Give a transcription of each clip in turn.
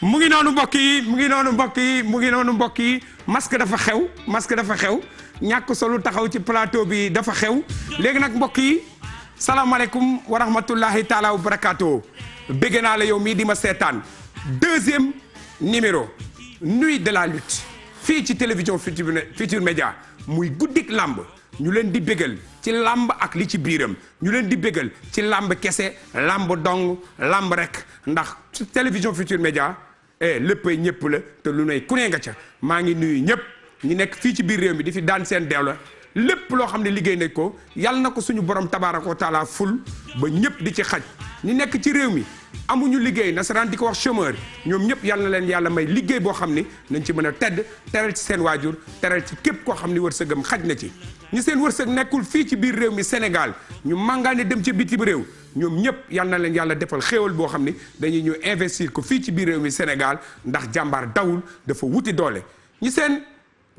mu ngi noonu mbokk yi mu ngi noonu mbokk yi mu ngi noonu mbokk yi masque dafa xew masque dafa xew ñàkk solo taxaw ci plateau bi dafa xew léegi nag mbokk yi salaamaaleykum wa rahmatullahi taala wa barakaatu bégg naa la yow mii di ma seetaan deuxième numéro nuit de la lutte fii ci télévision Futur Futur muy guddik làmb ñu leen di bégal ci làmb ak li ci biiram ñu leen di bégal ci làmb kese làmb dong làmb rek ndax su télévision Futur Média eh léppay ñëpp la te lu nay ku nee nga ca maa ngi nuyu ñëpp ñu nekk fii ci biir réew mi di fi daan seen deew la lépp loo xam ne liggéey nañ ko yàlla na ko suñu borom tabaaraka wa ful ba ñëpp di ci xaj ñu nekk ci réew mi amuñu liggéey nasaraan di ko wax chômeur ñoom ñëpp yàlla na leen yàlla may liggéey boo xam ni nañ ci mën a tedd teral ci seen waajur teral ci képp koo xam ni wërsëgam xaj na ci ñi seen wërsëg nekkul fii ci biir réew mi Sénégal ñu màngaane dem ci bitim réew ñoom ñëpp yal na leen yàlla defal xéewal boo xam ni dañuy ñëw investir ko fii ci biir réew mi Sénégal ndax jàmbaar dawul dafa wuti doole ñi seen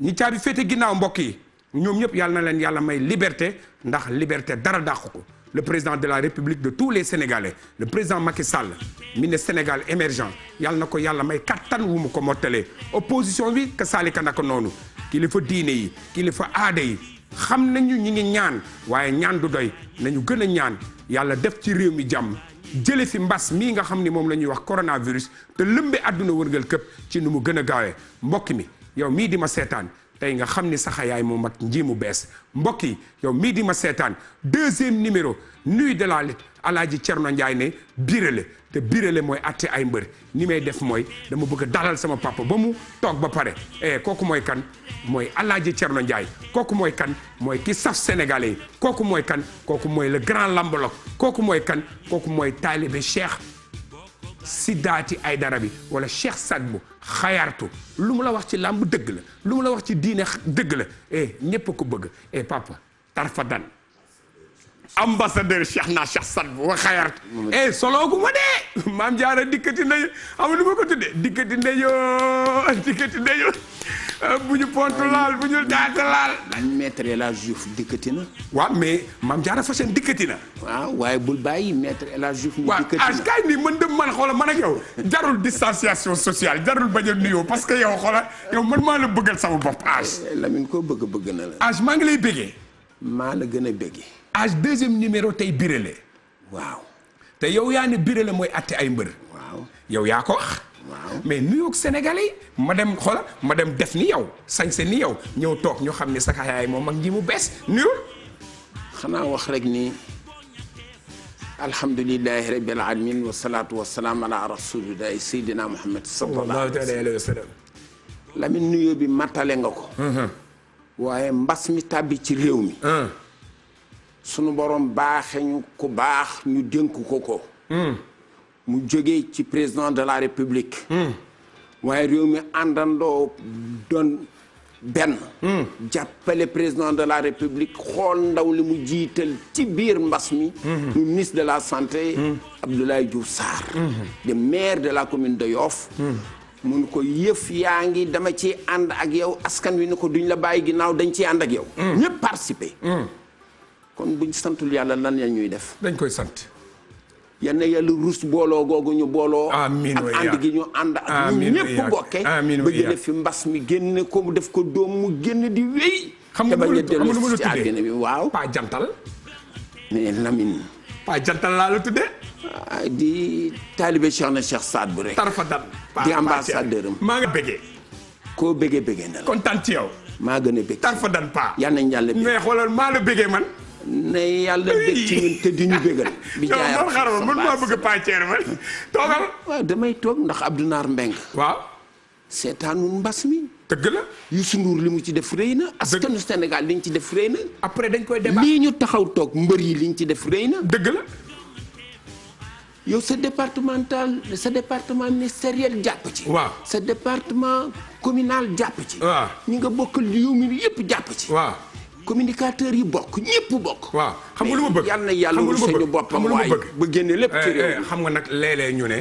ñi caabi féete ginnaaw mbokk yi ñoom ñëpp yal na leen yàlla may liberté ndax liberté dara dàq ko le président de la république de tous les sénégalais le président Macky Sall mi ne Sénégal émergent yàlla na ko yàlla may kattan wu mu ko mottalee opposition bi ka saalika naka noonu kilifa diine yi kilifa aada yi xam nañu ñi ngi ñaan waaye ñaan du doy nañu gën a ñaan yàlla def ci réew mi jàmm jële fi mbas mii nga xam ni moom la ñuy wax coronavirus te lëmbe àdduna wërngal këpp ci nu mu gën a gaawee mbokk mi yow mii di ma seetaan tey nga xam ni saxa yaay moo mag nji mu bees mbokk yi yow mii di ma seetaan deuxième numéro nuit de la alaaji Cerno Njaay ne birale te birale mooy atte ay mbër ni may def mooy dama bëgg a dalal sama papa ba mu toog ba pare eh, kooku mooy kan mooy alaaji Cerno Njaay kooku mooy kan mooy ki saf sénégalais yi kooku mooy kan kooku mooy la grand lambalog kooku mooy kan kooku mooy taalibe cheikh ay dara bi wala Cheikh Sadbu xayartu lu mu la wax ci làmb dëgg la lu mu la wax ci diine dëgg la eh ñépp ko bëgg eh papa tarfadan ambassadeur Cheikh na Cheikh Saad Bou wa xayart eh solo gu ma dee maam jaara dikkati ndeyo ama lu ma ko tuddee dikkati ndeyo dikkati ndeyo eh, bu ñu pontu laal bu ñu daata laal man maître El Hadj Diouf dikkati na waaw mais maam jaara façon dikkati na waaw waaye bul bàyyi maître El Hadj Diouf waaw askay ah, nii mën dem man xoola man ak yow jarul distanciation sociale jarul bañ a nuyoo parce que yow xoola yow man maa la bëggal sama bopp age eh, Lamine ko bëgg bëgg na la age maa ngi lay bëggee maa la gën a bëggee âge deuxième numéro tey birale waaw te yow yaa ne birale mooy atte ay mbër waaw yow yaa ko wax waaw mais nuyoog sénégalais ma dem xoola ma dem def ni yow sañse ni yow ñëw took ñu xam ne saka yaay moom mag ji mu bees nuyul xanaa wax rek ni alhamdulilahi rabil alamin wasalaatu wasalaam nga ko waaye mbas mi tàbbi ci réew mi sunu boroom baaxee ñu ku baax ñu dénk ko ko. Hmm. mu jóge ci président de la république. Hmm. waaye réew mi àndandoo doon benn. Hmm. jàppale président de la république xool ndaw li mu jiital ci biir mbas mi. ministre de la santé. Abdoulaye Diouf Sarr. de maire de la commune de Yoff. mun ko yëf yaa ngi dama ciy ànd ak yow askan wi ni ko duñ la bàyyi ginnaaw dañ ciy ànd ak yow. ñëpp participer. kon buñ santul yàlla lan la ñuy def. dañ koy sant. yal yàlla ruus booloo googu ñu booloo. amiin ak ànd gi ñu ànd ak ñu ñëpp bokke ba jële fi mbas mi génn ko def ko doom mu génn di wéy. xam nga lu ma ci àddina waaw. paa jantal. ne Lamine. paa jantal laa la tuddee. Ah, di taalibe Cheikh na Cheikh Saad bu rek. tarfa dan di ambassadeur maa ngi bëggee. koo bëggee bëggee na la. kontaan ci yow. maa gën a bëgg. yàlla mais xoolal maa la bëggee man. ne yàlla dégg ci ñun te di ñu bégal. bi jaayam xarala man maa bëgg a pàcceer man waaw damay toog ndax Abdou Naar mbenk waaw. seetaanu mbas mi. dëgg la. Youssou Ndour li mu ci def rëy na. askanu Sénégal li ñu ci def rëy na. après dañ koy débat lii ñu taxaw toog mbër yi li ñu ci def rëy na. dëgg la. yow sa départemental sa département ministériel jàpp ci. waa sa département communal jàpp ci. waaw ñi nga bokkal réew mi yëpp jàpp ci. waa communicateur yi bokk ñëpp bokk. waaw xam nga lu ma bëgg yal na yàlla lu sañu boppam waaye ba génne lépp ci eh, réew eh, xam nga nag léeg ñu ne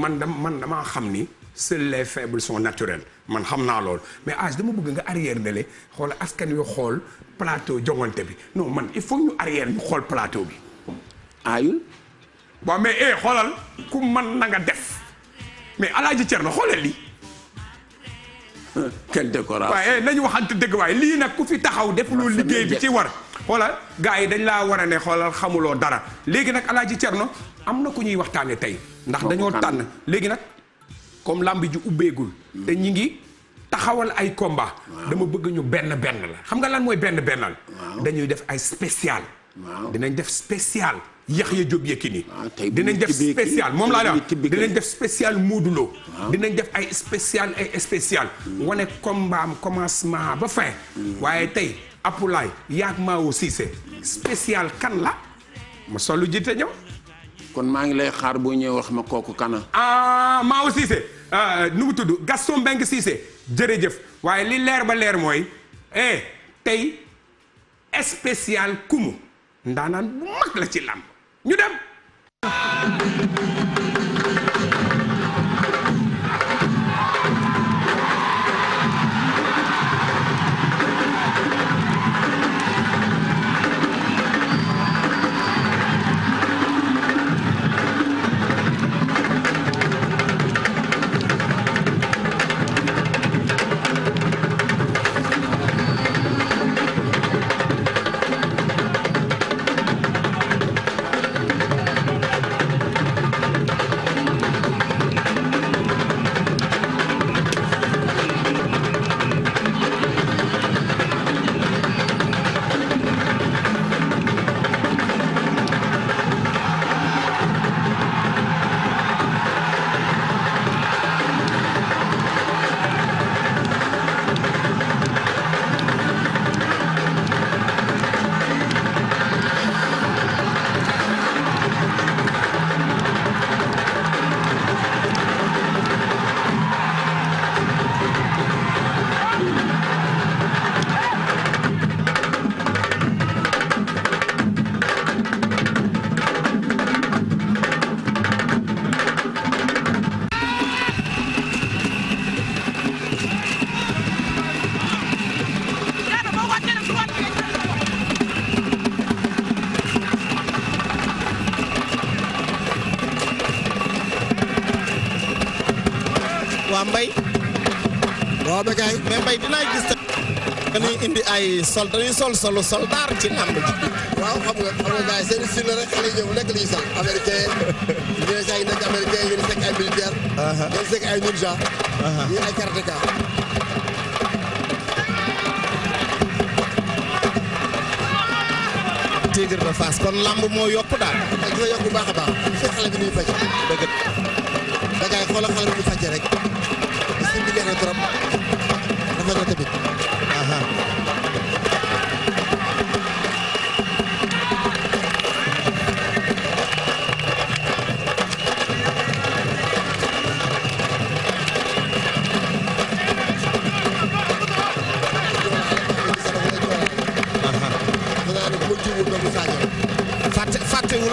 man dam man damaa xam ni seuls les faibles sont naturels man xam naa loolu mais âge dama bëgg nga arrière ne le xool askan wi xool plateau jongante bi non man il faut ñu arrière ñu xool plateau bi. aayul. waaw mais eh xoolal ku man na nga def mais Alaaji Cerno xoolal li quelle décoration waaye eh, nañu waxante dëgg waaye lii nag ku fi taxaw def lu liggéey bi ci war xoolal gaa yi dañ laa war ne xoolal xamuloo dara léegi nag alaaji Cerno am na ku ñuy waxtaane tey ndax dañoo tànn léegi nag comme làmb ju ubbeegul te ñi ngi taxawal ay combat dama bëgg ñu benn benn la xam nga lan mooy benn bennal dañuy def ay spécial dinañ def spécial Yaxya Diop Yékini ah, dinañ def spécial moom laa wax dinañ def spécial Modou Lo ah. dinañ def ay spécial ay spécial wane combat commencement ba fin waaye tey Apulaay yaag kan la ma solu jiite ñëw kon maa ngi lay xaar boo ñëwee wax ma kooku kana ah Mao ah, nu mu tudd Gaston Mbengue Cissé jërëjëf waaye li leer ba leer mooy eh, tey spécial kumu ndaanaan bu mag la ci làmb ñu dem waaw Bécaye mais Mbaye dinaa gis tam dañuy ay sol dañuy sol solu soldaar ci làmb ji waaw xam nga xam nga gars seen style la rek xale ñëw nekk li ñu sax américain ñene saa yi ay militaire uh-huh. yéen sekk ay ninja uh-huh. ñi ay karateka Tigre de Fass kon làmb moo yokk daal ak dina yokk bu baax a baax bi faj dëgg Bécaye xoolal bi ñu rek na ko tamit fàttewul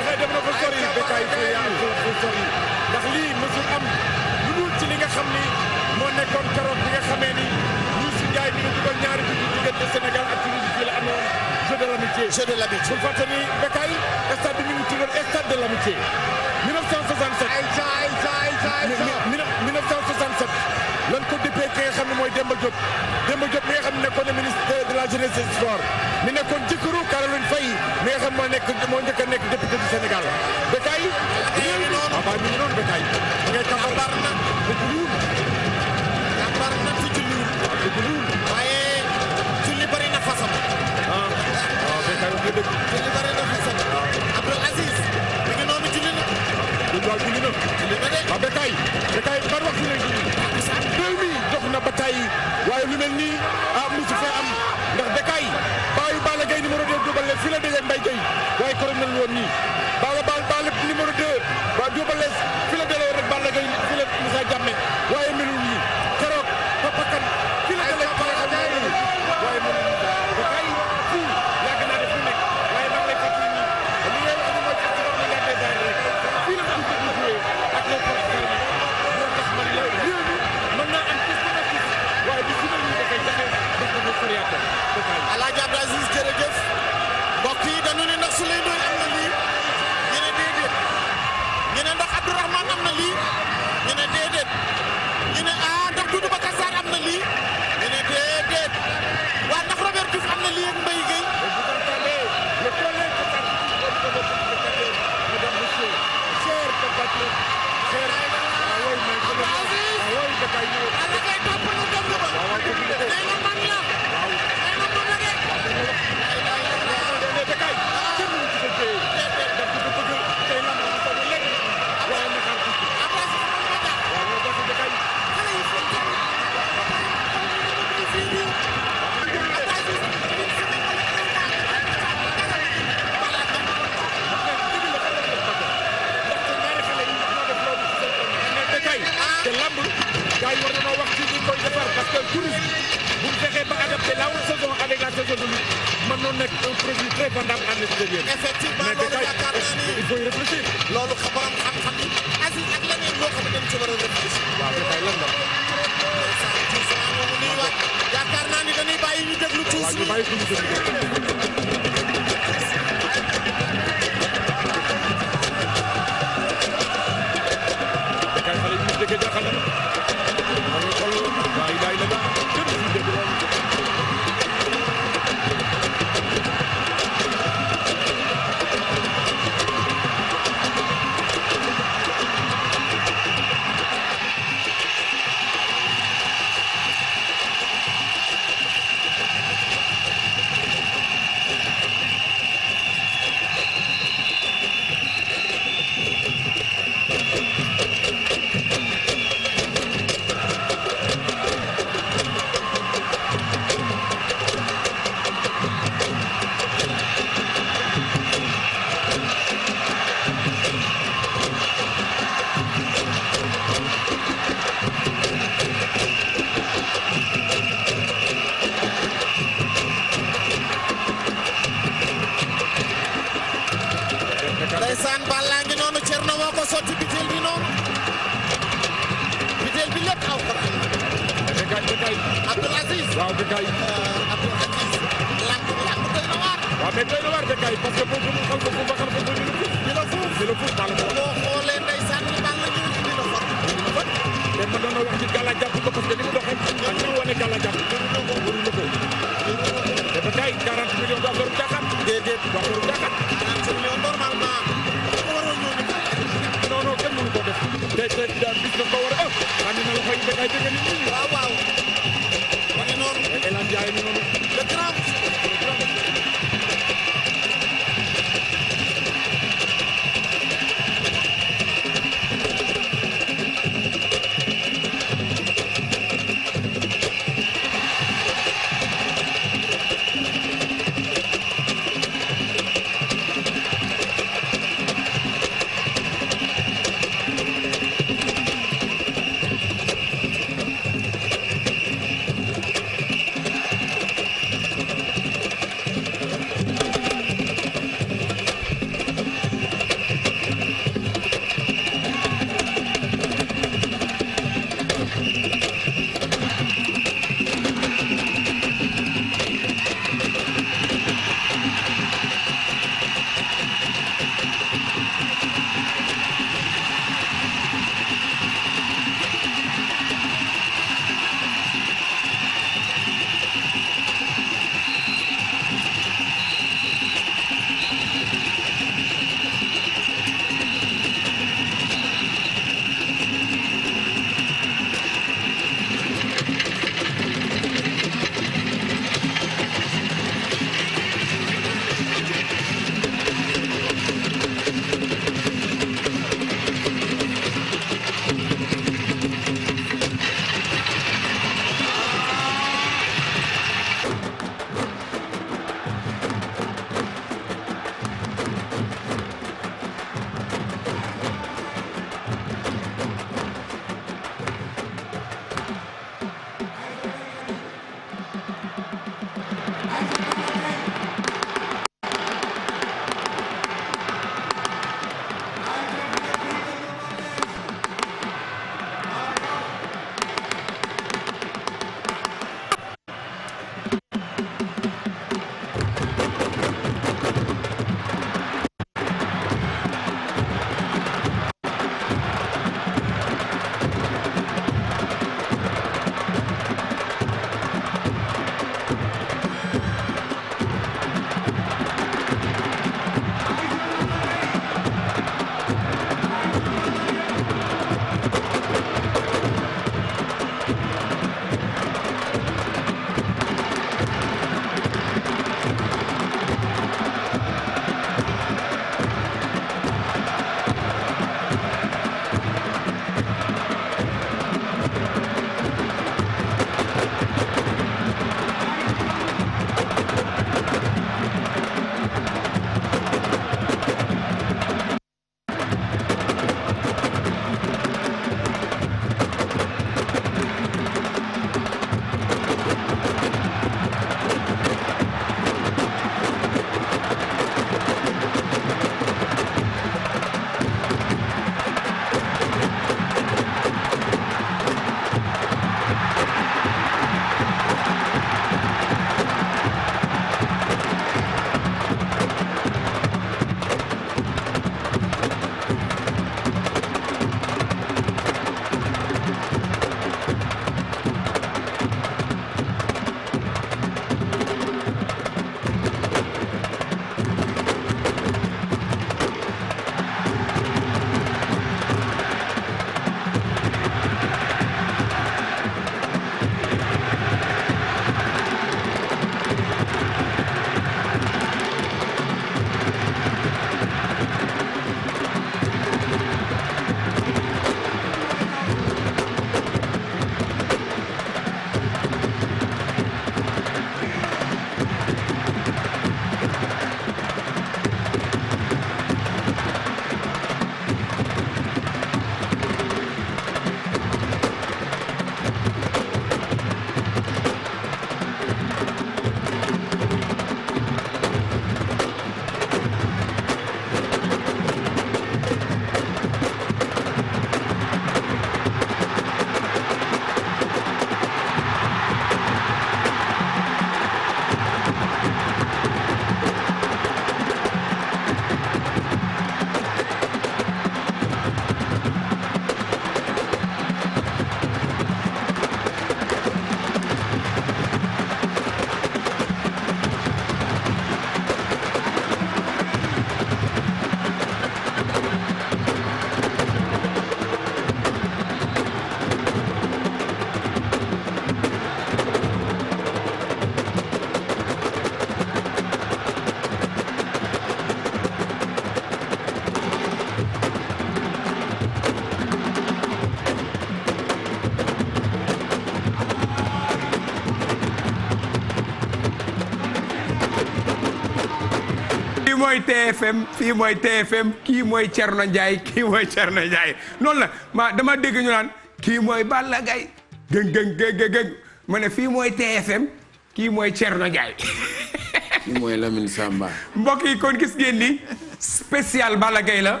mooy TFM fii mooy TFM kii mooy Thierno Ndiaye kii mooy Thierno Ndiaye noonu la ma dama dégg kii mooy Balla Gaye gëng gëng gëng fii mooy TFM kii mooy Thierno Ndiaye. kii mooy Lamine Samba. mbokk yi kon gis ngeen ni spécial Balla gay la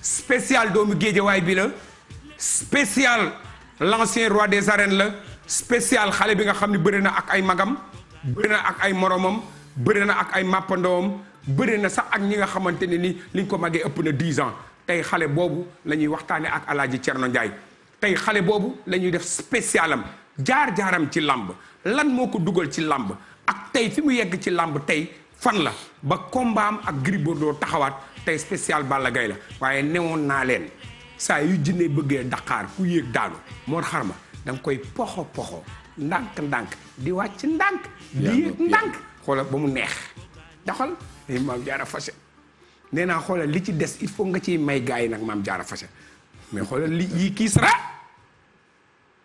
spécial doomu géejewaay bi la spécial l'ancien roi des arènes la spécial xale bi nga xam ni bëri na ak ay magam bëri na ak ay moromam bëri na ak ay mappandoom bëri na sax ak ñi nga xamante ne ni liñ ko magee ëpp na 10 an tey xale boobu la ñuy waxtaane ak alaaji Cerno Njaay tey xale boobu lañuy ñuy def spécial am jaar-jaaram ci làmb lan moo ko dugal ci làmb ak tey fi mu yegg ci làmb tey fan la ba kombaam ak Gris taxawaat tey spécial Balla Gaye la waaye newoon naa leen saa yu jinne bëggee Dakar ku yéeg daanu moo xar ma danga koy poxo poxo ndànk ndànk di wàcc ndànk di yéeg ndànk xoola ba mu neex doxal ay eh, maam jaara fase nee naa xoolal li ci des il faut nga ciy may gars yi nag maam jaara fase mais xoolal li yii Kisra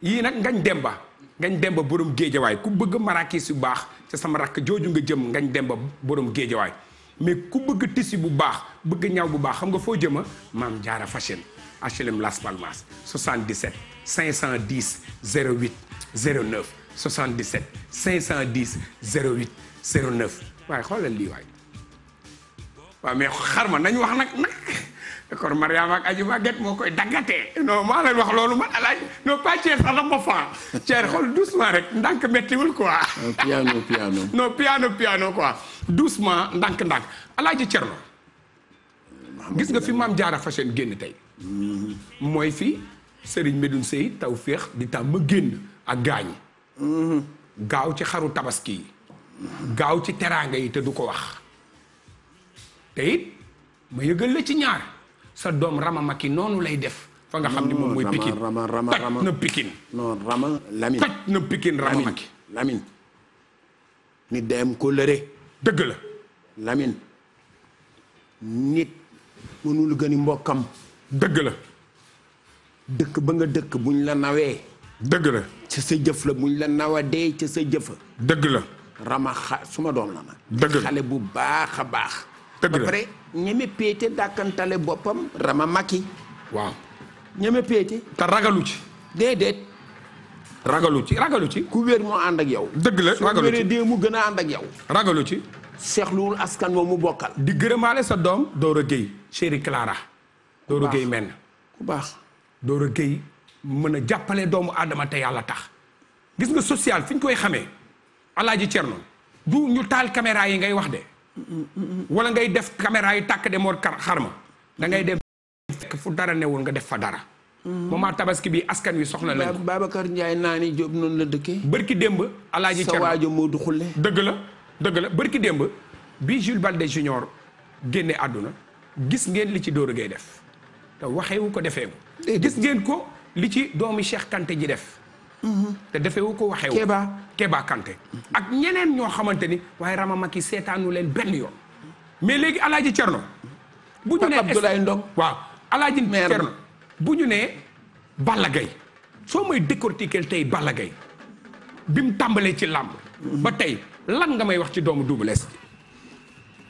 yii nag ngañ demba ngañ demba borom géejawaay ku bëgg marakis yu baax ca sama rakk jooju nga jëm ngañ demba borom géejawaay mais ku bëgg tissu bu baax bëgg ñaw bu baax xam nga foo jëmma maam jaara fashion HLM Las Palmas 77 510 08 09 77 510 08 09 waaye xoolal lii waay waaw mais xar ma nañ wax nag nag kon Mariama ak Aji moo koy daggatee non maa leen wax loolu man alaaj non pas Thier sax daf ma fan Thier xool doucement rek ndànk méttiwul quoi piano piano non piano piano quoi doucement ndànk-ndànk alaaji Thierno gis nga fi maam jaara fashion génn tey mooy fi Serigne Medoune Sey taw féex di tam ma génn ak gaañ mm-hmm. gaaw ci xaru tabaski yi gaaw ci teraanga yi te du ko wax te it ma yëgal la ci ñaar sa doom Rama Macky noonu lay def. fa nga xam ni moom mooy Pikine Rama Rama Rama toj na Pikine. non Rama Lamine toj na Pikine Rama Macky dem ko lëre. dëgg la. lamin nit mënul gëni mbokkam. dëgg la. dëkk ba nga dëkk bu buñ la nawee. dëgg la. ci sa jëf la buñ la nawadee ci sa jëf. dëgg la. Rama xa suma doom la nag. dëgg la xale bu baax a baax. dëgg la ba ñeme péete dàkkantale boppam rama makki. waaw ñeme péete. te ragalu ci. déedéet. ragalu ci ragalu ci. ku wér moo ànd ak yow. dëgg la ragalu su mu gën a ànd ak yow. ragalu ci. seexluwul askan wa mu bokkal. di gërëmaale sa doom Doro Gueye chéri Clara. Doro géey men ku baax Doro géey mën a jàppale doomu aadama te yàlla tax. gis nga social fi ñu koy xamee. Alaaji Cerno du ñu taal caméra yi ngay wax de. wala ngay def caméra yi tàkk de moor xarma da ngay dem fekk fu dara ne woon nga def fa dara moment tabaski bi askan wi soxla nañ ko Babacar Ndiaye naa ni Jóob noonu la dëkkee bërki démb alaaji sa waajo moo du xulle dëgg la dëgg la bërki démb bi Jules Balde Junior génne àdduna gis ngeen li ci Doro Gueye def te waxewu ko defee ko gis ngeen ko li ci doomi Cheikh Kanté ji def te defewu ko waxee Kéba Kéba Kanté ak ñeneen ñoo xamante ni waaye Rama Maki seetaanu leen benn yoon mais léegi alaaji Cerno bu ñu nee Abdoulaye Ndong waaw alaaji Cerno bu ñu nee Balla Gaye soo may décortiquer tey Balla Gaye bi mu tàmbalee ci làmb ba tey lan nga may wax ci doomu Double Less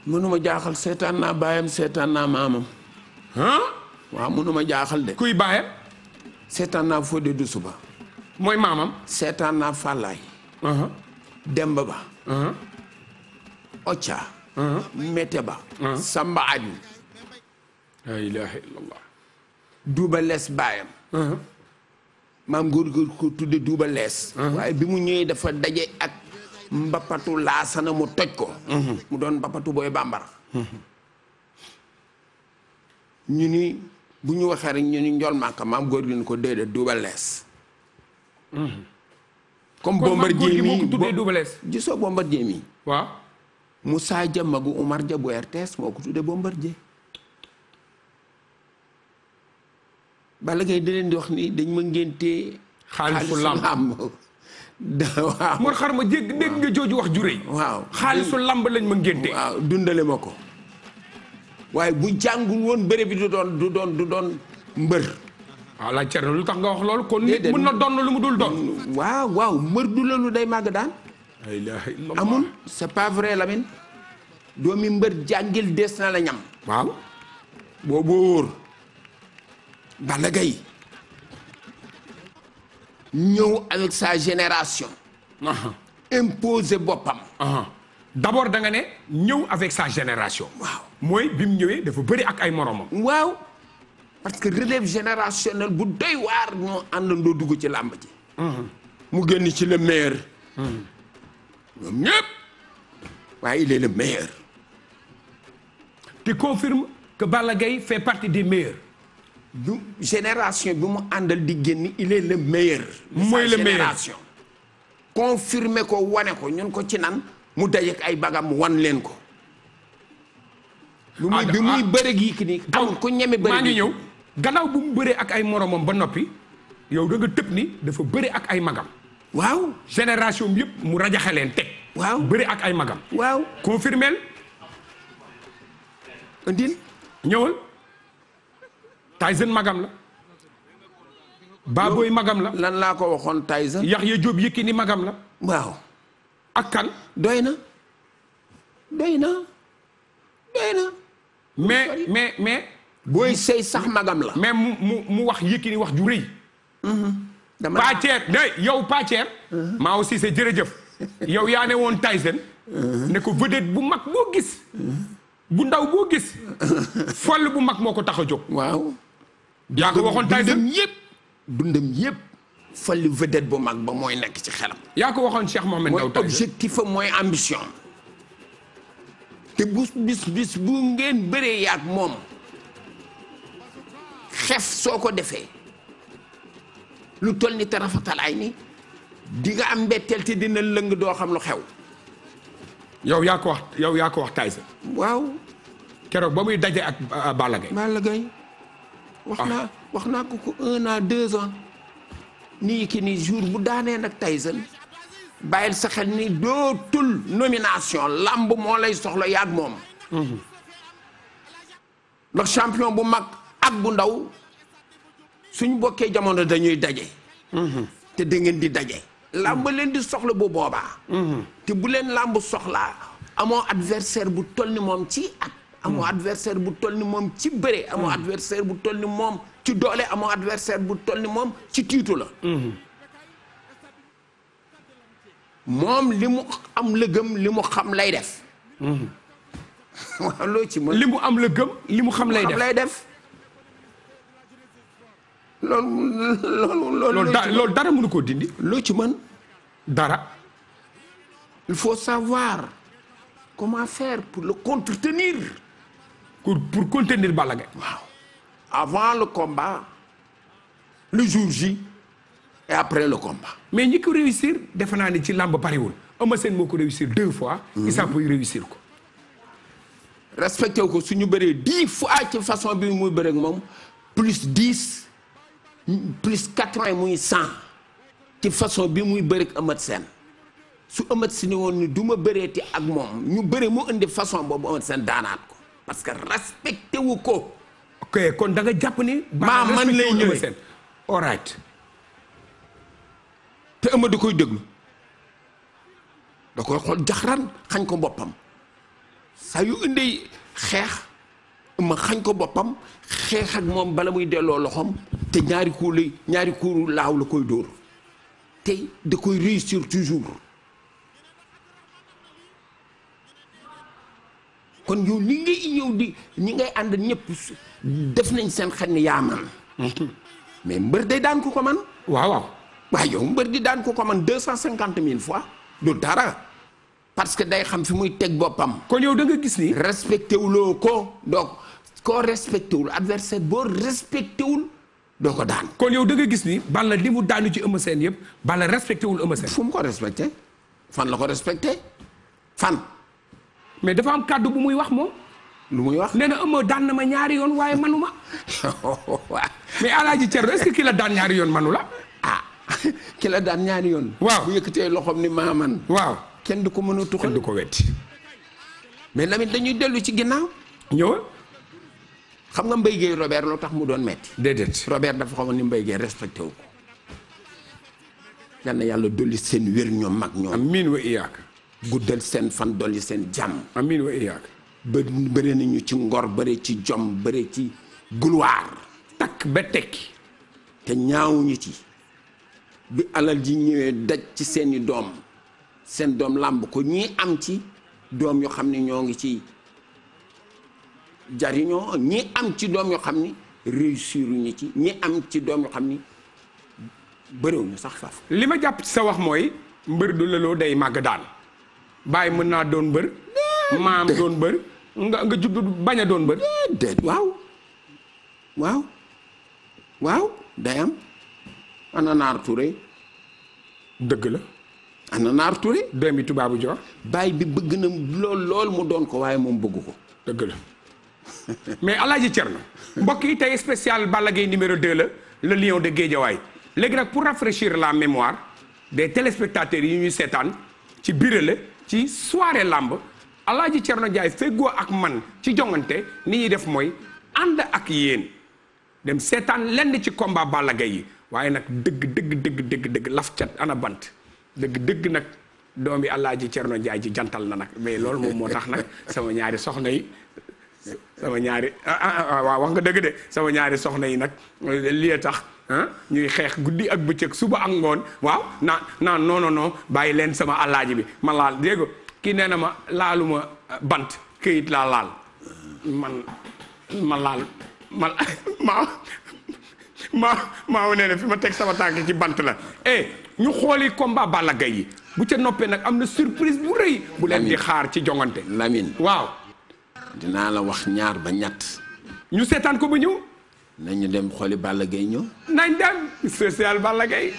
mënuma jaaxal seetaan naa baayam seetaan naa maamam ah waaw mënuma jaaxal de kuy baayam seetaan naa Fodé suba mooy maamam. seetaan naa Fallaye. Uh-huh. Demba Ba. Uh-huh. Ocha. Uh-huh. Mete Ba. Samba Aji. la ilaha illallah. Duuba lees baayam. maam góor-góor ko tudde Duuba lees. waaye bi mu ñëwee dafa daje ak mbappatu laasana mu toj ko. mu doon mbappatu booy bambara. ñu ni bu ñu waxee rek ñu ni njool maaka maam góor gi ni ko déedéet Duuba lees. comme Bombardier mi gisoo Bombardier mi waaw Moussa magu Oumar Dia bu RTS moo ko tuddee Bombardier bala ngay di leen di wax ni dañ ma ngéntee xaalisu làmb waaw moo xar ma jégg dégg nga jooju wax juré waaw xaalisu làmb lañ ma ngénte dundale ma ko waaye bu jàngul woon bëre bi du doon du doon du doon mbër waaw laaj Thierno lu tax nga wax loolu. kon nit mën na doon lu mu dul doon. waaw waaw mër du la lu day màgg daan. amul c' est pas vrai Lamine. doomi mbër jàngil des na la ñam. waaw. boobu wóor. ñëw avec sa génération. imposer boppam. d' abord da nga ne ñëw avec sa génération. mooy bi mu ñëwee dafa bëri ak ay moromam. waaw. parce que relève générationnelle bu doy waar ñoo àndandoo dugg ci làmb ji. mu génn ci le meilleur. ñoom ñëpp waaye il est le meilleur. tu confirmes que Balla Gaye fait partie des meilleurs. du génération bi mu àndal di génn il est le meilleur. mooy le meilleur génération. ko wane ko ñun ko ci naan mu dajeek ay bagam wan leen ko. lu muy ah, bi muy ah. bëreeg yi ki nii amul ku ñeme bëreeg maa ngi ñëw. gannaaw bu mu bëree ak ay moromam ba noppi yow da nga tëb ni dafa bëri ak ay magam. waaw génération bi yëpp mu rajaxe leen teg. waaw bëri ak ay magam. waaw confirmel andil ñëwal Tyson magam la. Baboy magam la lan laa ko waxoon Tyson. Yaxya Jóob Yékini magam la. waaw. ak kan. doy na doy na doy na. mais mais booy sëy sax magam la. mais mu mu wax Yékini wax ju rëy. Mm-hmm. dama la Pàcceer de yow Pàcceer. Mm-hmm. maa aussi c'est jërëjëf. yow yaa ne woon Tyson. Mm-hmm. ne ko vedette bu mag boo gis. bu ndaw boo gis. foll bu mag moo ko tax a jóg. waaw. yaa ko waxoon Tyson dundam dundam yëpp. folli vedette bu mag ba mooy nekk ci xelam. yaa ko waxoon Cheikh Mohamed Ndao Tyson mooy objectif mooy ambition te bu bis bis bu ngeen bëree yaag moom. xef soo ko defee lu toll ni te rafetal ay ni dinga am mbetteel te dina lëng doo xam lu xew. yow yaa ko wax yow yaa ko wax waaw. keroog ba muy daje ak uh, uh, Balla Gaye. Balla wax ah. naa wax naa ko ko un an deux ans nii ki ni jour bu daanee nag Tyson bàyyil sa xel ni dootul nomination lamb moo lay soxla yaag moom. Mm-hmm. ndax champion bu mag. ak bu ndaw suñ bokkee jamono dañuy daje mm-hmm. te dangeen di daje làmb mm-hmm. leen di soxla bu boobaa mm-hmm. te bu leen làmb soxlaa amoo adversaire bu toll ni moom ci at amoo adversaire bu toll ni moom ci bëre amoo bu toll moom ci doole amoo adversaire bu toll ni moom ci tiitu la moom li mu am la gëm li mu xam lay def waaw loo li mu am la gëm li mu xam lay def loolu loolu loolu dara mënu koo dindi loo ci mën dara il faut savoir comment faire pour le contretenir pour pour contenir Balla Gaye avant le combat le jour J et après le combat mais ñi ko réussir defe naa ni ci làmb bariwul Eumeu Sène moo ko réussir deux fois Issa mhm. Pouye réussir ko respecté ko su ñu bëree dix fois ci façon bi muy bëreeg moom plus dix plus quatre-vingts muy cent ci façon bi muy bëri ak Eumeu Sène su Eumeu Sène woon ni duma ma ak moom ñu bëri mu indi façon boobu Eumeu seen daanaat ko parce que respecté ko. ok kon danga jàpp ni. baa man lay ñëwee all right. te Eumeu da koy déglu da koy xool jaxran xañ ko boppam sax yu indee xeex ma xañ ko boppam xeex ak moom bala muy delloo loxoom. te ñaari coup ñaari coup laaw la koy dóor te da koy réussir toujours kon yow li ngay ñëw di ñi ngay ànd ñëpp def nañ seen xel ni yaa man mhm. mais mbër day daan ko ko man waaw waaw waaw yow mbër di daan ko ko man deux cent cinquante mille fois du dara parce que day xam fi muy teg boppam kon yow da nga gis ni respecté wuloo ko donc koo respecté wul adversaire boo respecté wul doo ko daan. kon yow da nga gis ni Balla li mu daanu ci Eumeu seen yëpp Balla respecté wul Eumeu Sène. fu mu ko respecté fan la ko respecté fan. mais dafa am kàddu bu muy wax moom. lu muy wax nee na Eumeu daan na ma ñaari yoon waaye manuma ma. mais Alaaji Thierno est-ce que daan ñaari yoon manu la. Ah, ki la daan ñaari yoon. waaw bu yëkkatee loxoom ni maa man. waaw kenn du ko mën a tuxal kenn du ko wetti. mais Lamine dañuy dellu ci ginnaaw. ñëw. xam nga Mbaye Guèye Robert loo tax mu doon metti déedéet Robert dafa xamoon ni Mbaye Guèye respecté wu ko yal na yàlla dolli seen wér ñoom mag ñoom amiin wa iyaak guddal seen fan dolli seen jàmm amiin wa iyaak bëri nañu ci ngor bëri ci jom bëri ci gloire takk ba tekki te ñaawuñu ci bi alal ji ñëwee daj ci seeni doom seen doom làmb ko ñii am ci doom yoo xam ne ñoo ngi ci jariñoo ñi am ci doom yoo xam ni réussir ñu ci ñi am ci doom yoo xam ni bëriw ñu sax faaf li ma jàpp ci sa wax mooy mbër du leloo day màgg daan bàyyi mën naa doon mbër maam doon mbër nga nga juddu bañ a doon mbër déet waaw waaw am ana naar Touré dëgg la ana naar Touré doomi tubaabu joor baay bi bëgg na lool lool mu doon ko waaye moom bëgg ko dëgg la mais Alaaji Cerno mbokk yi tey spécial Balla Gaye numéro de la le lion de Guédiawaye léegi nag pour rafraîchir la mémoire des téléspectateurs yi ñuy seetaan ci birale ci soirée làmb Alaaji Cerno Njaay feggoo ak man ci jongante ni ñuy def mooy ànd ak yéen dem seetaan lenn ci combat Balla Gaye yi waaye nag dëgg dëgg dëgg dëgg laf cat ana bant dëgg dëgg nag doom doomi Alaaji Cerno Njaay ji jantal na nag mais loolu moom moo tax nag sama ñaari soxna yi sama ñaari ah, ah, ah, waaw wax nga dëgg de sama ñaari soxna yi nag lii tax ñuy xeex guddi ak bëccëg suba ak ngoon waaw naan naan non bàyyi leen sama alaaji bi ma laal dégg kii nee na ma laaluma bant këyit laa laal man ma laal ma ma ma maa nee na fi ma teg sama tànk ci bant la eh ñu xooli combat Balla Gaye yi bu ca noppee nag am na surprise bu rëy bu leen di xaar ci jongante Lamine waaw dinaa la wax ñaar ba ñett. ñu seetaan ko ba ñëw. nañu dem xooli Balla Gaye ñëw. nañ dem spécial Balla Gaye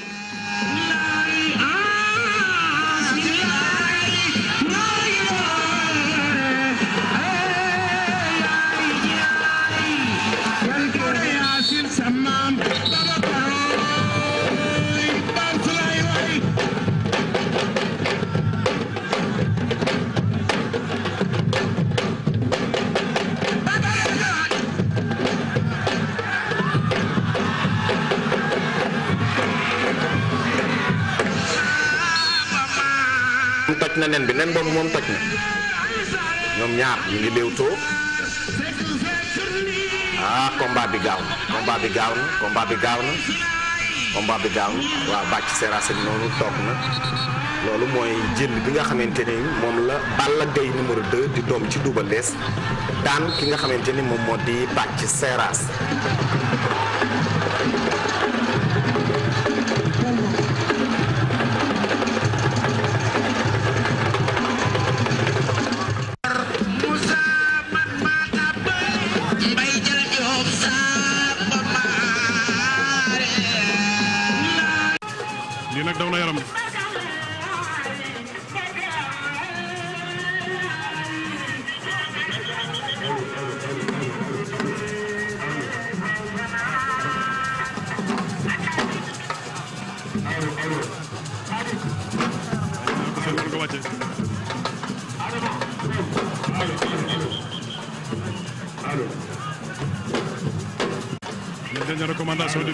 toj na nen bi nen boobu moom toj na ñoom ñaar ñu ngi léewtoo ah combat bi gaaw na combat bi gaaw na combat bi gaaw na combat bi gaaw na waaw bàcc seeraase bi noonu toog na loolu mooy jël bi nga xamante ni moom la Balla Gaye numéro 2 di doom ci Double Less daan ki nga xamante ni moom moo di bàcc seeraas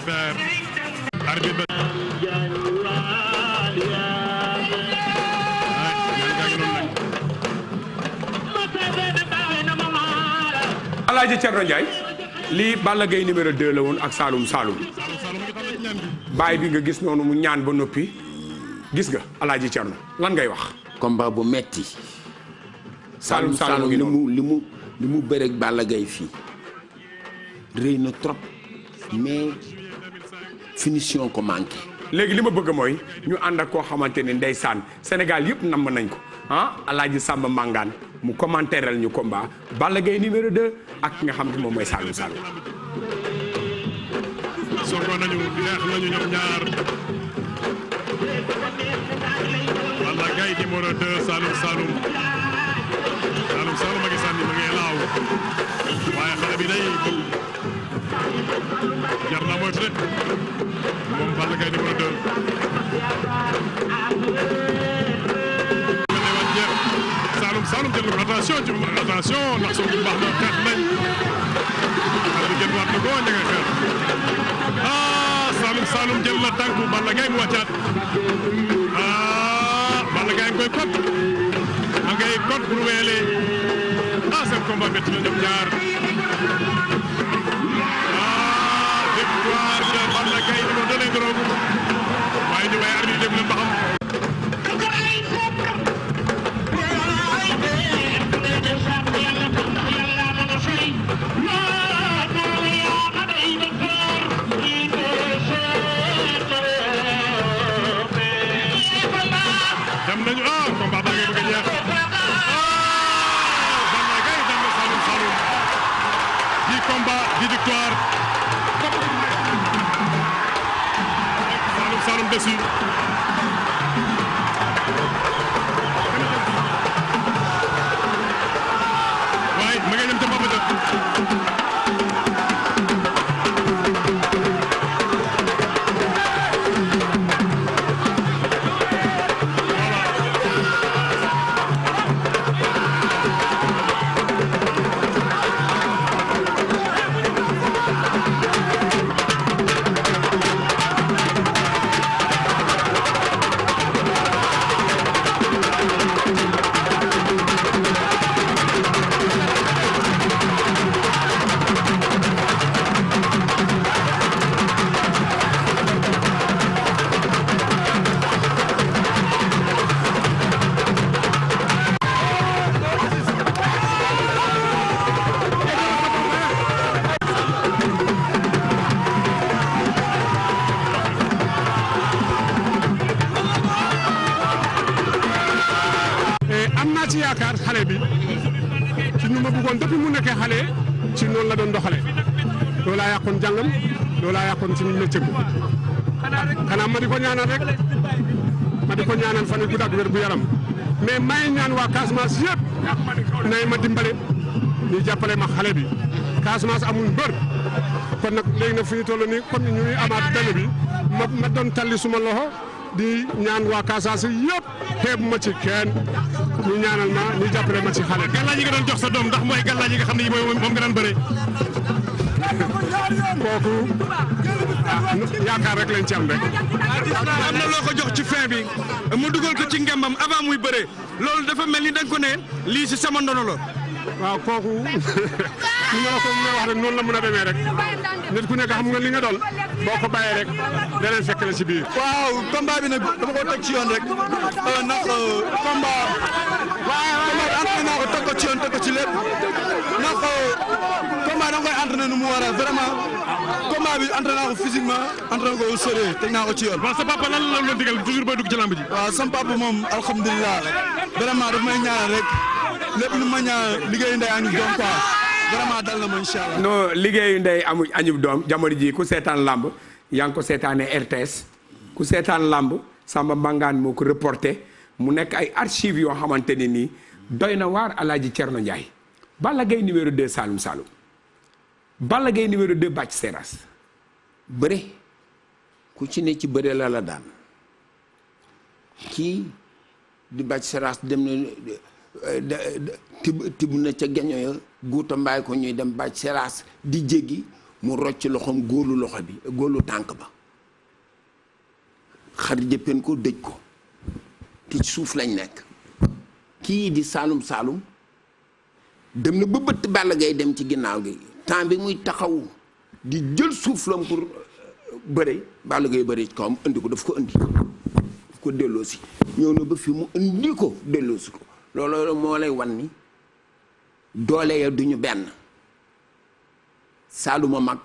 sefer. arbitre ah, Alaaji Cerno Njaay lii Balla Gaye numéro 2 la woon ak Saloum Saloum baay bi nga gis noonu mu ñaan ba noppi gis nga Alaaji Cerno lan ngay wax combat bu metti Saloum Saloum li mu li mu li mu bëreeg Balla Gaye fii rëy na trop mais finition ko manqué. léegi li ma bëgg mooy ñu ànd ak koo xamante ni saan Sénégal yëpp namm nañ ko ah Alaaji Samba Mangane mu commentéral ñu combat Balla Gaye numéro 2 ak ki nga xam ne moom mooy Saloum Saloum. laaw waaye xale bi day jar naa moytu de moom Balla Gaye numéro 2. Saalum Saalum jël na attention ci attention ndax soo ko baax na xeex nañ xale bi gën waat na ko ña nga xeex ah Saalum Saalum jël na tànku Balla Gaye mu wàccaat ah Balla Gaye koy kot ma ngay kot pour weele ah seen combat métti na ñoom ñaar. victoire de Balla Gaye numéro 2 lay doroog réussir. nangam loolaa yàqoon suñu métier bi xanaa ma di ko ñaanal rek ma di ko ñaanal fan yu gudd ak bu yaram mais may ñaan waa Casamance yëpp nay ma dimbale ñu jàppale ma xale bi Casamance amul mbër kon nag léegi na fi ñu toll nii kon ñu ngi amaat benn bi ma ma doon talli suma loxo di ñaan waa Casamance yëpp xeebu ma ci kenn ñu ñaanal ma ñu jàppale ma ci xale bi. gàllaaj yi jox sa doom ndax mooy gàllaaj yi nga xam kooku yaakaar rek lañ ci am rek. am na loo ko jox ci fin bi mu dugal ko ci ngembam a muy bëree loolu dafa mel ni dañ ko ne lii si waaw kooku li nga wax ko nga wax rek noonu la mën a demee rek nit ku nekk xam nga li nga doon boo ko bàyyee rek leneen fekk la ci biir. waaw combat bi nag dafa ko teg ci yoon rek euh, ndax euh, combat waaye waaye entraîné naa ko teg ko ci yoon teg ko euh, a combat bi entraîné naa ko physiquement entraîné ko sama moom alhamdulilah rek vraiment daf may ñaanal liggéeyu ndey añub na ma incha allah. non añub doom jamono ji ku seetaan lamb yaa ngi ko seetaanee RTS ku seetaan lamb sama Mbangaan moo ko reporté mu nekk ay archives yoo xamante ne nii doy na waar Alaaji Cerno Ndiaye Balla Gaye numéro 2 Saloum Saloum Balla Gaye numéro de Bathie Seras bëre ku ci ne ci bëre la la daan kii di bàcc seraas dem na eh, tib tib na ca gaño ya guuta ko ñuy dem bàcc seraas di jéggi mu rocc loxoom góolu loxo bi góolu tànk ba xar jëppeen ko dëj ko te ci suuf lañ nekk kii di saalum saalum dem na ba bëtt Balla Gaye dem ci ginnaaw gi temps bi muy taxawu di jël suuflam pour euh, bëre Balla Gaye bëre ci kawam indi ko daf ko indi daf ko delloosi ñëw na ba fi mu indi ko delloosi ko loolu moo lay wan ni doole du ñu benn saaluma mag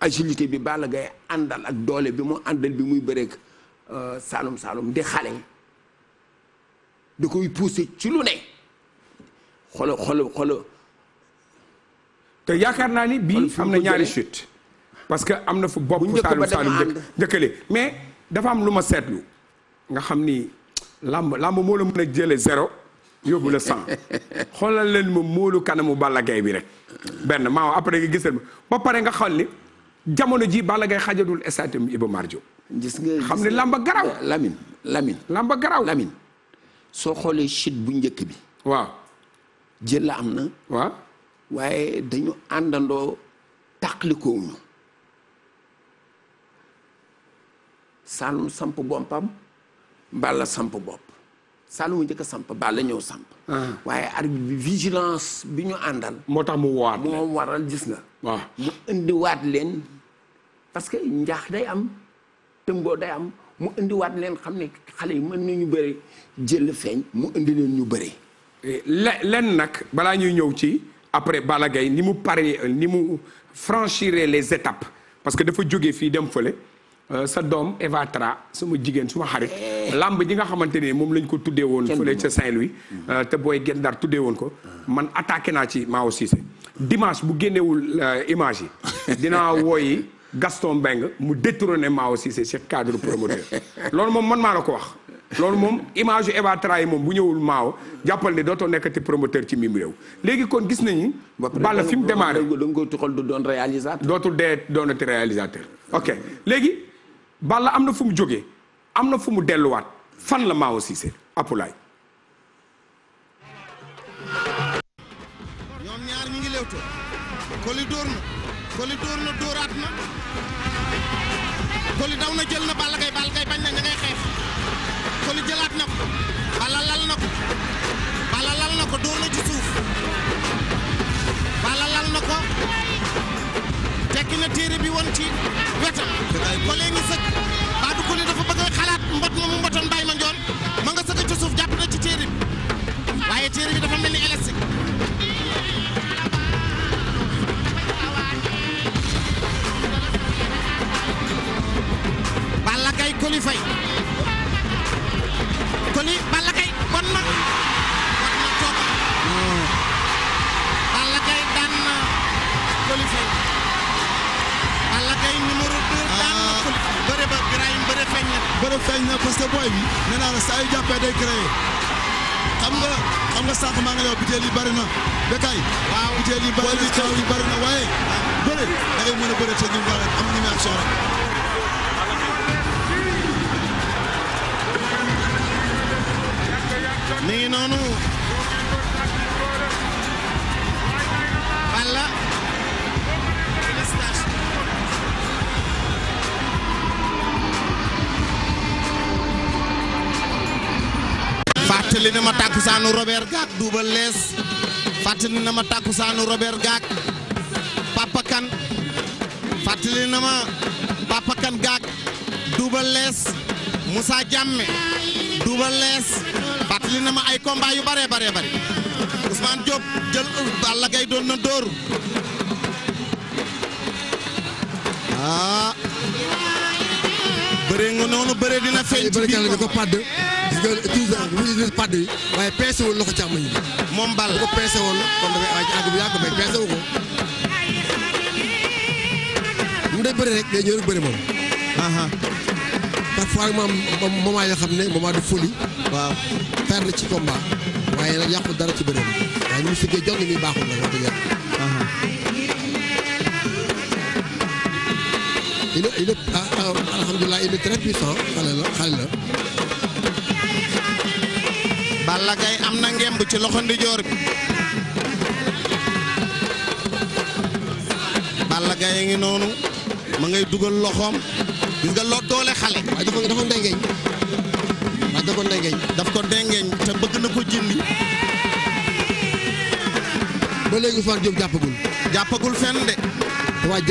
agilité bi Balla Gaye àndal ak doole bi mu àndal bi muy bëreeg euh, saalum saalum di xale da koy poussé ci lu ne xolo xolo xolo te yaakaar naa ni bii am na ñaari chute parce que am na fu bopp saalum saalum njëkk njëkkale mais dafa am lu ma seetlu nga xam ni làmb làmb moo la mën a jële zéro la cent xoolal leen ma moolu kanamu Balla bi rek benn maa après nga gisal ba pare nga xool jamono ji Balla Gaye xajatul estatam Iba gis nga xam ne làmba garaw Lamine Lamine làmba garaw Lamine soo xoolee chute bu njëkk bi waaw jël la am na waaw waaye dañu àndandoo tàqlikoowuñu saalum samp boppam mbàlla samp bopp saalum njëkk samp samp la ñëw samp ah. waaye ar bi vigilance bi ñu àndal moo tax mu waat moom waral gis na waaw mu indiwaat leen parce que njaax day am tëmboo day am mu indiwaat leen xam ne xale yi mën nañu bëri jël feeñ mu indi leen ñu bëri eh, lenn nag balaa ñuy ñëw ci après Balla Gaye ni mu paree ni mu franchir les étapes parce que dafa jógee fii dem fële euh, sa doom Eva Tra sama jigéen suma xarit eh. làmb ji nga xamante ne moom lañ ko tuddee woon fële ca Saint-Louis euh, te booy Gendar tuddee woon ko man attaqué naa ci Mao Cissé dimanche bu génnewul euh, image yi dinaa wooyi Gaston Mbengue mu détrôné Mao Cissé ci cadre promoteur loolu moom man maa la ko wax loolu moom image yu yi moom bu ñëwul maaw jàppal ne dootoo nekkati promoteur ci mim réew léegi kon gis nañu Balla fi mu démarré da nga koy tuxal du doon réalisateur dootul dee doonati réalisateur ok léegi Balla am na fu mu jógee am na fu mu delluwaat fan la Maawo Cissé Apulaay Coly jëlaat na ko Balla lal na ko dóor na ci suuf Balla lal na ko tekki na téere bi woon ci wetam Coly ngi sëgg baa du Coly dafa bëgg xalaat mbot moomu mbotoon Baye Mandione ma nga sëgg ci suuf jàpp na ci téere bi waaye téere bi dafa mel ni élastique Coly Faye Tony Balla Gaye kon na war na toog Balla Gaye daan na Coly na ah, Coly bëre ba Birahim bëre feeñ na bëre feeñ na parce que booy bi yu jàppee day créé yi nga nga sànq maa ngi lay wax butéel yi bari na békay waaw butéel yi bari na waaye ah. bëre da mën a bëre te ñu am nañu action rek mi ngi noonu Balla fàttali na ma tàkkusaanu Robert Gaak Double Less fàttali na ma tàkkusaanu Robert Gaak Papa Kan fàttali na ma Papa Kan Gaak Double Less Moussa Diame Double fàttali na ma ay combat yu bare bare bare Ousmane Diop jël Balla Gaye doon na dóor ah. bare nga noonu bëree dina feeñ ci biir ko ko padd gis nga tuuti bu yi waaye peese woon loxo càmm yi moom Balla ko peese woon kon dafay aay ci àgg bu yàgg mais peese ko mu dee bëri rek day ñëw rek moom parfois mu am moment yoo xam ne moment de folie waaw perdre ci combat waaye nag yàqu dara ci bëreem waaye ni mu siggee jong nii baaxul nag wax dëgg uh-huh. il est il ah, ah, xale la xale am na ngemb ci loxo ndijoor bi. Balla Gaye a ngi noonu ma ngay dugal loxoom. gis nga loo doole xale. waaye dafa ko ndengeñ bëgg na ko jëndi. ba léegi Ousmane Diop jàppagul. jàppagul fenn de. Ah, mooy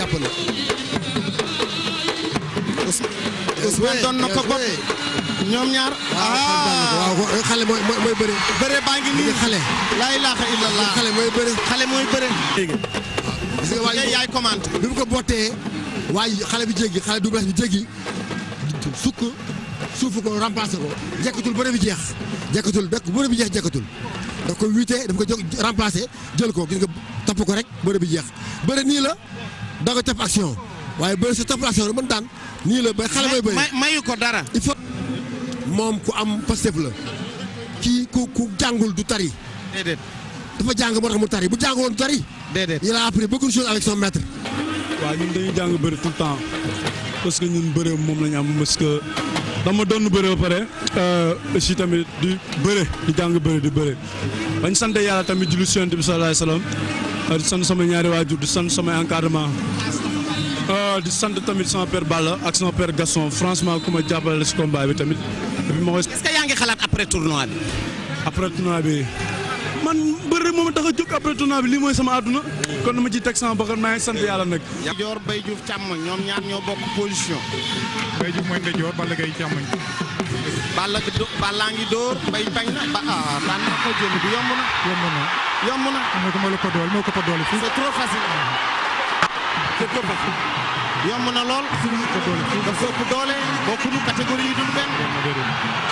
mooy baa ngi nii xale. laa ilaaha illallah xale mooy bëre. xale mooy bëre. dégg nga. yaay commande. bi mu ko bottee. waaye xale bi jéggi xale du Less bi jéggi sukk suufu ko remplacé ko jekkatul bëre bi jeex jekkatul bekk bëre bi jeex jekkatul daf ko wiite daf ko jóg remplacé jël ko gis nga topp ko rek bëre bi jeex bëre nii la da nga topp action waaye bëre sa topp action rek mën daan nii la ba xale bay bëri mayu ko dara il faut moom ku am Pastef la kii ku ku jàngul du tari déedéet dafa jàng moo tax mu tari bu jànguloon du tari déedéet il a appris avec son maître waaw ñun dañuy jàng bëri tout temps parce que ñun bëre moom la ñu am parce que dama doon bëre ba pare euh, si tamit di bëre di jàng bëre di bëre. bañ sant yàlla tamit julli si yonent bi sallallahu alayhi wasallam euh, di sant sama ñaari waajur di sant sama encadrement euh, di sant tamit sama per Balla ak sama père gason franchement ku ma jàppale si combat bi tamit. est-ce que yaa ngi xalaat après tournoi bi. après bi. man mbër moom tax a jóg après tournoi bi lii mooy sama àdduna. kon dama ci teg sama bakkan maa ngi sant yàlla nag. Ndeyjoor Baye Diouf càmmoñ ñoom ñaar ñoo bokk position. Baye Diouf mooy Ndeyjoor Balla Gaye càmmoñ. Balla Balla ngi dóor Baye ba ah daan na ko jënd bi yomb na. yomb na yomb ko moo dool ko ko doole fii. yomb na lool. ko doole fii dafa ëpp doole bokkuñu yi duñu benn.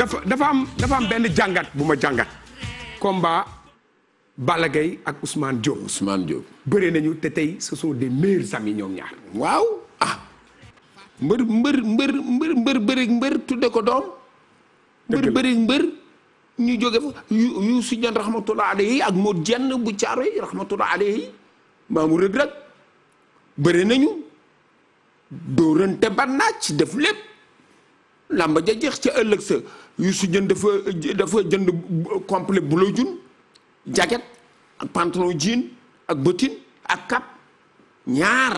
dafa am dafa benn jàngat bu ma jàngat combat Balla Gaye ak usmaan Diop. Ousmane Diop bëre nañu te tey ce sont des meilleurs amis ñoom ñaar. waaw ah. mbër mbër mbër mbër mbër tudde ko doom. mbër bëri mbër. ñu jóge fa yu yu si ñan ak moo jenn bu caaro yi rahmatullah alayhi maamu rëg rëg bëri nañu dóorante ba naaj def lépp. làmba ja jeex ci ëllëg sa Youssou jën dafa jënd complet bu la jun jacket ak pantalon jean ak bottine ak cap ñaar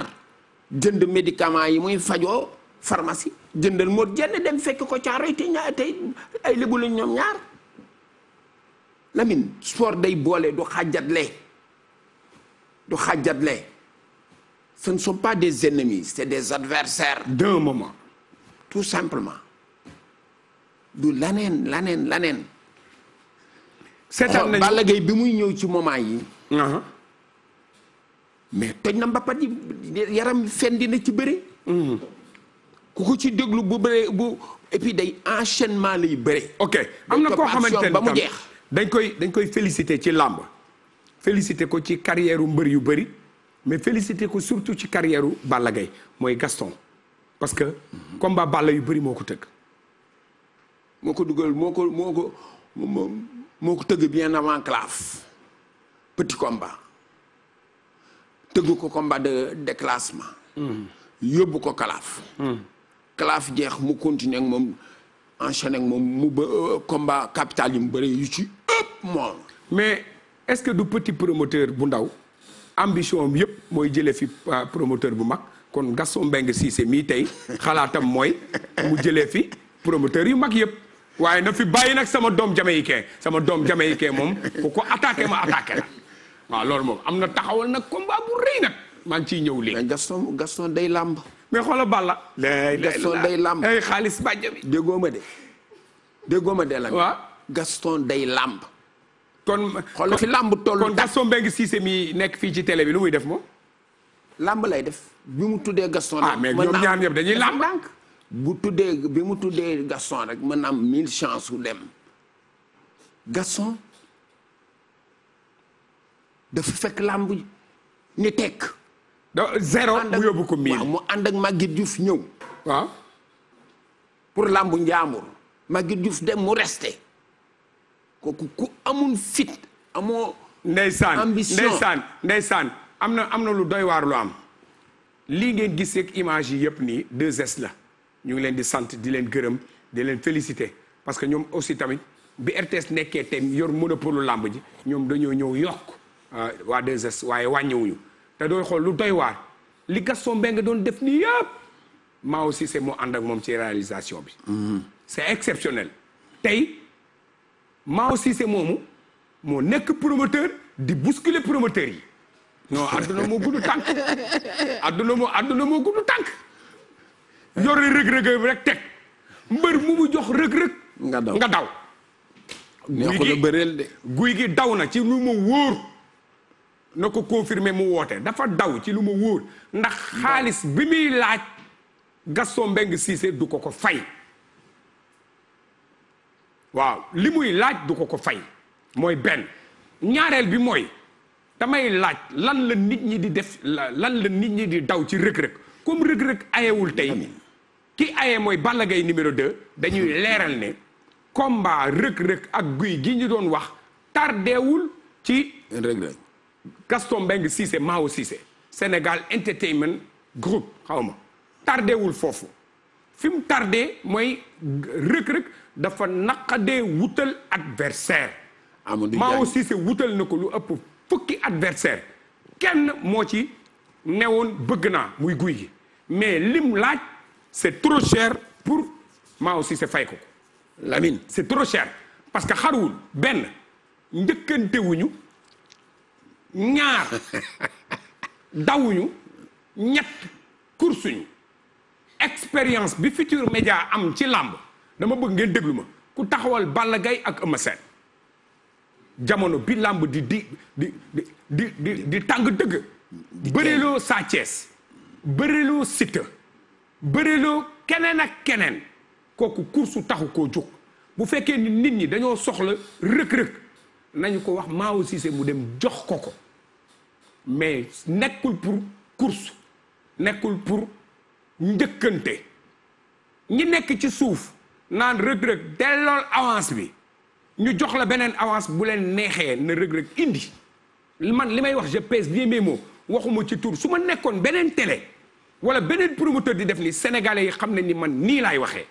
jënd médicament yi muy fajoo pharmacie jëndal moo jenn dem fekk ko caaroy te tey ay lébu lañ ñoom ñaar Lamine sport day boole du xàjjatle du xàjjatle ce ne sont pas des ennemis c'est des adversaires d'un moment tout simplement du laneen laneen laneen seetaan nañu Balla bi muy ñëw ci moment yi uh-huh. mais toj na mbappat yi yaram fendi na ci bëre mm-hmm. ku ko ci déglu bu bëre bu et puis day enchaînement lay bëre ok am na koo xamante ne ba mu jeex dañ koy dañ koy félicité ci làmb félicité ko ci carrière mbër yu bëri mais félicité ko surtout ci carrière Balla Gaye mooy Gaston parce que mm-hmm. combat Balla yu bëri moo ko tëgg moo ko dugal moo ko moo ko moo ko tëgg bien avant classe petit combat tëgg ko combat de de classement. Mm. yóbbu ko kalaaf. kalaaf mm. jeex mu continuer ak moom enchaîner ak moom mu ba euh, combat capital yu mu bëri yu ci ëpp moom. mais est-ce que du petit promoteur bu ndaw ambition am yëpp mooy jëlee fi euh, promoteur bu mag kon Gaston Mbengue Cissé mii tey xalaatam mooy mu jëlee fi promoteur yu mag yëpp. waaye na fi bàyyi nag sama doom jamaïcain sama doom jamaïcain moom ku ko attaqué ma attaqué la waaw loolu moom am na taxawal nag combat bu rëy nag maa ngi ciy ñëw léegi. Gaston Gaston day làmb. mais xoolal Balla. day Gaston day làmb. xaalis bàjj bi. déggoo ma de déggoo ma day làmb. kon xoolal fi làmb tollu. kon Gaston Mbengue Cissé mi nekk fii ci télé bi lu muy def moom. làmb lay def bi mu tuddee Gaston. ah mais ñoom ñaar ñëpp dañuy làmb. bu tuddee bi mu tuddee Gaston rek mën am mille chance su dem Gaston dafa fekk làmb ni tekk da zéro mu yóbbu ko mille mu ànd ak Maguette Diouf ñëw waaw pour làmb njaamur Maguette Diouf dem mu resté kooku ku amul fit amoo ndeysaan ambition ndeysaan am na am na lu doy waar lu am lii ngeen gisee image yi yëpp nii 2S la ñu ngi leen di sant di leen gërëm di leen féliciter parce que ñoom aussi tamit bi RTS nekkee te yor monopole làmb ji ñoom dañoo ñëw yokk euh, waa 2S waaye wàññiwuñu te dooy xool lu doy waar li Gaston nga doon def nii yëpp maa aussi c'est moo ànd ak moom ci réalisation bi. Mhm. c'est exceptionnel. tey maa aussi c'est moomu moo nekk promoteur di bousculer promoteur yi. non adduna moo gudd tànk adduna moo adduna moo gudd tànk. yore rëg-rëg bi rek teg mu mu jox rëg-rëg nga daw nga daw neexul a de guy gi daw na ci lu ma wóor na ko confirmer mu woote dafa daw ci lu ma wóor ndax xaalis bi muy laaj Gaston Mbengue Cissé du ko ko fay waaw li muy laaj du ko ko fay mooy benn ñaareel bi mooy damay laaj lan la nit ñi di def lan la nit ñi di daw ci rëg-rëg comme rëg-rëg ayewul tey ki aye mooy Balla Gaye numéro 2 dañuy leeral ne combat rëg-rëg ak guy gi ñu doon wax tardeewul ci rëg-rëg Gaston Mbengue Cissé Mao Cissé Sénégal Entertainment Group xaw ma tardeewul foofu fi mu tardé mooy rëg-rëg dafa naqadee wutal adversaire Mao Cissé wutal na ko lu ëpp fukki adversaire kenn moo ci newoon bëgg naa muy guy gi mais lim laaj c'est trop cher pour maa aussi c'est fay ko Lamine c'est trop parce que xaruwul benn njëkkantewuñu ñaar dawuñu ñett kursuñu expérience bi Futurs Médias am ci làmb dama bëgg ngeen déglu ma ku taxawal Balla Gaye ak Eumeu Sène jamono bi làmb di di di di di di tàng dëgg bëriloo Sa Thiès bëriloo bëriloo keneen ak keneen kooku kursu taxu koo jóg bu fekkee ni nit ñi dañoo soxla rëkk-rëkk nañu ko wax Mao Cissé mu dem jox ko ko mais nekkul pour course nekkul pour njëkkante ñi nekk ci suuf naan rëg-rëg dellool avance bi ñu jox la beneen avance bu leen neexee na rëg-rëg indi man li may wax je pèse bien moo waxuma ci tur su ma nekkoon beneen télé wala beneen promoteur di def nii sénégalais yi xam nañ ni man nii laay waxee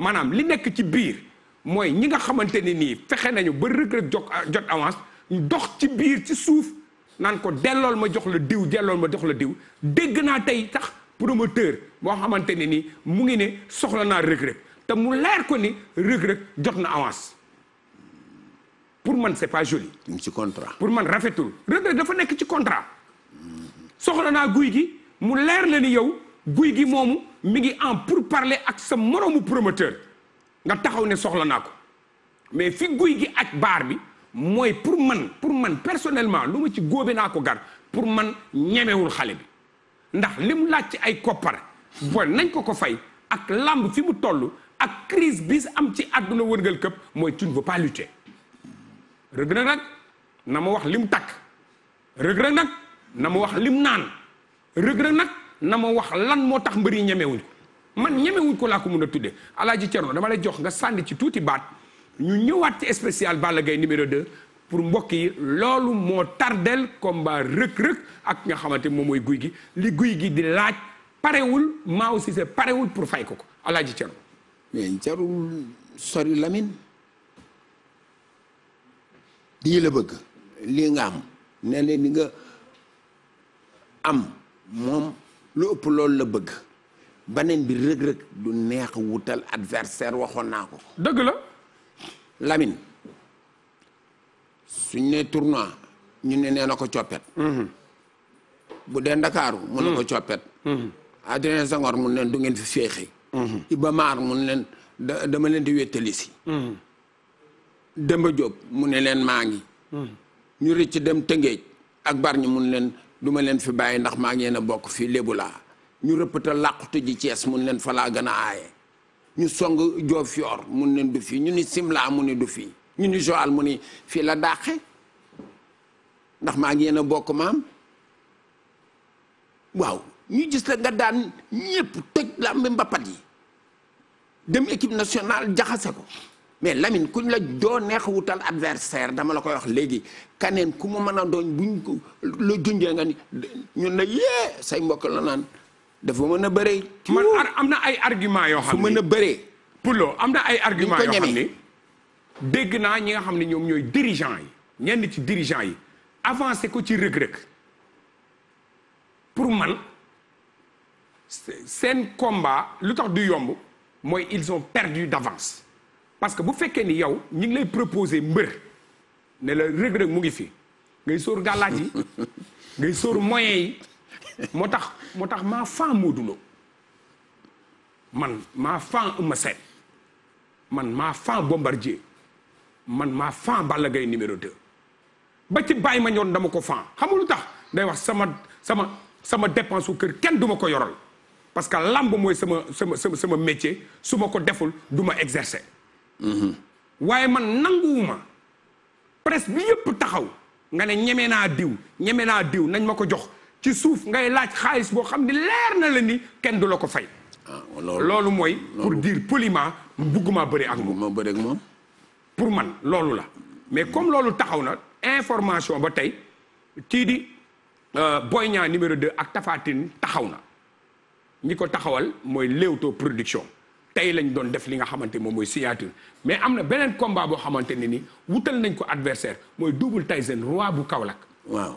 maanaam li nekk ci biir mooy ñi nga xamante ni nii fexe nañu ba Reug Reug ah, jot avance ñu dox ci biir ci suuf naan ko dellool ma jox la diw dellool ma jox la diw dégg naa tey sax promoteur boo xamante ne nii mu ngi ne soxla naa Reug Reug te mu leer ko ni Reug Reug jot na avance pour man c'est pas joli. ci contrat pour man rafetul Reug Reug dafa nekk ci contrat soxla naa guy gi. mu leer la ni yow guy gi moomu mi ngi en pourparler ak sa moroomu promoteur nga taxaw ne soxla naa ko mais fi guy gi ak baar bi mooy pour man pour man personnellement lu ma ci góobe naa ko gar pour man ñemewul xale bi ndax li mu laaj ci ay koppar bon nañ ko ko fay ak làmb fi mu toll ak crise bis am ci àdduna wërngal këpp mooy tu ne veux pas lutter rëg-rëg nag na ma wax li mu takk rëg-rëg nag na ma wax lim naan rëg-rëg nag na ma wax lan moo tax mbër yi ñemewuñ ko man ñemewuñ ko laa ko mun a tuddee alaaji Cerno dama lay jox nga sànni ci tuuti baat ñu ñëwaat ci spécial Balla gay numéro de pour mbokk yi loolu moo tardel combat rëg-rëg ak nga xamante moom mooy guy gi li guy gi di laaj parewul maa aussi c'est parewul pour fay ko ko alaaji Cerno mais jarul sori Lamine lii la bëgg lii nga am ne leen li nga am moom lu ëpp loolu la bëgg beneen bi rëg-rëg du neex wutal adversaire waxoon naa ko dëgg la Lamine suñ ne tournoi ñu ne nee na ko coppet mhm. bu dee Ndakaaru mu ne ko mhm. coppet mhm. Adrien Senghor mun leen du ngeen fi féexi Iba Mar mun leen dama leen di wéttali si Demba Diop mu ne leen maa ñu rëcc dem Tëngéej ak bar ñi mun leen du ma leen fi bàyyi ndax maa ngi a bokk fii lébu laa ñu rëppata làqute ji Cees mun leen fa laa gën a aaye ñu song joof mun leen du fi ñu ni Simla mu ni du fii ñu ni Joal mu ni fii la dàqe ndax maa ngi a bokk maam waaw ñu gis la nga daan ñëpp toj làmbi mbapat yi dem équipe nationale jaxase ko mais Lamine kuñ la doo neex wutal adversaire dama la koy wax léegi kaneen ku mu mën a dooñ buñ ko la junjee nga ni ñun la yee say mbokk la naan dafa mën a bëree. man am na ay argument yoo xam ne su mën a bëree. Pulo am na ay argument yoo xam ne dégg naa ñi nga xam ne ñoom ñooy dirigeant yi ñenn ci dirigeant yi avancé ko ci rëg-rëg pour man seen combat lu tax du yomb mooy ils ont perdu d'avance. parce que bu fekkee ni yow ñu ngi lay proposer mbër ne la Reug Reug mu ngi fi ngay sóor gàllaaj yi ngay sóor moyen yi moo tax moo tax maa fan Modou Lo man maa fan Eumeu man maa fan Bombardier man maa fan Balla Gaye numéro 2 ba ci bàyyi ma ñoon dama ko fan xam lu tax day wax sama sama sama dépense u kër kenn duma ko yoral parce que lamb mooy sama sama sama sama métier su ma ko deful du ma exercer waaye man nanguwuma presque bi yëpp taxaw nga ne ñeme naa diw ñeme naa diw nañ ma ko jox ci suuf ngay laaj xaalis boo xam ne leer na la ni kenn du la ko fay. Ah, loolu mooy. pour dire poliment bugguma bëri ak moom. bëri ak pour man loolu la mais comme loolu taxaw na information ba tey kii di euh, Boy Niang numéro de ak Tapha taxaw na ñi ko taxawal mooy Leewtoo production. tey lañ doon def li nga xamante moom mooy signature mais am na beneen combat boo xamante ne nii wutal nañ ko adversaire mooy Double Tyson roi bu Kaolack. waaw.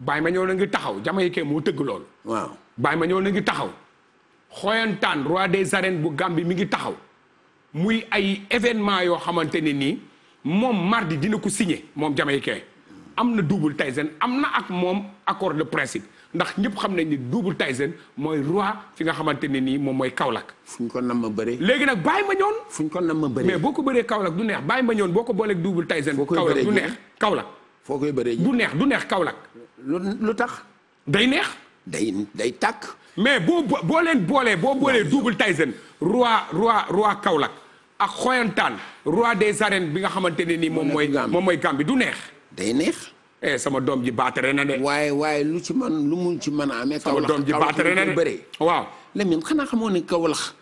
baay ma ñëw na ngi taxaw Jamaïcain moo tëgg loolu. waaw Baye ma ñëw na ngi taxaw. Xoyantaan roi des arènes bu Gambie mi ngi taxaw muy ay événement yoo xamante ne nii moom mardi dina ko signé moom Jamaïcain am na Double Tyson am na ak moom accord de principe. ndax ñëpp xam nañ ni double Tyson mooy roi fi nga xamante ne nii moom mooy Kaolack. fu ñu ko ma bëree. léegi nag bàyyi ma ñoon. fu ñu ko ma bëree mais boo ko bëree Kaolack du neex bàyyi ma ñoon boo ko booleeg double Tyson. foo koy bëree Kaolack du neex Kaolack. foo koy bëree du neex du neex Kaolack. lu lu tax. day neex. day day takk mais boo boo leen boolee boo boolee double Tyson roi roi roi Kaolack ak xoyantaan roi des arènes bi nga xamante ne nii moom mooy moom mooy Gambie du neex. day neex. Eh, sama doom ji baatere na de. waaye waaye lu ci man lu mun ci mën a amee. sama doom ji baatere na de bëree. waaw xamoo ne Kawlax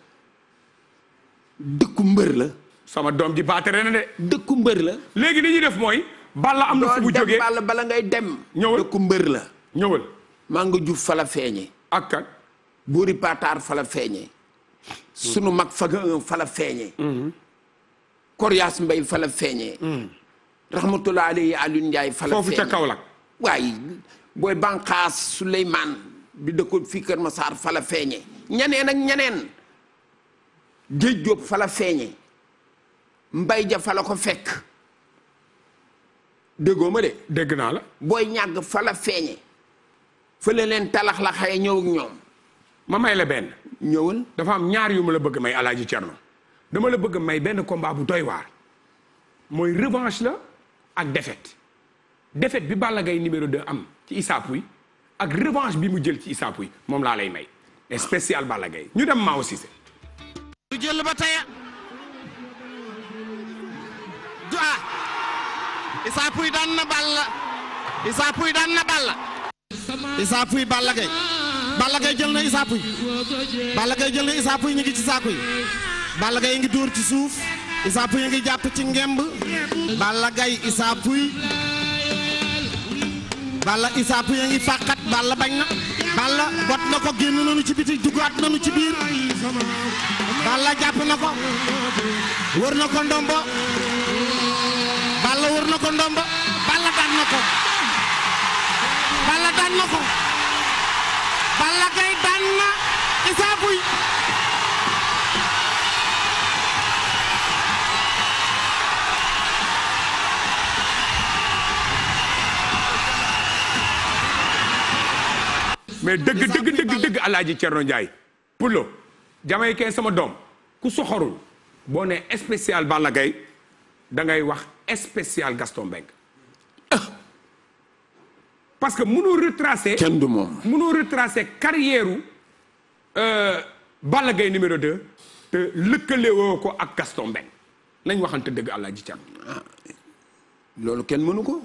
dëkku mbër la. sama doom ji baatare na de. dëkku mbër la. léegi li ñuy def mooy. Balla am na fu bala ngay dem. ñëwal dëkku la. ñëwal. Manga Diouf fa la feeñee. ak kan. Buri Patar fa la feeñee. sunu mag fa fala feeñee. Korias Mbay fa la feeñee. Mhm. rahmatullah alayhi Aliou Ndiaye. fala foofu ca Kaolack waaye booy banqaas Souleymane bi dëkkoon fii Kër Massar fala feeñe ñaneen ak ñeneen géej jóob fala feeñe mbay ja fala ko fekk déggoo ma de dégg naa la booy ñàgg fala feeñe fële leen talax la xaye ñëw ñoom ma may la benn ñëwal dafa am ñaar yu ma la bëgg may alaaji Cerno dama la bëgg may benn combat bu doy waar mooy revanche la ak défaite défaite bi Balla Gaye numéro 2 am ci Issa ak revanche bi mu jël ci Issa Pouye moom laa lay may et spécial ñu dem Mao Cissé du jël ba tey du ah Issa Pouye daan na Balla Issa daan na Balla Issa Pouye Balla jël na Issa Pouye jël na Issa ñu ngi ci saako yi Balla ngi dóor ci suuf Issa Pouye ngi jàpp ci ngemb Balla Gaye Issa Pouye Balla Issa Pouye ngi fàqat Balla bañ na Balla bot na ko génn nañu ci biti duggaat nañu ci biir Balla jàpp na ko wër na ko ndombo Balla wër na ko ndombo Balla daan na ko Balla daan na ko Balla Gaye daan na Issa mais dëgg dëgg dëgg dëgg alaaji Thierno Ndiaye pulo jamay kee sama doom ku soxorul boo ne spécial Balla Gaye da ngay wax spécial Gaston Mbengue parce que mënoo retracer kenn du moom mënoo retracer carrière u euh, numéro de te lëkkalewoo ko ak Gaston Mbengue nañ waxante dëgg alaaji Thierno ah, loolu kenn mënu ko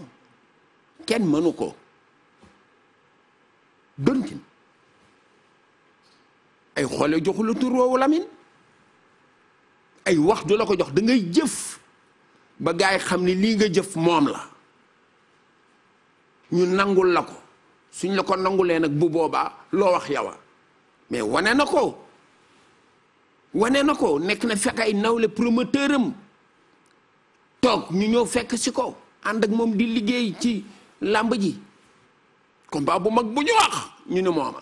kenn mënu ko dontin ay xoole joxu la tur lamin ay wax du la ko jox dangay jëf ba gaa gaay xam ni lii nga jëf moom la ñu nangul la ko suñ la ko nangulee nag bu boobaa loo wax yawa mais wane na ko wane na ko nekk na fekk ay nawle promoteur am toog ñu ñëw fekk si ko ànd ak moom di liggéey ci làmb ji combat bu mag bu ñu wax ñu ne mooma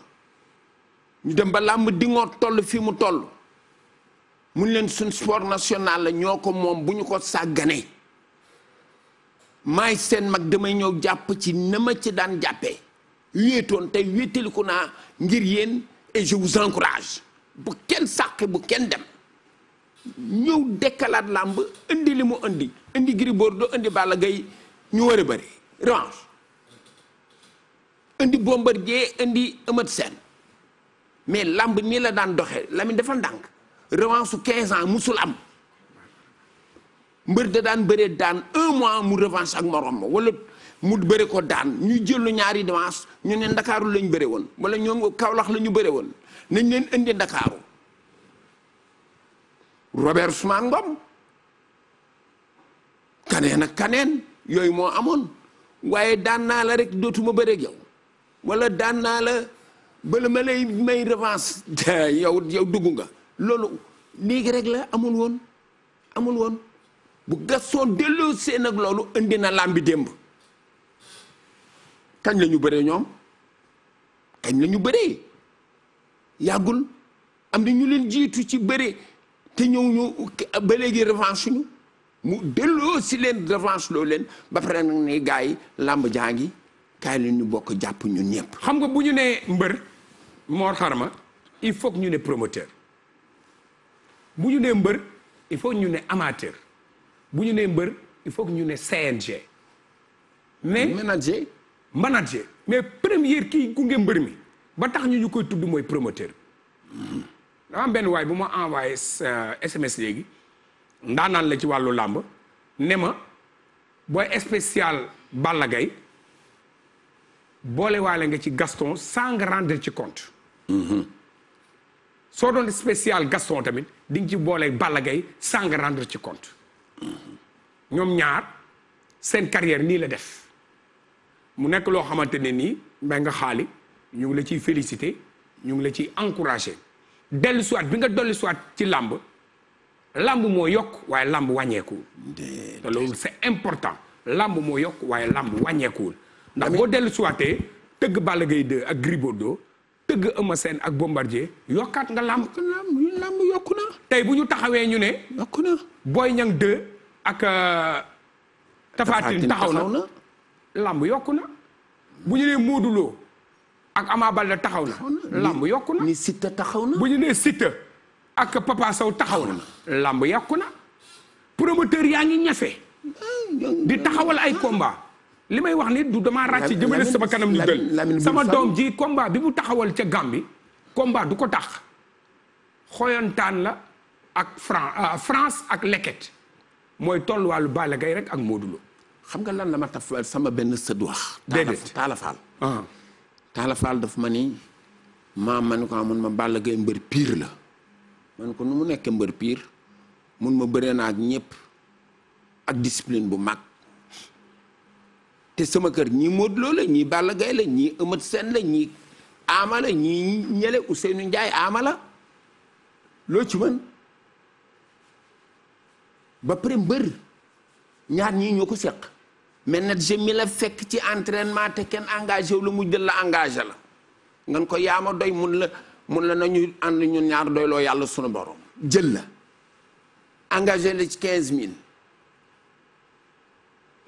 ñu dem ba làmb di dingoor toll fii mu toll mun leen suñ sport national la ñoo ko moom bu ñu ko sàgganee maay seen mag damay ñëw jàpp ci na ma ci daan jàppee wéetoon tey wéetaliku naa ngir yéen et je vous bu kenn sàqi bu kenn dem ñëw dekkalaat làmb indi li mu indi indi Gris Bordeaux indi Balla Gaye ñu war a bëri indi Bombardier indi Eumeu Sène mais lamb nii la daan doxe Lamine dafa ndànk revanche su 15 ans musul am mbër da daan bëree daan un mois mu revanche ak morom wala mu bëri ko daan ñu jëlu ñaari revanche ñu ne ndakaaru lañ bëri woon wala ñoom Kaolack lañu bëre woon nañ leen indi ndakaaru Robert Ousmane Ngom kaneen ak kaneen yooyu moo amoon waaye daan naa la rek dootuma bëreek yow wala daan naa la bala ma may revanche yow yow dugg nga loolu léegi rek la amul woon amul woon bu Gaston delloo seen ak loolu indi na làmbi démb kañ la ñu bëree ñoom kañ la ñu bëree yàggul am na ñu leen jiitu ci bëri te ñëw ñu ba léegi revanche ñu mu delloo si leen revanche loo leen ba pare nag ne làmb jaa ngi kaay la ñu bokk jàpp ñun ñëpp. xam nga bu ñu nee mbër Mor ma il faut que ñu ne promoteur bu ñu nee mbër il faut ñu ne amateur bu ñu nee mbër il faut ñu ne CNG. mais manager. manager mais première kii gunge mbër mi ba tax ñu ñu koy tudd mooy promoteur. dama am benn waay bu ma envoyé SMS léegi ndaanaan la ci wàllu làmb ne ma booy spécial Balla Gaye boolewaale nga ci Gaston sans ci compte. soo doon spécial Gaston tamit di ci boole Balla Gaye ci compte. ñoom ñaar seen carrière nii la def mu nekk loo xamante ne nii mbay nga xaali ñu la ciy félicité ñu ngi la ciy encouragé dellu siwaat bi nga dolli siwaat ci làmb làmb moo yokk waaye làmb wàññeekuwul te loolu c'est important lamb moo yokk waaye làmb wàññeekuwul ndax boo dellu siwaatee tëgg ball gay 2 ak Gris tëgg Eumeu Sène ak Bombardier yokkaat nga làmb làmb na tey bu ñu taxawee ñu ne yokku na Boy Niang 2 ak euh, Tapha Tine taxaw na làmb yokku na bu ñu nee Modou ak Ama Baldé taxaw na làmb yokku na ni taxaw na bu ñu nee Siteu ak Papa Sow taxaw na làmb yokku na promoteur yaa ngi ñafe di taxawal ay combat li may wax ni du damaa ràcc jëmale sama kanam ñu gën sama doom ji combat bi mu taxawal ca Gàmbi combat du ko tax xoyantaan la ak Fran euh, France ak Leket mooy tolluwaalu Balla gay rek ak Modou Lo xam nga lan la ma taf sama benn sëdd wax déedéet taalafaal taalafaal ah. daf ma ni maam man ko amoon ah, ma Balla Gaye mbër piir la man ko nu mu nekk mbër piir mun ma bëree naa ak ñëpp ak discipline bu mag te sama kër ñii Modou Lo la ñii Balla Gaye la ñii Eumeu seen la ñii Ama la ñii ñele Ousseynou Ndiaye Ama la loo ci mën ba pare mbër ñaar ñii ñoo ko seq mais nag mi la fekk ci entrainement te kenn engagé wu la mu jël la engagé la ngan ko yaama doy mun la mun la nañu ànd ñun ñaar doy loo yàlla sunu borom jël la engagé la ci quinze mille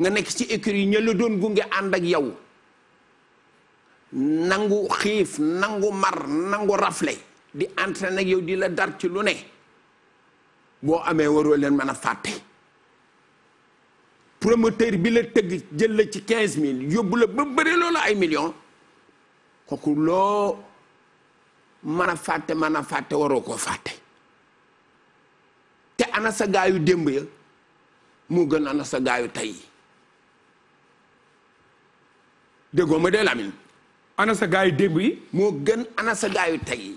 nga nekk ci yi ña la doon gunge ànd ak yow nangu xiif nangu mar nangu rafle di entraîné nag yow di la dar ci lu ne boo amee waroo leen mën a fàtte promoteur bi la tëgg jël la ci quinze mille yóbbu la ba bëri loola ay million kooku loo mën a fàtte mën a fàtte waroo koo fàtte te ana sa gaayu moo gën ana sa tey déggoo ma dee Lamine ana sa gaayu démb yi moo gën ana sa gaayu tey yi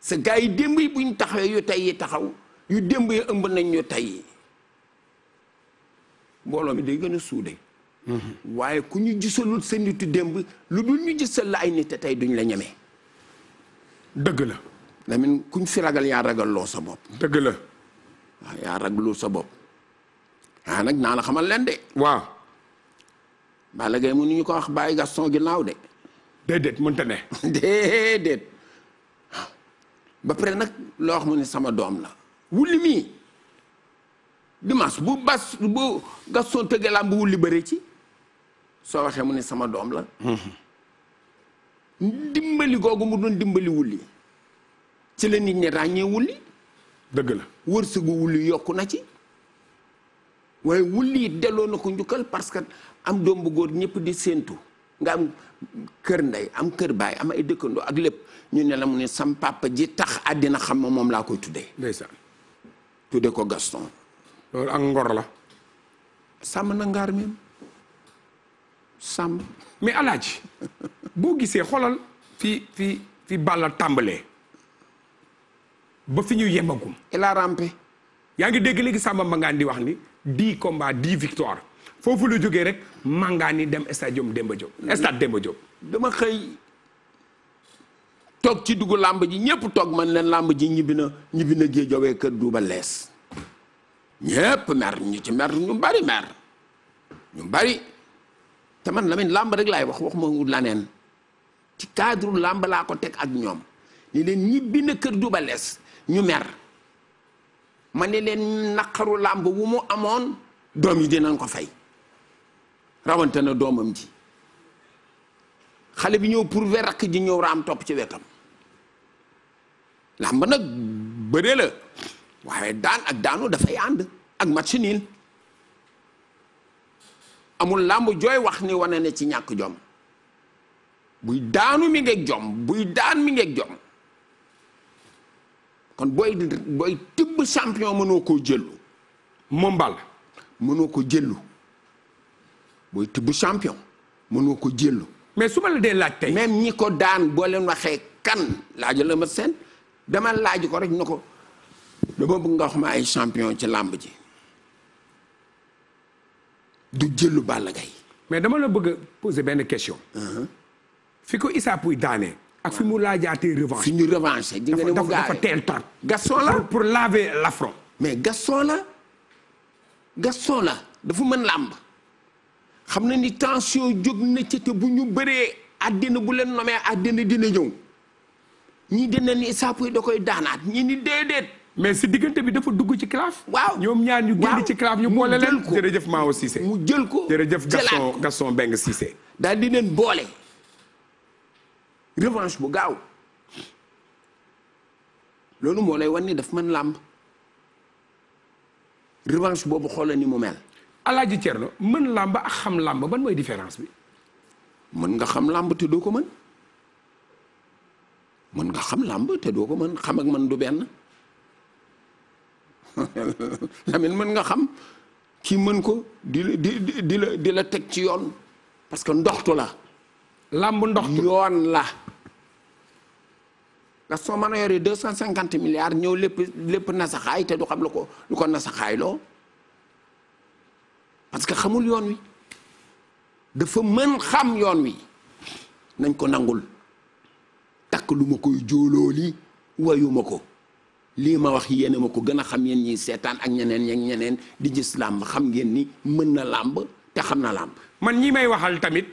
sa gaayu démb yi buñ taxawee yu tey yi taxaw yu démb yi ëmb nañ ñu tey yi mbooloo mi day gën a suude waaye ku ñu gisalul sa nitu démb lu dul ñu gisal la ay nit tey duñ la ñeme. dëgg la Lamine kuñ fi ragal yaa ragal loo sa bopp dëgg la waaw yaa ragloo sa bopp ah nag naa la xamal leen de waaw Balla Gaye mënuñu ko wax bàyyi Gaston ginnaaw de. déedéet mënta ne. déedéet ba pare nag loo wax mu ne sama doom la. wulli mii dimanche bu bas bu Gaston tëggee làmb bu wulli bëri ci soo waxee mu ne sama doom la. Mm-hmm. dimbali googu mu doon dimbali wulli ci la nit ñi ràññee wulli. dëgg la wërsëgu wulli yokku na ci. waaye wulli delloo na ko njukkal parce que am doom bu góor ñëpp di séentu nga am kër ndey am kër baay am ay dëkkandoo ak lépp ñu ne la mu ne sam papa ji tax àddina xam ma moom laa koy tuddee. ndeysaan. tuddee ko Gaston. loolu ak ngor la. sàmm na ngaar mi sàmm. mais alaaji boo gisee xolal fi fi fi Balla tàmbalee ba fi ñu yemagum. il a yaa ngi dégg léegi Samba Mangane di wax ni di combats di victoires foofu la jógee rek Mangane yi dem stadium Demba Diop stade Demba Diop dama xëy toog ci duggu làmb ji ñëpp toog man leen làmb ji ñibbi na ñibbi na jee jowee kër duuba lees ñëpp mer ñu ci mer ñu bari mer ñu bari te man Lamine làmb rek laay wax wax ma laneen ci cadre làmb laa ko teg ak ñoom ni leen ñibbi na kër duuba lees ñu mer ma ne leen naqaru làmb wu mu amoon doom yi dinañ ko fay rawante na doomam ji xale bi ñëw pour ver rakk ji ñëw raam topp ci wetam làmb nag bëre la waaye daan ak daanu dafay ànd ak match nul amul làmb jooy wax ni wane ne ci ñàkk jom buy daanu mi ngeeg jom buy daan mi ngeeg jom kon booy booy tibb champion mënoo koo jëllu moom Balla mënoo ko jëllu booy tibb champion mënoo ko jëllu mais su ma la dee laaj tey même ñi ko daan boole leen waxee kan la ma seen dama laaj ko rek na ko dama bëgg nga wax ma ay champion ci làmb ji du jëllu Balla Gaye mais dama la bëgg a benn question uh-huh. fi ko Issa Pouye daanee ak fi mu laajaatee revanche. fi ñu revanche ji nga ne mu dafa teel trop. Gaston la pour laver l'affront. mais Gaston la Gaston la dafa mën làmb xam na ni tension jóg na ci bu ñu bëree àddina bu leen nomee àddina dina ñëw ñii dina ni saapuy da koy daanaat ñi ni déedéet. mais si diggante bi dafa dugg ci claf. waaw ñoom ñaar ñu génn ci claf ñu boole leen. jërëjëf Mao Cissé mu jël ko jërëjëf Gaston Gaston Mbengue Cissé. daal di leen boole. revanche bu gaaw loolu moo lay wan ni daf mën làmb revanche boobu xoola ni mu mel. Alaaji Thierno mën làmb ak xam làmb ban mooy différence bi. mën nga xam làmb te doo ko mën mën nga xam làmb te doo ko mën xam ak man du benn Lamine mën nga xam kii mën ko di di la teg ci yoon parce que ndoxtu la. làmb ndoxtu yoon la. ndax soo mën a yoree deux cent cinquante milliards ñëw lépp lépp nasaxaay te du xam lu ko lu ko nasaxaay loo parce que xamul yoon wi dafa mën xam yoon wi nañ ko nangul takkaluma lu ma koy jóolooli wayuma ko lii ma wax yéen ma ko gën a xam yéen ñii seetaan ak ñeneen ñeg ñeneen di gis làmb xam ngeen ni mën na làmb te xam na làmb man ñii may waxal tamit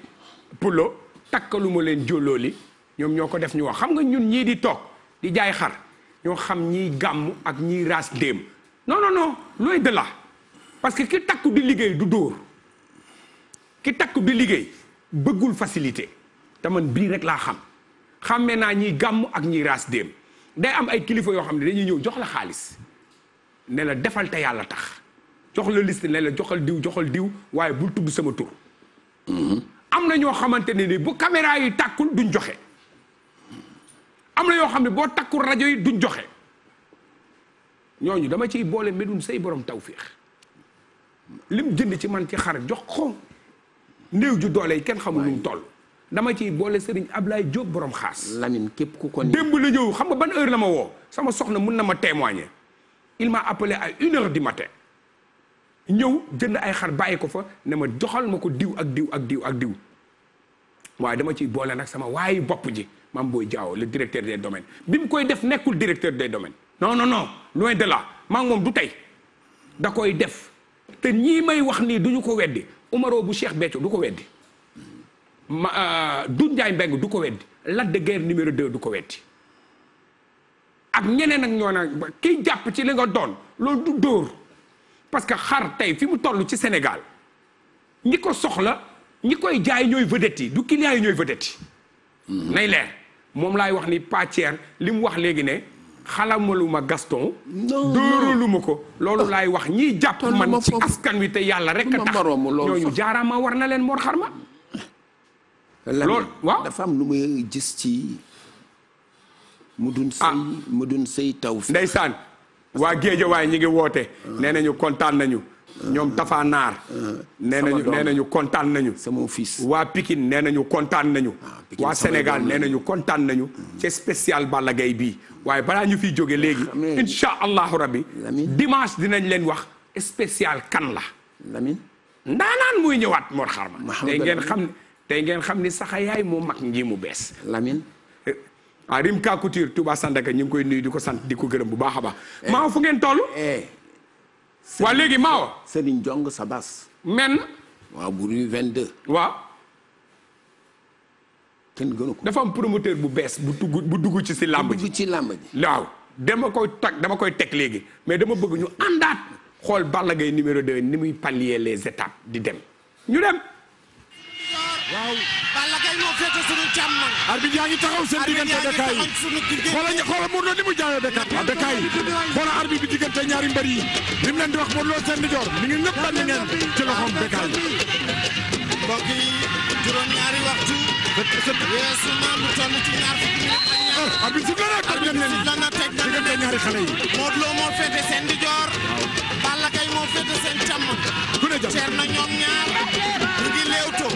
Pulo takkaluma lu ma leen jóolooli ñoom ñoo ko def ñu wax xam nga ñun ñii di toog di jaay xar ñoo xam ñiy gàmm ak ñiy raas déem non non non parce que ki takku di liggéey du dóor ki takku di liggéey bëggul facilité te man bii rek laa xam xàmmee naa ñiy gàmm ak ñii ras déem day am ay kilifa yoo xam ne dañuy ñëw jox la xaalis ne la defal te yàlla tax jox la list ne la joxal diw joxal diw waaye bul tudd sama tur. Mm-hmm. am na ñoo xamante ne ni bu caméra yi tàkkul duñ joxe. am na yoo xam ne boo takkul rajo yi duñ joxe ñooñu dama ciy boole medun say borom tawféex lim jënd ci man ci xar jox ko néew ju doole yi kenn xamul nu mu toll. dama ciy boole Serigne Ablaye Diop borom xaas. Lamine képp ku ko démb la ñëw xam nga ban heure la ma woo sama soxna mun na ma témoigner il m'a appelé à une heure du ñëw jënd ay xar bàyyi ko fa ne ma joxal ma ko diw ak diw ak diw ak diw waaye dama ciy boole nag sama waayu bopp ji. Mame Boye Diao le directeur des domaines bi mu koy def nekkul directeur des domaines non non non loin de là maa ngi moom du tey da koy def te ñii may wax nii du ñu ko weddi Umaro bu Cheikh Béthio du ko weddi ma euh, Doudou Ndiaye Mbengue du ko weddi Lac de Guiers numéro 2 du ko weddi ak ñeneen ak ñoo nag kiy jàpp ci li nga doon loolu du dóor parce que xar tey fi mu toll ci Sénégal ñi ko soxla ñi koy jaay ñooy vedette yi du client yi ñooy vedette yi nay leer moom laay wax ni pàcceer li mu wax léegi ne xalamaluma Gaston. dóoraluma ko. loolu ah. laay wax ñiy jàpp man ci askan wi te yàlla rek a tax ñooñu jaaraama war na leen moor Xarma. loolu waaw dafa am lu may gis ci. mu dun ah. say mu dun taw. ndeysaan waa waaye ñi ngi woote. Ah. nee nañu kontaan nañu. ñoom Tafa Naar. nee nañu nee nañu kontaan nañu. sama fils waa pikin nee nañu kontaan nañu. Ah, waa Sénégal nee nañu kontaan nañu. Mm. ci spécial bala Gaye bii waaye balaa ñu fi jóge léegi. incha allahu rabbi dimanche dinañ leen wax spécial kan la. Lamine. ndaanaan muy ñëwaat Mor Xarma. tey ngeen xam tey ngeen xam ni saxa yaay moo mag nji mu bees. Lamine. Eh, ah Rimka Couture Touba Sandaka ñu ngi koy nuyu di ko sant di ko gërëm bu baax a baax. Eh. maa fu ngeen toll. Eh. waa léegi Maowa. Serigne Jong sa Sabas. men. waaw bu rue 22. waaw. kenn gënu ko. dafa am promoteur bu bees bu dugg bu dugg ci si làmb ji dugg làmb ji. waaw dama koy tag dama koy teg léegi mais dama bëgg ñu àndaat xool Balla Gaye numéro de ni muy pallier les étapes di dem ñu dem. waaw Balla Gaye moo féete sunu càmmoñ arbitre yaa ngi taxaw seen diggante Bécaye xoolal xoolal Modou Lo ni mu jaayoo Bécaye Bécaye xoolal arbitre bi diggante ñaari mbër yi li mu leen di wax Modou Lo seen ndijoor mi ngi ñëpp benn ngeen ci loxoom Bécaye mbokk yi juróom ñaari waxtu weesu na lu toll Balla Gaye moo féete seen càmmoñ ku ne jàpp na ñoom ñaar ñu ngi léewtoo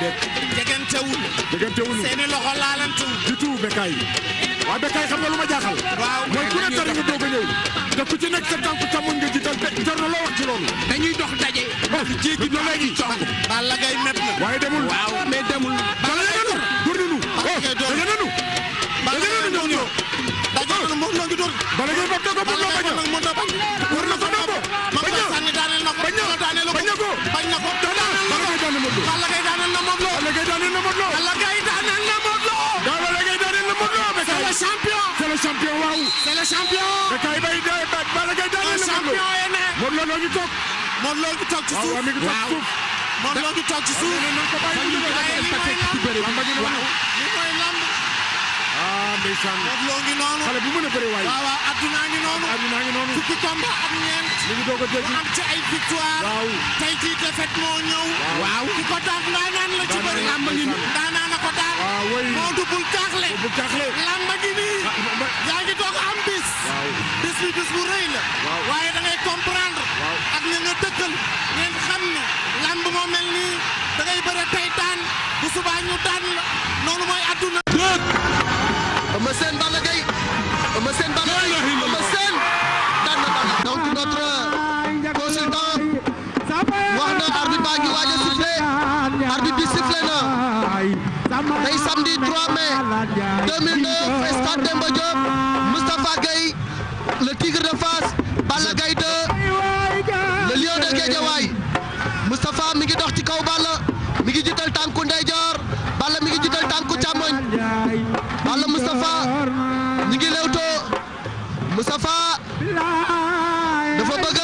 déet. jegantewul. jegantewul seeni loxo laalantewul. du tout Bécaye waaw Bécaye xam nga lu ma jaaxal. waaw mooy a ne tari nga doog a ñëw. te ku ci nekk sa tànk càmmoñ nga jiital te jar na loo wax ci loolu. dañuy dox daje. ndax oh, jéggi dox léegi cong. Balla Gaye met na. waaye demul waaw mais demul. Balla Gaye doon dóor nañu. Balla Gaye oh, doon dóor nañu. Balla Gaye doon ñëw. daje nañu moom noo ngi a oh. Balla Gaye fab na ko mën naa bañ a. war na ko dóor ko. bañ na ko bañ na ko. Modou Lo Balla Gaye daaneel na Modou Lo Balla Gaye daaneel na Modou Lo da Balla Gaye daaneel na Modou Lo c'est le champion c'est le champion waaw c'est le champion Bécaye Mbaye day Balla Gaye daaneel na Modou Lo Modou Lo ngi toog Modou Lo ngi toog ci suuf waaw Modou Lo ngi toog ci suuf ah ndeysaan. Modou Lo ngi noonu. xale a bëri waay. waaw waaw addunaa ngi noonu. addunaa ngi noonu. fukki combat ak ñeent. mi ngi doog a dégg. Ah, yaa ngi doog am bis. waaw bis bu rëy la. waaye da ngay comprendre. waaw ak ña nga dëkkal. ngeen xam ne làmb moo mel nii da ngay bëre tey daan bu subaa daan la noonu mooy adduna. Eumeu Sène Balla Gaye Eumeu Sène Balla Gaye Eumeu Sène daan na Balla donc consultant wax na arbitre baa ngi waaj a sifflé arbitre bi sifflé na tey samedi 3 mai 2009 stade Demba Diop Moustapha Gueye le tigre de Fass Balla Gaye 2 de Guédiawaye Moustapha mi ngi ci kaw Balla mi ngi jiital tànku ndeyjoor Balla mi ngi jiital tànku càmmoñ Balla Moustapha ñi ngi lewtoo Moustapha dafa bëgg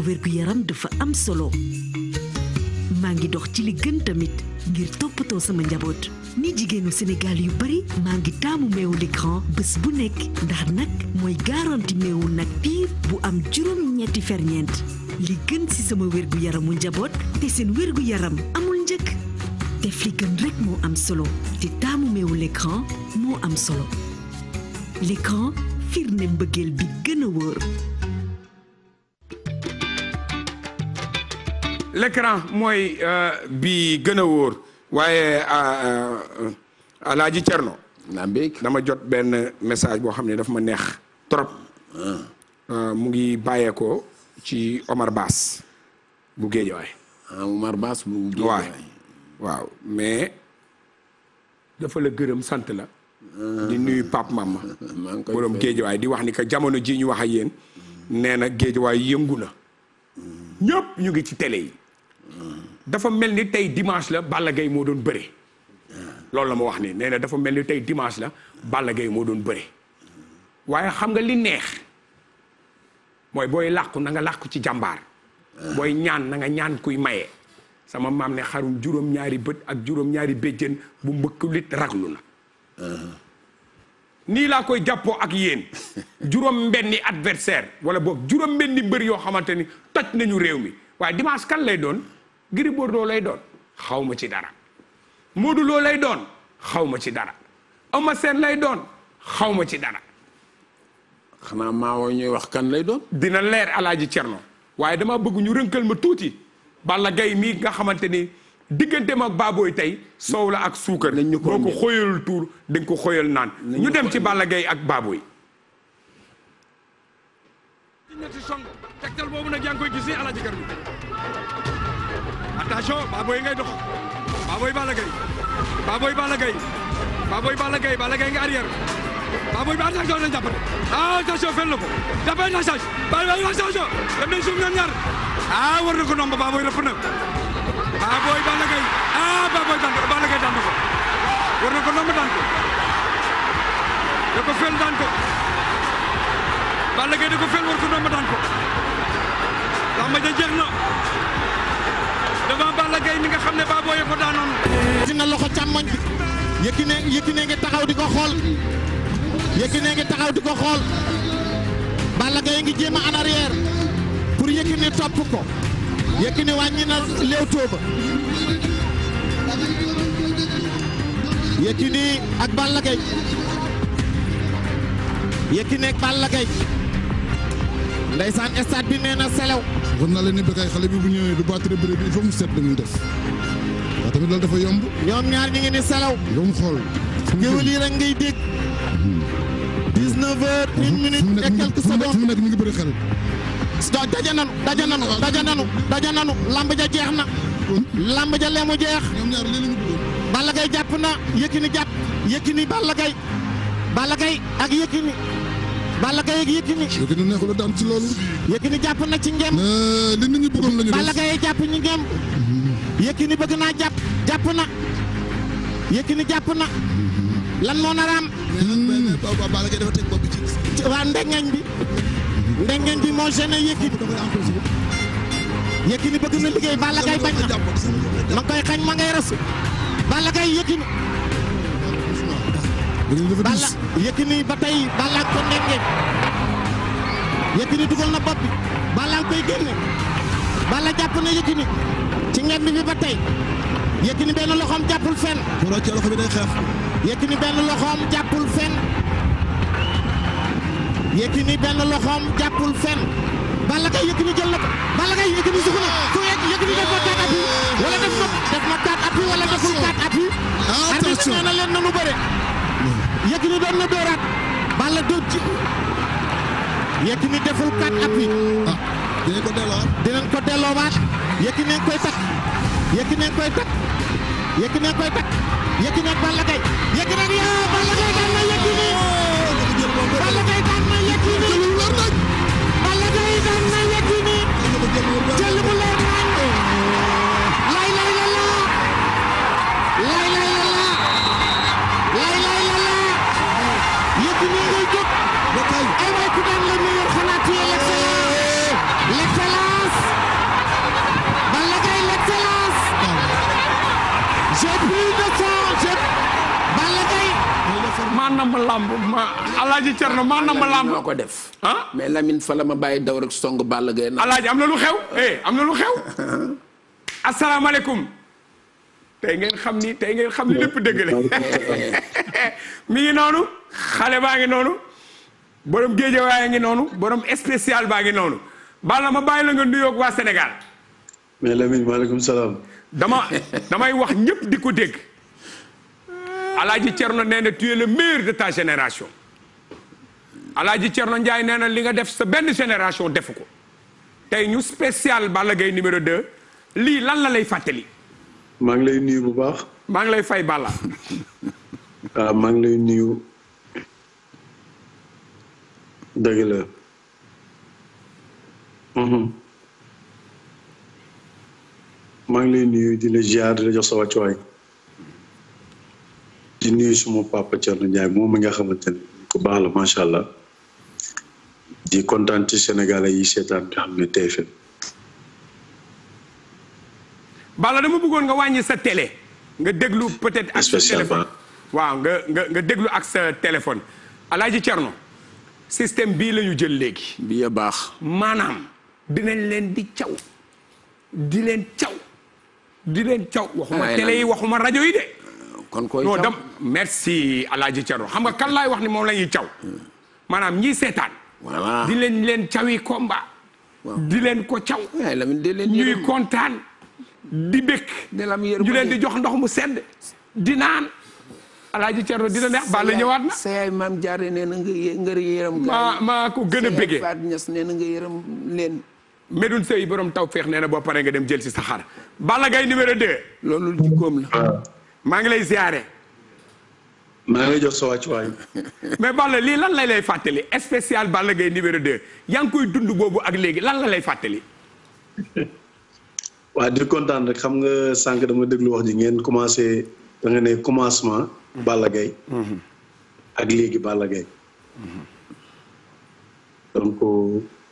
ndax wér yaram dafa am solo maa ngi dox ci li gën tamit ngir toppatoo sama njaboot ni jigéenu Sénégal yu bari maa ngi taamu meewu l'écran bés bu nekk ndax nag mooy garanti meewu nag piir bu am juróom-ñetti ferñeent li gën ci sama wér yaramu njaboot te seen wér yaram amul njëkk def li gën rek moo am solo te taamu meewu l'écran moo am solo l'écran firnde mbëggeel bi gën a wóor l'écran mooy euh, bi gën a wóor waaye euh, euh, alaaji Cerno dama jot benn message boo xam ne dafa ma neex trop ah. mu ngi bàyyeekoo ci Omar Baas bu Géejawaay ah, Omar Baas bu Géejawaay waaw mais dafa la gërëm sant la ah. di nuyu Pape Mama borom Géejawaay di wax ni que jamono ji ñu wax a yéen nee na Géejawaay yëngu na mm. ñu ngi ci télé yi dafa mel ni tey dimanche la Balla Gaye moo doon bëre loolu la ma wax nii nee na dafa mel ni tey dimanche la Balla Gaye moo doon bëre waaye xam nga li neex mooy booy làqu na nga làqu ci jàmbaar booy ñaan na nga ñaan kuy maye sama maam ne xarum juróom-ñaari bët ak juróom-ñaari béjjën bu mbëkkulit raglu na nii laa koy jàppoo ak yéen juróom benni adversaire wala boog juróom benni mbër yoo xamante ni toj nañu réew mi waaye dimanche kan lay doon Gris Bordeaux lay doon xaw ma ci dara Modou Lo lay doon xaw ma ci dara Eumeu Sène lay doon xaw ma ci dara. xanaa maawoo ñuy wax kan lay doon. dina leer alaaji Cerno waaye dama bëgg ñu rënkal ma tuuti Balla gay mii nga xamante ni digganteem ak baabooy tey soow la ak suukar. nañ ñu tuur dañ ko xooyal naan. ñu dem ci Balla Gaye ak baabooy. ñetti song tegtal boobu nag yaa ngi koy gis nii alaaji Cerno attention Baboy ngay dox Baboy Balla Gaye Baboy Balla Gaye Baboy Balla Gaye Balla Gaye nga arrière Baboy bi attention dañ jàppante attention ah, fenn la ko jàppante na ah, war na ko nomba Baboy rëpp na Baboy Balla Gaye ah Baboy ko war na ko nomba daan ko da ko ko fel war ko nomba daan ko lamba ja na devant Balla Gaye mi nga xam ne Baboye ko daanoon. yëkkati na loxo càmmoñ bi Yékini Yékini ngi taxaw di ko xool Yékini ngi taxaw di ko xool Balla ngi jéem a en arrière pour Yékini topp ko Yékini wàññi na léewtoo ba Yékini ak Balla Gaye Yékini ak Balla ndeysaan stade bi nee na selew waxoon naa leen ni békaay xale bi bu ñëwee du battre bëri bi il faut mu seet lu muy def waaw tamit loolu dafa yomb ñoom ñaar ñi ngi ni selew ba mu xool géwél yi rek ngay dégg 19 heures une minute et quelques secondes mu nekk ñu ngi bëri xel daje nanu daje nanu daje nanu daje nanu lamb ja jeex na lamb ja leemu jeex ñoom ñaar lii la ñu bëggoon Balla Gaye jàpp na Yékini jàpp Yékini Balla Gaye Balla Gaye ak Yékini Balla Gaye ak Yékini Yékini neexul a daan ci loolu Yékini jàpp na ci ngem eh, li nit ñi bëggoon la ñu Balla Gaye jàpp mhm. naa jàpp jàpp na Yékini jàpp mhm. lan moo nar a am mhm. Balla Gaye dafa teg bi ci waa ndengeñ bi ndengeñ bëgg na liggéey Balla ma koy xañ ma Balla Yékini ba tey Balla ko ndengeñ Yékini dugal na bopp bi Balla koy génne Balla jàpp na Yékini ci ngemb bi ba tey Yékini benn loxoom jàppul fenn. booloo ci loxo bi day xeex. Yékini benn loxoom jàppul fenn. Yékini benn loxoom jàppul fenn. Balla jël na ko Balla Gaye Yékini suuf na ku yegg Yékini def na quatre appuis wala def def na quatre appuis wala deful quatre appuis. attention leen nanu bëre. Yékini doon na dooraat Balla doon ci Yékini deful kat appui. ah dinañ ko delloo. dinañ ko delloo waat Yékini koy takk Yékini koy takk Yékini koy takk Yékini ak Balla Gaye Yékini ak Balla Gaye daan na Yékini. Balla Gaye daan na Yékini. Balla Gaye daan na Yékini. jël bu nam ma làmb ma alaaji Cerno maa nam ma moo ko def ah mais Lamine fa la ma bàyyi daw rek song Balla Gaye na alaaji am na lu xew eh am na lu xew asalaamaaleykum tey xam ni tey ngeen xam ni lépp dëgg la mi ngi noonu xale baa ngi noonu borom géeje waaye ngi noonu borom spécial baa ngi noonu Balla ma bàyyi la nga nuyoog waa Sénégal mais Lamine maaleykum salaam dama damay wax ñëpp di ko dégg Alaaji Cerno nee na tu es meilleur de ta génération Alaaji Cerno Ndiaye nee na li nga def sa benn génération def ko tey ñu spécial Balla Gaye numéro 2 lii lan la lay fàttali. maa ngi lay nuyu bu baax. maa ngi lay fay Balla. waaw ah, maa ngi lay nuyu dëgg la. Mhm. maa ngi lay nuyu di la la jox sa wàccuwaay. di nuyu suma papa Thierno Ndiaye moom mi nga xamante ne ku baax la macha allah di kontaan ci sénégalais yi seetaan nga xam ne TFM. Balla dama bëggoon nga wàññi sa télé. nga déglu peut-être ak sa téléphone waaw nga nga nga déglu ak sa téléphone Alaaji Cerno système bii la jël léegi bi ya baax maanaam dinañ leen di caw di leen caw di leen caw waxuma télé yi waxuma rajo yi de kon koy non dem merci Alaaji Thierno xam nga kan laay wax ni moom la ñuy caw maanaam ñii seetaan voilà di leen leen cawi combat di leen ko caw ñuy kontaan di békk ñu leen di jox ndox mu sedd di naan Alaaji Thierno di neex ba la ñëwaat na sa yaay maam jaare nee na nga nga yërëm maa maa ko gën a bégee Faat Ñas nee na nga yërëm leen Medoune sey borom taw feex nee na boo pare nga dem jël si sa xar Balla Gaye numéro loolu jikkoom la ah. maa ngi lay ziare. maa ngi lay jox sa wàccuwaay. mais Balla lii lan lay lay fàttali spécial Balla Gaye numéro de yaa koy dund boobu ak léegi lan la lay fàttali. waa di kontaan rek xam nga sànq dama déglu wax ji ngeen commencé da nga ne commencement. Balla Gaye mm-hmm. ak léegi Balla Gaye mm-hmm. donc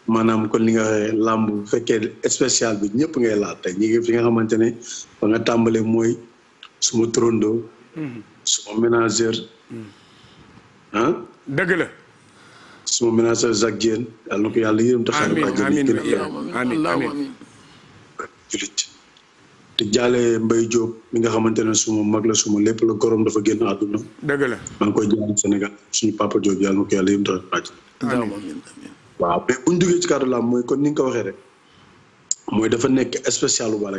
maanaam kon li nga waxee làmb bu fekkee spécial bi ñëpp ngay laal tey ñi ngi fi nga xamante ne ba nga tàmbalee mooy. suma trondo mhm. suma ménagère. Mhm. ah. dëgg la. suma ménagère Jacques Diène yàlla na ko yàlla yërëm te xaaral ko amiin amiin julit te jaale mi nga xamante ne suma mag la suma lépp la gorom dafa génn àdduna. dëgg la maa ngi koy jaale Sénégal suñu papa Diop yàlla na ko yàlla yërëm te xaaral ko waaw mais bu ñu ci cadre làmb mooy kon ni nga ko waxee rek mooy dafa nekk spécial bu Balla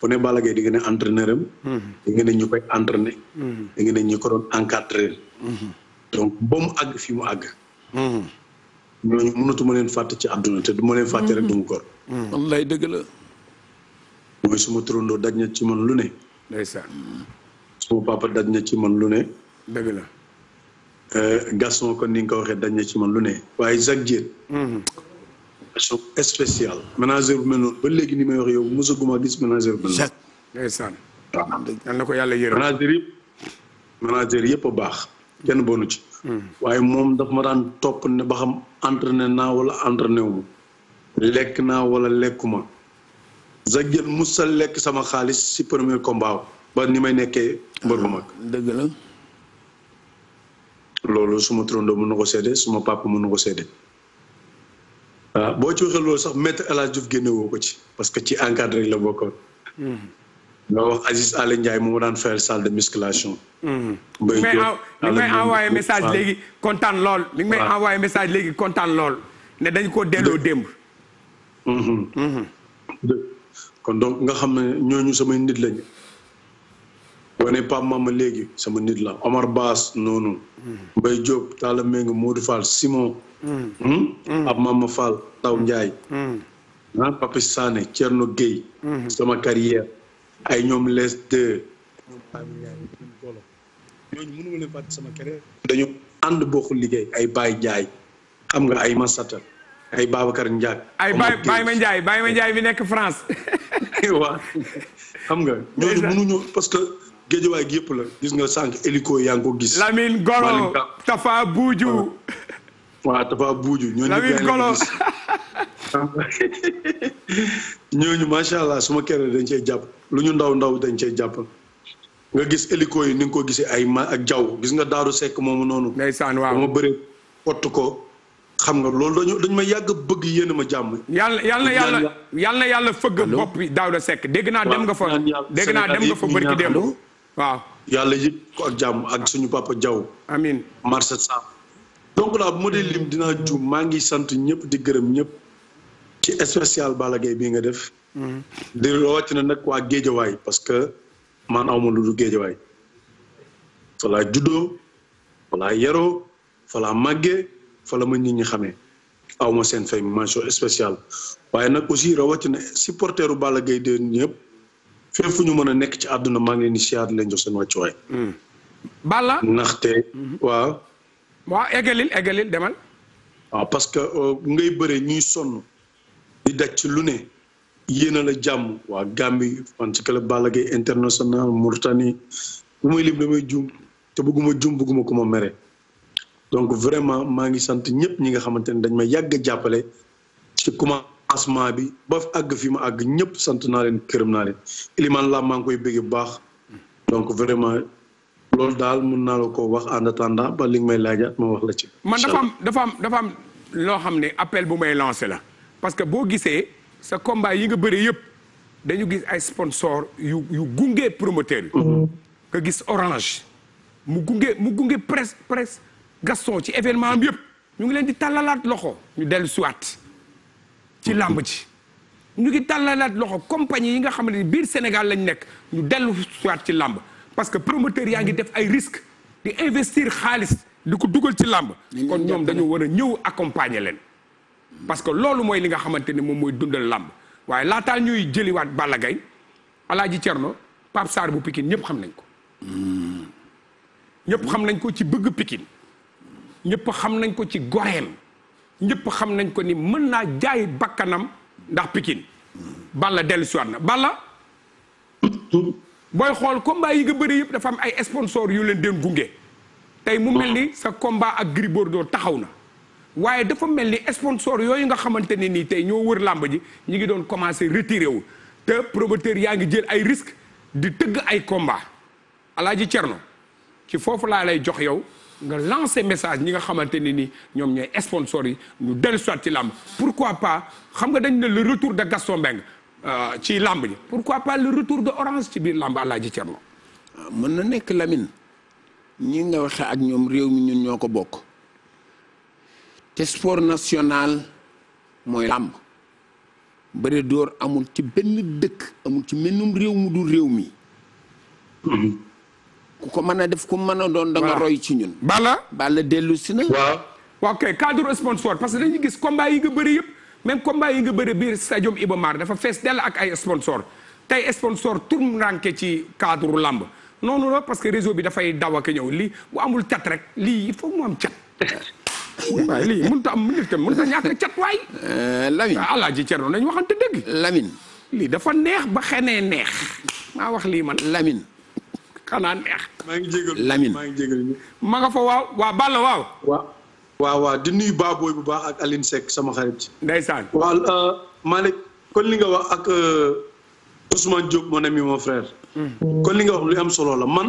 bu ne Balla Gaye di nga ne mhm. di nga ne ñu koy entraîner. Mhm. di nga ne ñu ko doon encadrer. Mhm. donc ba mu àgg fi mu àgg. ñooñu mënatuma leen fàtt ci àdduna te du ma leen fàtte rek du mu gor. wallaay dëgg mooy suma turandoo daj na ci man lu ne. ndeysaan. suma papa daj na ci man lu ne. dëgg la. Euh, Gaston kon ni nga ko waxee daj na ci man lu ne waaye Jacques Diène. relation spéciale. manager bu mel ba léegi ni may wax yow mosaguma gis manager bu mel noonu. ndeysaan. waaw ko yàlla yërëm. manager yëpp manager a baax kenn boonu ci. Hmm. waaye moom daf ma daan topp ne ba xam entraîné naa wala entraîné wu ma. lekk naa wala lekkuma. Zaguier musa lekk sama xaalis si premier combat ba ni may nekkee mbër bu mag. Ah, dëgg la. loolu suma turandoo mun na ko seede suma papa mën na ko seede. waaw ah, boo ci waxee loolu sax maître El Hadj Diouf ko ci parce que ci encadré la bokkoon. Mm-hmm. nga wax Aziz Aly Ndiaye moom daan fayal salle de musculation. Mm-hmm. mbay mi may envoyé message léegi kontaan lool. mi ngi may envoyé message léegi kontaan lool ne dañ koo delloo démb. Mm-hmm. kon donc nga xam ne ñooñu samay nit lañu. boo ne Pape Mama léegi sama nit la Omar Baas noonu. Hmm. Mbaye Diop Talla Meng Modou Fall Simon. Hmm. Hmm? Pape Mama Fall Taw Ndiaye. ah Pape Sané Thierno Gueye. sama carrière ay ñoom les deux. ñooñu mënu ma liggéey ay Baye Ndiaye xam nga ay Massata ay Babacar Ndiaye. ay Baye Baye géejewaay gi yëpp la gis nga sànq hélico yaa ngi ko gis. Lamine Golo Tafa Buuju. waaw Tafa Buuju. ñooñu macha allah suma kere dañ cee jàpp lu ñu ndaw ndaw dañ cee jàpp nga gis hélico yi ni nga ko gisee ay ma ak jaww gis nga Daaru sekk moomu noonu. ndeysaan waaw dama bëri ko. xam nga loolu dañu dañu ma yàgg bëgg yéen ma jàmm. yàlla yàlla yàlla yàlla yàlla fëgg bopp bi Daouda Seck dégg naa dem nga fa dégg naa dem nga fa barki démb waaw yàlla yëpp ko ak jàmm ak suñu papa Diaw. amiin marché sa donc la bu ma dee lim dinaa juum maa ngi sant ñëpp di gërëm ñëpp ci spécial bala Gaye bii nga def. Mhm. di wàcc na nag waa géejawaay parce que man awma lu du géejawaay falaa juddoo falaa yaroo falaa màggee fala ma nit ñi xamee awma seen fay mention spéciale waaye nag aussi rawatina supporteru Balla Gaye de ñëpp fépp fu ñu mën a nekk ci àdduna maa ngi leen di siyaar leen jox seen wàccuwaay. Hmm. Balla. ndaxte. Hmm. waaw. waaw eggalil demal. waaw parce que euh, ngay bëre ñuy sonn. di daj ci lu ne. yéena la jàmm waa Gambie fan ci club Balla Gaye international Mauritanie bu may lim damay jum te bëgguma jum bëgguma ko ma mere. donc vraiment maa ngi sant ñëpp ñi nga xamante ne dañ may yàgg jàppale ci comment. lancement bi ba àgg fi ma àgg ñëpp sant naa leen këram naa leen Elimane laa maa ngi koy bëggee bu baax donc vraiment loolu daal mun naa la ko wax en attendant ba li nga may laaja ma wax la ci. man dafa am dafa am dafa am loo xam ne appel bu may lancé la parce que boo gisee sa combat yi nga bëri yëpp dañu gis ay sponsor yu yu gunge promoteur yi. Mhm. nga gis orange mu gunge mu gunge presse presse Gaston ci événement am yëpp ñu ngi leen di tàllalaat loxo ñu dellu siwaat ci làmb ci ñu ngi tàllalaat loxo compagnie yi nga xam ne biir Sénégal lañu nekk ñu dellu waat ci làmb parce que promoteur yaa ngi def ay risques di investir xaalis di ko dugal ci làmb kon ñoom dañoo war a ñëw accompagner leen parce que loolu mooy li nga xamante ni moom mooy dundal làmb waaye laataal ñuy jëliwaat Balla Gaye Alaaji Cerno Pape Sarr bu pikin ñëpp xam nañ ko hmm. ñëpp xam nañ ko ci bëgg pikin ñëpp xam nañ ko ci goreem ñëpp xam nañ ko ni mën naa jaay bakkanam ndax Pikine Balla dellu siwaat na Balla booy xool combat yi nga bëri yëpp dafa am ay sponsor yu leen den gunge tey mu mel ni ah. sa combat ak Gris Bordeaux taxaw na waaye dafa mel ni sponsor yooyu nga xamante ne nii tey ñoo wër làmb ji ñi ngi doon commencé retiré wu te promoteur yaa ngi jël ay risque di tëgg ay combat alaaji Cerno ci foofu laa lay jox yow nga lancer message ñi nga xamante ne ni ñoom ñooy sponsor yi ñu dellu soit ci làmb pourquoi pas xam nga dañ ne le retour de Gaston Mbengue euh, ci làmb ji pourquoi pas le retour de Orange ci biir làmb Alaaji euh, mën na nekk lamin ñi nga waxe ak ñoom réew mi ñun ñoo ko bokk te sport national mooy làmb bëre door amul ci benn dëkk amul ci mennum réew mu dul réew mi mmh. ku ko mën a def ku mën a doon da nga roy ci ñun bala bala dellu si na waaw waaw kay cadre sponsor parce que dañuy gis combat yi nga bëri yëpp même combat yi nga bëri biir stadium Iba Mar dafa fees dell ak ay sponsor tey sponsor tourne ranke ci cadre làmb noonu la parce que réseau bi dafay daw ak ñëw lii bu amul cat rek lii il faut mu am cat waaye lii mënut a am mënut a mënut a ñàkk cat waay. Euh, Lamine ah, alaaji Cerno nañu waxante dëgg. Lamine. lii dafa neex ba xenee neex. maa wax lii man lamin xanaa maa ngi jégalu Lamine maa ngi jégalu ma nga fa waaw waa Balla waaw. waaw waa di nuyu Baboy bu baax ak alin Seck sama xarit. ndeysaan waaw euh, Malick kon li nga wax ak euh, Ousmane Diop mon ami mon frère. Mm. kon li nga wax lu am solo la man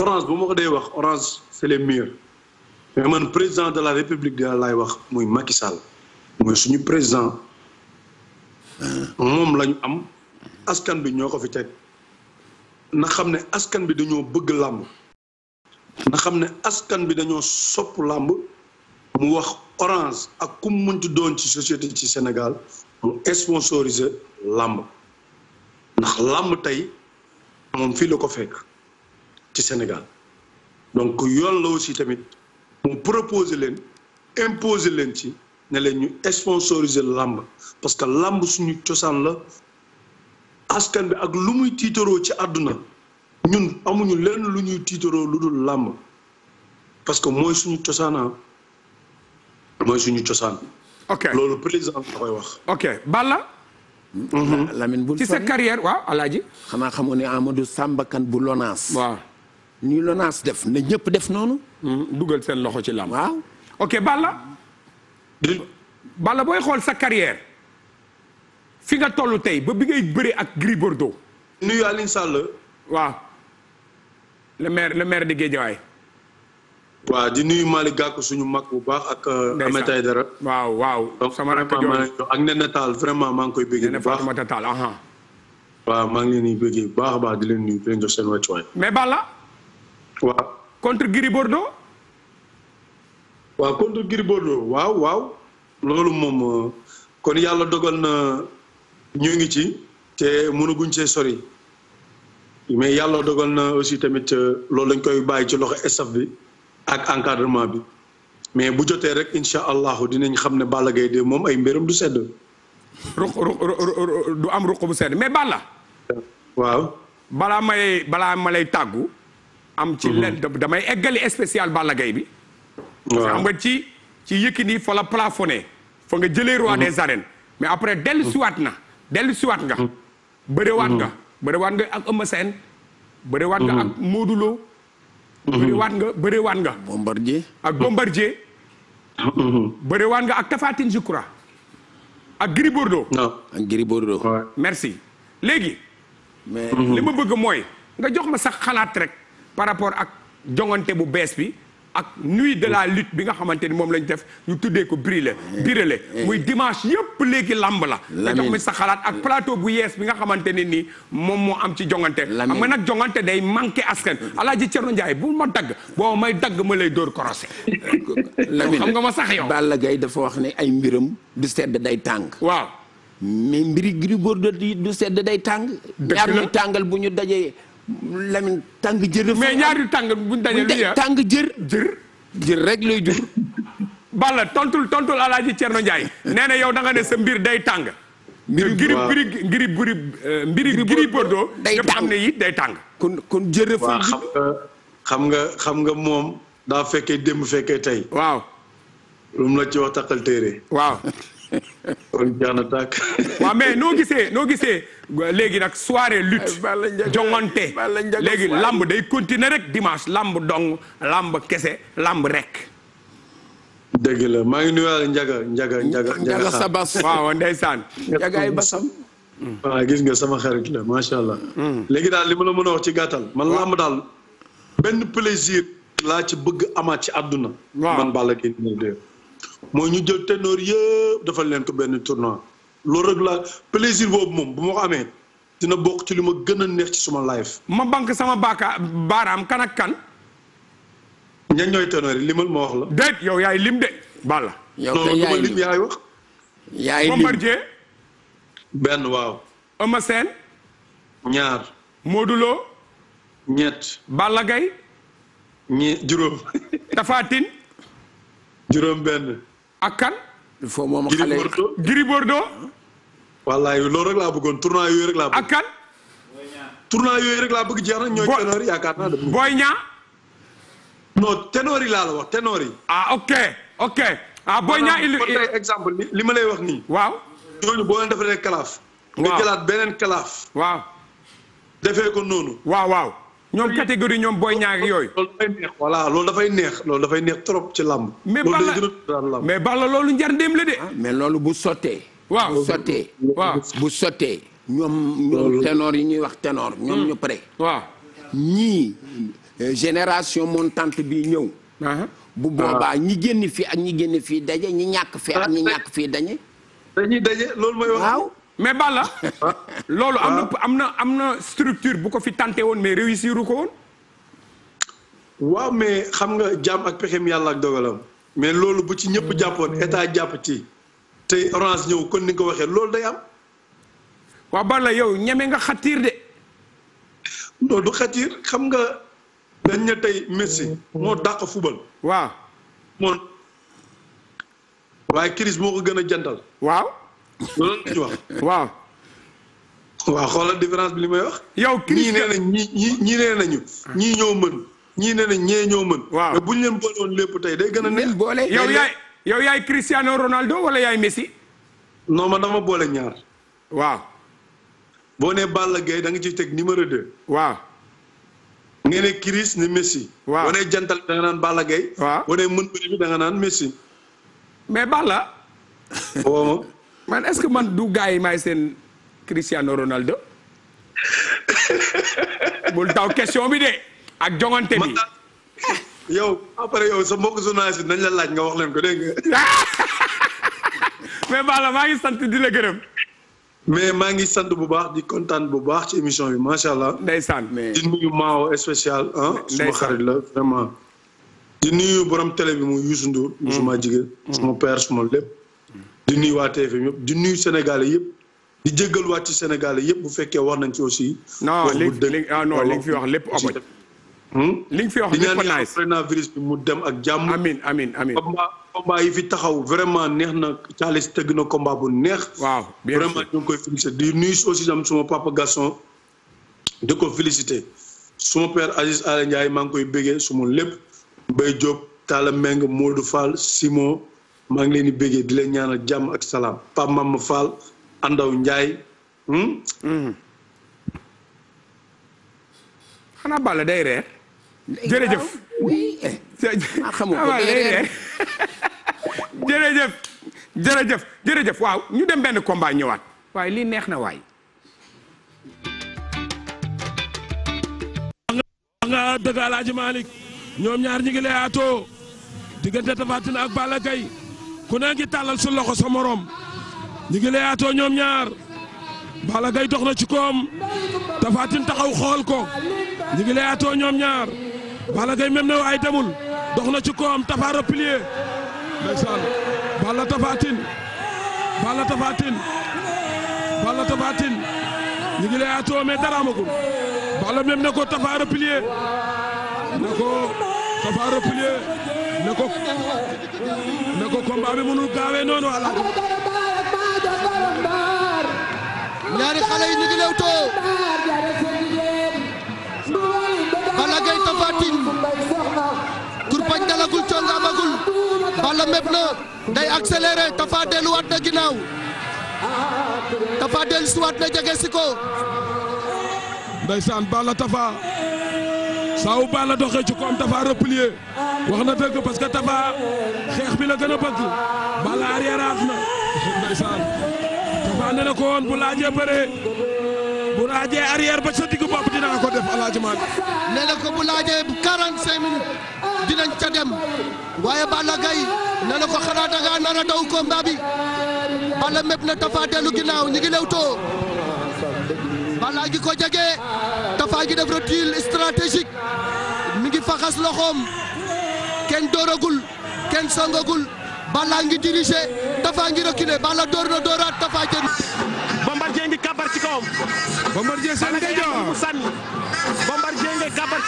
orange bu ma ko dee wax orange c'est les meilleurs mais man président de la république de laay wax muy Macky Sall mooy suñu président. moom lañu am askan bi ñoo ko fi teg. na xam ne askan bi dañoo bëgg làmb na xam ne askan bi dañoo sopp làmb mu wax orange ak ku munti doon ci société ci Sénégal mu sponsorisé làmb ndax làmb tey moom fii la ko fekk ci Sénégal donc yoon la aussi tamit mu proposer leen imposer leen ci ne leen ñu sponsorisé làmb parce que làmb suñu cosaan la askan bi ak lu muy tiitaroo ci àdduna ñun amuñu lenn lu ñuy tiitaroo lu dul làmb parce que mooy suñu cosaana ah, mooy suñu cosaan. ok loolu président da koy wax. ok Balla. Mm-hmm. Lamine bul ci sa carrière waaw Alaaji. xanaa xamoon ne Amadou Samba Kane bu Lonaas. waaw ni Lonaas def ne ñëpp def noonu. Mm, dugal seen loxo ci làmb. waaw ok Balla. di booy xool sa carrière. fi nga toll tey ba bi ngay bëre ak Gris Bordeaux. nuyu Alioune Sall. waaw le maire le maire de waaw di nuyu Malick Gakou suñu mag bu baax ak. Euh, Ahmed Aïdara waaw waaw. sama rakk jooju ak vraiment maa ngi koy bëggee bu baax Nene Tall waaw baax di leen nuyu di jox seen wàccuwaay. mais Balla. waaw. contre Gris Bordeaux. waaw waaw loolu moom euh, kon yàlla dogal na. ñu ngi ci te mënaguñ see sori mais yàlla dogal na aussi tamit euh, loolu lañ koy bàyyi ci loxo staff bi ak encadrement bi mais bu jotee rek incha allahu dinañ xam ne Balla Gaye de moom ay mbiram du sedd. ruq du am ruq bu sedd mais Balla. waaw. balaa may balaa ma lay tàggu. am ci mhm. lenn damay eggali spécial Balla Gaye bi. waaw xam ci ci Yékini fa la plafonné. fa nga jëlee roi mhm. des arènes. mais après dellusiwaat na. dellu siwaat nga mm. bëriwaat nga mm. bëriwaat nga ak Eumeu Sène bëriwaat nga mm. ak Modou Lo bëriwaat nga bëriwaat nga Bombardier ak Bombardier bëriwaat nga ak Tapha Tine je ak Gris Bordeaux ak Gris Bordeaux merci léegi mais mm-hmm. li ma bëgg mooy nga jox ma sax xalaat rek par rapport ak jongante bu bees bi ak nuit de la lutte bi nga xamante ni moom lañu def ñu tuddee ko brûlé brûlé muy dimanche yëpp léegi làmb la nga jox mi sa xalaat ak plateau bu yees bi nga xamante ne nii moom moo am ci jongante xam ma nag jongante day manqué askan alaaji Cerno Njaay bu ma dagg boo may dagg ma lay dóor korosé xam nga ma sax yow la gay dafa wax ne ay mbiram du sedd day tàng waaw mais mbiri Gris Bordeaux du sedd day tàng ñaar ñu tàngal bu ñu dajee Lamine tàng jër. mais ñaari tàng buñ daje lu ya tàng jër. jër jër rek lay jur. Balla tontul tontul Alaaji Cerno Ndiaye nee na yow danga nga ne sa mbir day tàng. Eh, mbiri ngiri ngiri ngiri ngiri mbiri ngiri Bordeaux. day tàng xam ne it day tàng. kon kon jërëjëf. waaw xam xam nga xam nga moom. daa fekkee démb fekkee tey. waaw. lu mu waaw. kon jeex na tàkk. noo gisee noo gisee. léegi nag soirée lutte jongante léegi lamb day continuer rek dimanche lamb dong lamb kese lamb rek. dégg la maa ngi nuyuwaale Ndiaga Ndiaga Ndiaga Ndiaga Sabas waaw ndeysaan Ndiaga ay basam. waaw gis nga sama xarit la macha allah. Hmm. léegi daal li ma la mën a wax ci gàttal. man lamb daal benn plaisir laa ci bëgg amaat ci àdduna. man Balla Gaye mooy ñu jël ténor yëpp defal leen ko benn tournoi. loolu rek la plaisir boobu moom bu ma amee dina bokk ci li ma gën a neex ci suma live. ma banque sama baaka baaraam kan kan. ñan ñooy ténor limal ma wax la. déet yow yaay lim de bala. yow kay yaay lim yaay wax. yaay lim benn waaw. Eumeu Sène. ñaar. Modou Lo. ñett. Balla Gaye. ñi juróom. Tapha juróom benn. ak kan. il faut moom xale Gris Bordeaux wallaay loolu rek laa bëggoon tournoi yooyu rek laa bëgg. ak kan. tournoi yooyu rek laa bëgg jeex na ñooy ténor yi yaakaar naa laa la wax ténor yi. ah ok ok. ah booy li ma lay wax nii. waaw. ñooñu boo leen beneen kalaaf. waaw. defee ko waaw waaw. ñoom catégorie ñoom booy ñaar yooyu. loolu dafay neex loolu dafay neex loolu dafay neex trop ci làmb. mais Balla mais Balla loolu njar ndéem la de. Ah, mais loolu bu sottee. waaw bu sottee. bu sottee. ñoom ñoom yi ñuy wax ténor ñoom hmm. ñu pare. waaw ñii euh, génération montante bi ñëw. Ah. bu boobaa ñi génn fii ak ñi génn fii daje ñi ñàkk fee ak ñi ñàkk fii daje. loolu mooy wax. mais Balla ah. loolu am na ah. am na am na structure bu ko fi tenté woon mais réussir réussiru ko woon waaw mais xam nga jàmm ak pexem yàlla ak dogalam mais loolu bu ci ñëpp hmm. jàppoon état jàpp ci tey orange ñëw kon ni ko waxee loolu day am waa Balla yow ñeme nga xatiir de non du xatiir xam nga dañ ne tey Messi hmm. moo dàq fubal waaw moom waaye Chris moo ko gën a jantal waaw loolu la ñu différence bi li may wax. yow kii nee ñii ñii ñii nañu. ñii ñoo mën ñii nee nañ ñee ñoo mën. waa mais bu ñu lépp tey day gën a neex. boole yow yaay yow yaay Cristiano Ronaldo wala yaay Messi. non man dama boole ñaar. waaw. boo ne Balla Gaye da nga ciy teg numéro 2. waaw. nga ne Chris ni Messi. waaw boo nee jantal da naan Balla Gaye. waaw boo nee mën bëri bi da nga naan Messi. mais Balla. woo man est-ce que man du gars yi maay seen Cristiano Ronaldo bul taw question bi de ak jongante bi. yow après yow sa mbokk journaliste nañ la laaj nga wax leen ko dégg nga. mais Balla maa ngi sant di la gërëm. mais maa ngi sant bu baax di kontaan bu baax ci émission bi macha allah. ndeysaan mais di nuyu Maawo spécial ah. suma xarit la di nuyu borom télé bi mu Youssou Ndour. Mm. suma jigéen. suma père suma lépp. di nuyu waa TFM yëpp di nuyu Sénégalais yëpp di jéggal waat ci Sénégalais yëpp bu fekkee war nañ ci aussi. non li ah, non li nga fi wax lépp amoon. Hmm? li nga fi wax lépp naaj di ñaan virus bi mu dem ak jàmm. amiin amiin amiin combat combat yi fi taxaw vraiment neex na Thialis tëgg na combat bu neex. waaw bien sûr vraiment ñu ngi koy félicité di nuyu aussi tam suma papa Gasson di ko félicité suma père Aziz Alain Ndiaye maa ngi koy béggee suma lépp Mbaye Diop Talla Meng Modou Fall Simon. maa ngi leen di béggee di leen ñaanal jàmm ak salaam Pape Mama Fall Andaw Ndiaye. Hmm? Hmm. xanaa Balla day reer. jërëjëf ah, jërëjëf jërëjëf jërëjëf waaw ñu dem benn combat ñëwaat waaye lii neex na waay. nga dëgg Alaaji ñoom ñaar ñi ngi lay diggante Tapha ak Balla Gaye ku ne ngi tàllal sa loxo sa morom ñu ngi leyaatoo ñoom ñaar Balla Gaye dox na ci koom taxaw xool ko ñu ngi leyaatoo ñoom ñaar Balla Gaye même ne ay demul dox na ci koom Tapha replié ndeysaan Balla Tapha Tine Balla Tapha Tine Balla Tapha Tine ñu ngi mais dara amagul Balla même ne ko Tapha replié ne ko Tapha replié na ko na ko combat bi mënul gaawee noonu ala. yi ñu ngi lewtoo. Balla Gaye Tapha Tine. dalagul cong Balla mépp na day accéléré Tapha delluwaat na ginnaaw. Tapha dellusiwaat na jege si ko. ndeysaan Balla Tapha. saawu baa la doxee ci koom Tapha replié wax na dëgg parce que xeex bi la gën a bëgg bala arrière na ndeysaan Tapha ne na ko woon bu laajee bëree bu laajee arrière ba sa diggu bopp dinaa ko def alaaji maag ne na ko bu laajee 45 minutes dinañ ca dem waaye Balla Gaye ne ko xanaa da ngaa nar a daw combat bi Balla mépp na Tapha dellu ginnaaw ñu ngi lewtoo Balla gi ko jege Tapha gi def recul stratégique mi ngi faxas loxoom kenn dooragul kenn songagul Balla ngi dirigé Tapha ngi reculé Balla door na dooraat Tapha jël. Bombardier ngi kàbbar ci kawam. Bombardier ngay kàbbar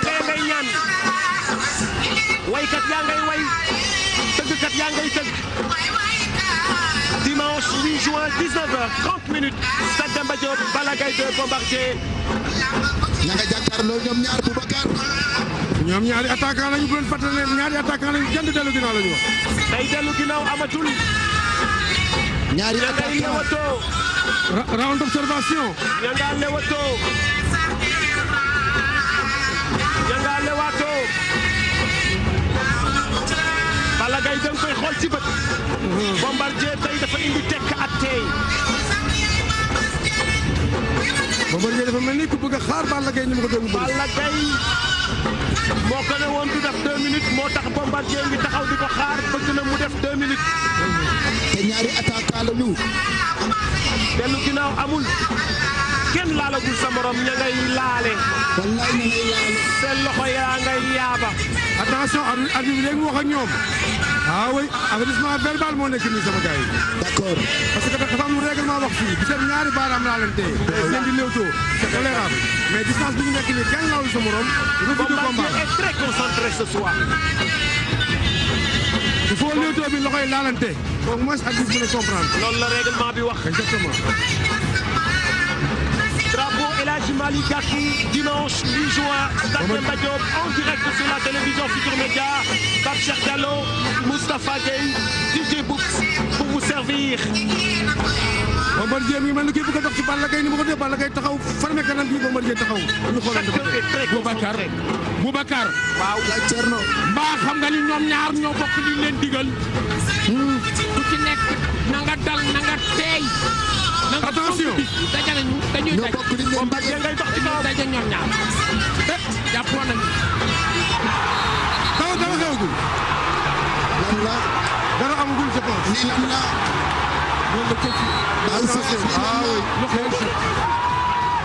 ngay ñaan. waykat yaa ngay way tëggkat yaa ngay tëgg. dimanche 8 juin 19h30 minutes stade Demba Diop Balla Gaye 2 Bombardier. ña nga jàkkaarloo ñoom ñaar Boubacar. ñoom ñaari attaquant lañu bu leen fàttali leen ñaari attaquant lañu kenn dellu ginnaaw lañu wax. tey dellu ginnaaw amatul. ñaari attaquant round d'observation. ña nga lewatoo. ña nga lewaatoo. Balla Gaye da nga koy xool ci bët. Mhm. Bombardier loolu dafa indi dafa mel ni ku bëgg a xaar Balla Gaye ni mu ko doon Balla Gaye moo ko ne woon du def deux moo tax Bombardier ngi taxaw di ko xaar bëgg na mu def deux minutes te ñaari attaquant la ñu dellu ginnaaw amul kenn laalagul sa morom ña ngay laale wallaay na ngay laale seen loxo yaa ngay yaaba attention arbitre bi léegi mu wax ak ñoom ah oui avertissement verbal moo nekk nii sama gars yi. d'accord parce que dafa am lu règlement wax fii bi seen ñaari baaraam laa leen téye. seen di léewtoo c'est tolérable mais distance bi ñu nekk nii kenn lawul sa morom. refus de combat est très concentré ce soir. il faut léewtoo bi loxoy laalante au moins arbitre bi mën a comprendre. loolu la règlement bi wax. exactement. El Hadji Malick Gakou dimanche 8 juin stade Demba Diop en direct sur la télévision Futurs Médias Pape Cheikh Diallo Moustapha Gueye DJ Books pour vous servir Bombardier mi ngi a ni kii bu ko dox ci Balla Gaye ni mu ko def Balla Gaye taxaw farme kanam bi Bombardier taxaw ñu xoolal Boubacar Boubacar waaw Cerno mbaa xam nga ni ñoom ñaar ñoo bokk li leen digal hmm. ku ci nekk na nga dal na nga teey attention daje nañu daje nañu. dara dara xewagul. dara amagul je pense. lii la. loolu la kooku. Ah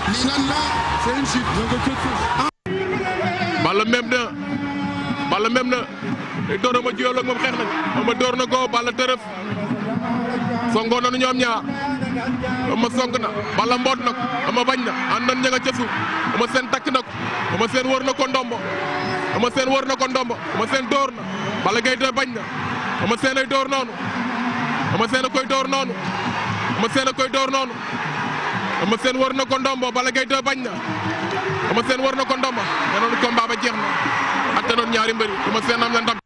lii lan la. c'est une chute. loolu la kooku. Ah. Balla na Balla même na. day door a ma jiyoo ak moom xeex nañu. ma door na ko Balla tërëf. songoon nañu ñoom ñaar ama song na bala mboot na ko ama bañ na àndoon ña nga ca suuf ama seen takk na ko ama seen wër na ko ndombo ama seen door na bala gay bañ na ama seen ay door noonu ama seen koy door noonu seen koy door noonu ama seen wër na ko ndombo bala gay bañ na ama seen wër na ko ndombo danoon combat ba jeex na atte noon ñaari mbëri ama seen am la ndam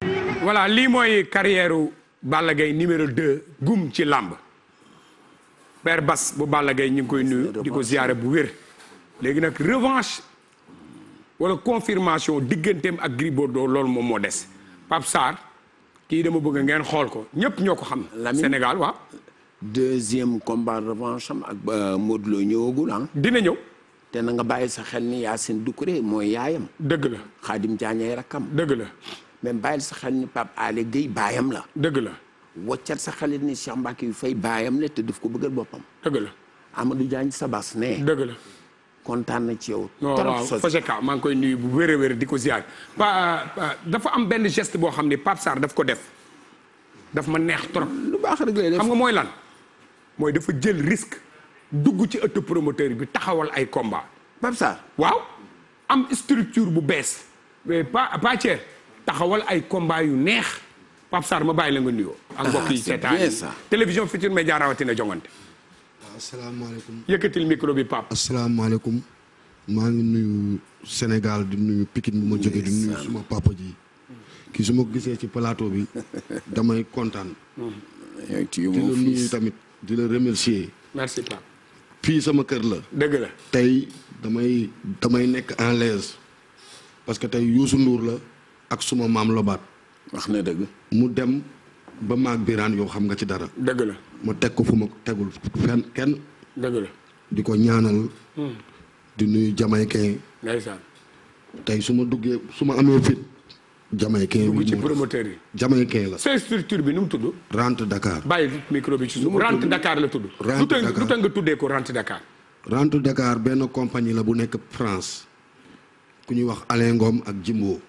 voilà lii mooy carrière Balla gay numéro 2 gum ci làmb père Bas bu Balla Gaye ñu ngi koy nuyu di ko ziyaare bu wér léegi nag revanche walla confirmation digganteem ak Gris Bordeaux loolu moom moo des Pape Sarr kii dama bëgg ngeen xool ko ñëpp ñoo ko xam. Sénégal waaw. deuxième combat revanche am ak euh, Modou Lo ñëwagul ah. dina ñëw. te na nga bàyyi sa xel ni Yacine Doucouré mooy yaayam. dëgg la Khadim Diagne ay dëgg la. mais bàyyil sa xel ni Pape Alé Guèye baayam la. dëgg la. waccat sa xalit ni Cheikh yu fay baayam la te daf ko bëggal boppam. dëgg la. Amadou Diagne Sabas ne. dëgg la. kontaan na ci yow. trop sos waaw maa ngi koy nuyu bu wér a di ko ziar. dafa am benn geste boo xam ne Pape Sarr daf ko def daf ma neex trop. lu baax rek lay def xam nga mooy lan. mooy dafa jël risque dugg ci ëtt promoteur bi taxawal ay combat Pape Sarr waaw am structure bu bees mais pas taxawal ay combat yu neex Pape Sarr ma bàyyi la nga nuyoo. ak mbokk yi ah, seetaan télévision Futurs Médias rawatina jongante. waaw ah, asalaamaaleykum. yëkkatil micro bi Pape. asalaamaaleykum. maa ngi nuyu Sénégal di nuyu Pikine bu ma jógee di nuyu suma papa ji. ki su ma gisee ci plateau bi damay kontaan. di la nuyu tamit di la remercier. merci sama kër la. dëgg la tey damay damay nekk en l'aise parce que tey Youssou Ndour la. ak suma maam lobaat wax na dëgg mu dem ba maag biraan yoo xam nga ci dara dëgg la ma teg ko fu ma tegul fenn kenn dëgg la di ko ñaanal hmm. di nuyu jamaïcain ndeysaan tey su ma duggee su ma amee fit jamaïcain bi ci promoteur yi jamaïcain la seen structure bi nu mu tudd rente dakaar bàyyi micro bi ci suuf rente Dakar la tudd rente Dakar lu tax nga tuddee ko rent Dakar rente Dakar benn compagnie la bu nekk France ku ñuy wax Alain Ngom ak Jimbo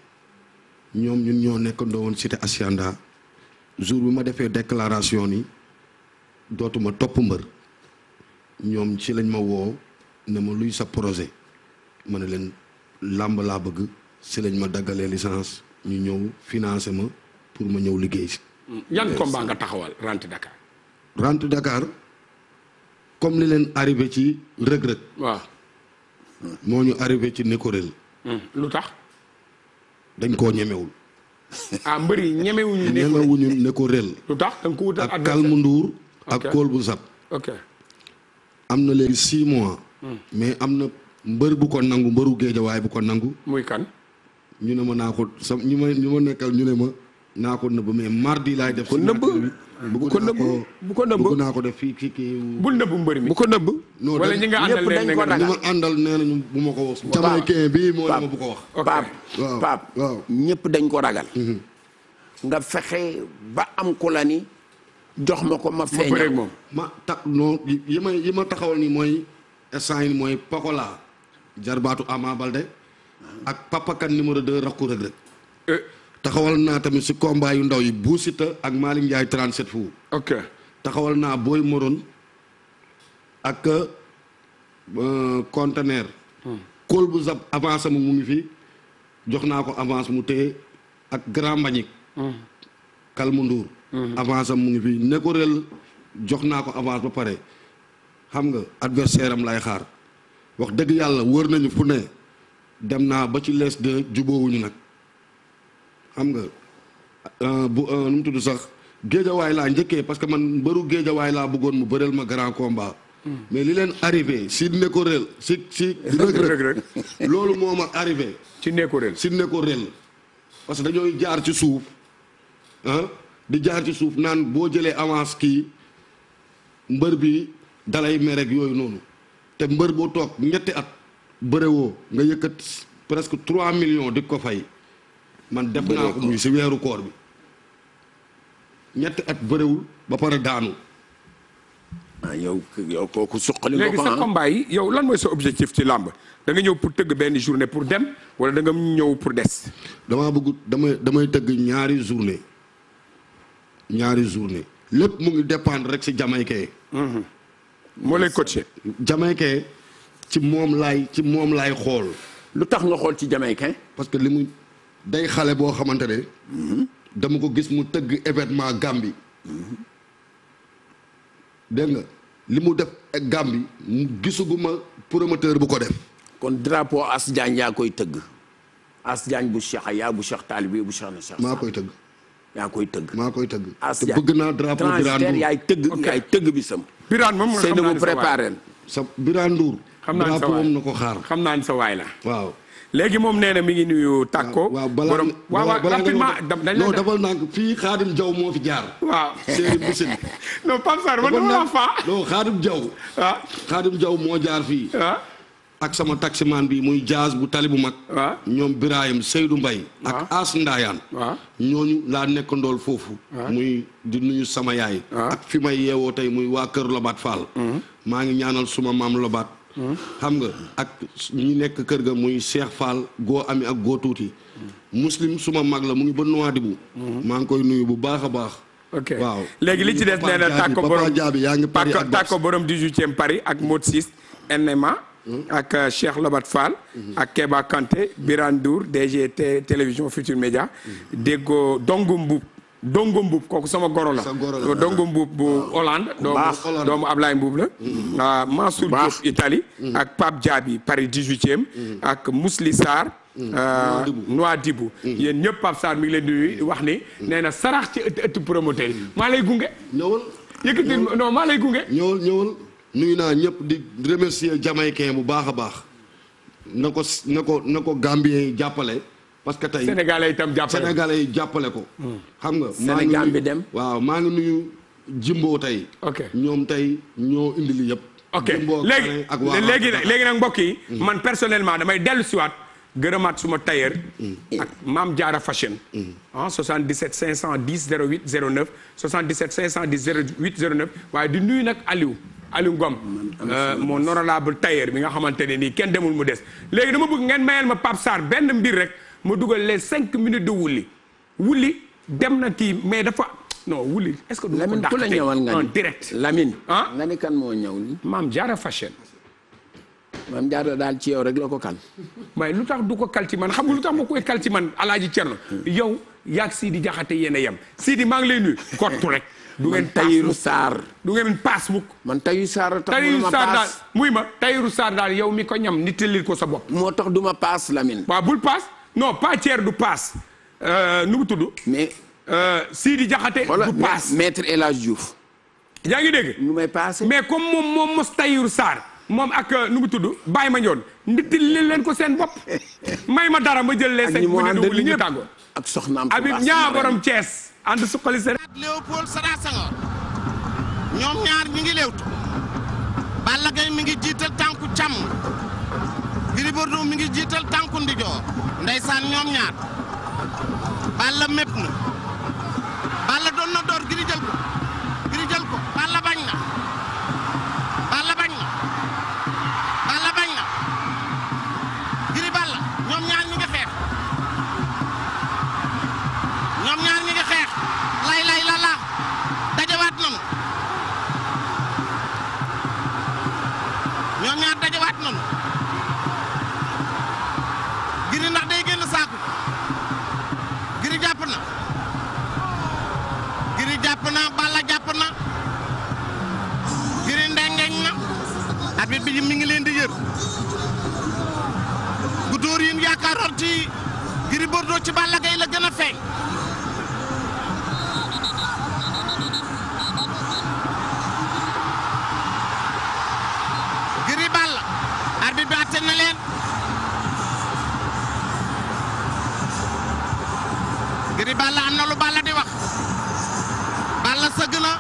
ñoom ñun ñoo nekkandoo woon cité Hacienda jour bi ma defee déclaration ni dootuma topp mbër ñoom ci lañ ma woo ne ma luy sa projet ma ne leen làmb laa bëgg si lañ ma daggalee licence ñu ñëw financé ma pour ma ñëw liggéey si. yan combat nga taxawal Rente Dakar. Rente Dakar comme li leen arrivé ci rëg-rëg. moo ñu arrivé ci Nékoréel. Hmm, lu tax. dañ koo ñemewul. ah mbër yi ñemewuñu. ñemewuñu ne ko rel. lu tax da nga ko wutal ak kalmu nduur ak kool bu sab ok am na léegi six mois. Hmm. mais am na mbër bu ko nangu mbëru géejawaay bu ko nangu. muy kan. ñu ne ma naa ko sa ñu ma ñu ma nekkal ñu ne ma naa ko nëbb mais mardi laay def. ko nëbb bu ko nëbb bu ko nëbb bëgg naa ko def fii kii. bul nëbb mbër mi bu ko nëbb. wala ñi nga àndal leen ko dagal bu ma ko wax. jamaïcain bii moo ne bu ko wax. Pape Pape ñëpp dañ ko ragal. Mhm. nga fexe ba am ku la ni jox ma ko ma. feeñal ma ma ta yi ma yi ma taxawal ni mooy instant yi mooy Pokola. jarbaatu Ama Balde. ak Papa Kane numéro rakku Reug Reug. Euh, taxawal naa tamit si combat yu ndaw yi Bou Siteu ak Malick Ndiaye 37 fu. ok taxawal naa Boy Moron ak euh, conteneur. Hmm. kóol bu zab avance mu ngi fi jox naa ko avance mu téye ak grand mbañik. Hmm. kalmu nduur. Hmm. avance am mu ngi fi ne ko rel jox naa ko avance ba pare xam nga adversaire am lay xaar wax dëgg yàlla wër nañu fu ne dem naa ba ci les de jubóowuñu nag. xam nga euh, bu euh, nu mu tudd sax géejawaay laa njëkkee parce que man mbëru géejawaay laa bëggoon mu bëreel ma grand combat. Hmm. mais li leen arrivé si nekko réel si si. rëg rëg loolu moo ma arrivé. si nekko réel si nekko réel parce que dañooy jaar ci suuf ah di jaar ci suuf naan boo jëlee avance kii mbër bi dalay mere yooyu noonu te mbër boo toog ñetti at bërewoo nga yëkkat presque 3 millions di ko fay. man def naa ko muy si weeru koor bi ñetti at bëriwul ba pare daanu. ah yow yow kooku suqali. léegi sa ah. combat yi yow lan mooy sa objectif ci làmb da nga ñëw pour tëgg benn journée pour dem wala da nga ñëw pour des. damaa bëgg damay damay tëgg ñaari journée ñaari journée lépp mu ngi dépendre rek si jamaïcain. Mhm. moo lay coaché. jamaïcain ci moom laay ci moom lay xool. lu tax nga xool ci jamaïcain. parce que li mu. day xale boo xamante ne dama ko gis mu tëgg événement Gambie dégg nga li mu def ak Gambie mu ma promoteur bu ko def kon drapeau As Diagne yaa koy tëgg As Diagne bu a yaa bu Cheikh Talibé bu Cheikh na Cheikh maa koy tëgg yaa koy tëgg maa koy tëgg As Diagne bëgg naa drapeau transitaire yaay tëgg yaay tëgg bi sam Birane moom sëy na mu préparé sa Birane xam naa drapeau moom na ko xaar waaw léegi moom nee na mi ngi nuyu tàkko waaw balaa waaw waaw rapidement dañ non dafal fii xaadim jaw moo fi jaar waaw séeri bu jaw moo jaar fii waaw ah. ak sama taximaan bi muy jaas bu tali bu mag ah. ñoom Birahim Seydou Mbaye ah. ak As Ndaayaan ñooñu laa nekkandool foofu muy di nuyu sama yaay ak fi may yeewoo tey muy waa kër Lobaat Fall mm-hmm. maa ngi ñaanal suma maam Lobaat xam nga ak ñi nekk kër ga muy Cheikh Fall goo ami ak goo tuuti. muslim suma mag la mu ngi ba Nouadhibou. maa ngi koy nuyu bu baax a baax. waaw léegi li ci des nee na tàkko borom jaabi yaa ngi Paris ak tàkko borom 18e ak Mode 6 NMA. ak Cheikh Lobat Fall. ak Keba Kanté Birane Ndour DG télévision Futur Média. déggoo Dongu Mboub. Dongo Mbuub kooku sama goro la. Dongo Mbuub bu Hollande. doomu doomu Ablaye Mbuub la. Mm-hmm. Ah, Mansour Diop Italie. Mm-hmm. ak Pape Diaby Paris 18e. Mm-hmm. ak Mousli Sarr. Ah, Nouadhibou. yéen ñëpp Pape Sarr mi ngi leen di wax ni. nee na sarax ci ëtt ëtt promoteur yi maa lay gunge. ñëwal yëkkati non nuyu naa ñëpp di remercier jamaïcain bu baax a baax. na ko na ko na ko Gambien jàppale. parce que tey sénégalais itam jàppale ko sénégalais yi jàppale ko. Hmm. xam nga Sénégal bi dem waaw maa ngi nuyu Jimbo tey. ok ñoom tey ñoo indi li yëpp. ok léegi léegi léegi nag mbokk yi. Hmm. man personnellement damay dellu siwaat gërëmaat suma tailleur. Hmm. ak maam Diarra Fashion. ah 77 510 08 09 77 510 08 09 waaye di nuyu nag Aliou. Aliou Ngom euh, mon honorable tailleur bi nga xamante ne nii kenn demul mu des léegi dama bëgg ngeen mayal ma Pape Sarr benn mbir rek. ma dugal les cinq minutes de wulli wulli dem na kii mais dafa non wulli est-ce que. du ko dàqate la ñëwal nga ah nga ni kan moo ñëw ni maam jaara fashion. maam jaara daal ci yow rek la ko kal. waaye lu tax du ko kal ci man xam lu tax ma koy kal ci man alaaji Cerno yow yaag Sidi Jaxate yéen a yem Sidi maa ngi lay nuyu kottu rek. du ngeen tayiru saar du ngeen paas mukk man tayiru saar tax daal muy ma tayiru saar daal yow mi ko ñam nittalil ko sa bopp moo tax du ma pa Lamine non pas Thier du paas euh, nu mu tudd. mais euh, Sidi Diakhaté. du paas maître El Hadj Diouf. yaa ngi dégg. nu may mais comme moom moom mos Taïru Sarr moom ak euh, nu mu tudd Baye ma ñoon ndittil leen ko seen bopp may ma dara ma jël les. ak ñi mu àndal li ñu tàggoo ak soxnaam Abib ñaa borom Thiès ànd suqali seen. Léopold Sédar Senghor ñoom ñaar ñi ngi léewtu Balla Gaye mi ngi jiital tànku càmm. Gris Bordeaux mi ngi jiital tànku ndijoor saan ñoom ñaar Balla mépp na Balla doon na door Gris jël ko garanti Gris Bordeaux ci Balla Gaye la gën a feeñ Gris Balla arbitre bi àtte na leen Gris Balla am na lu Balla di wax Balla sëgg na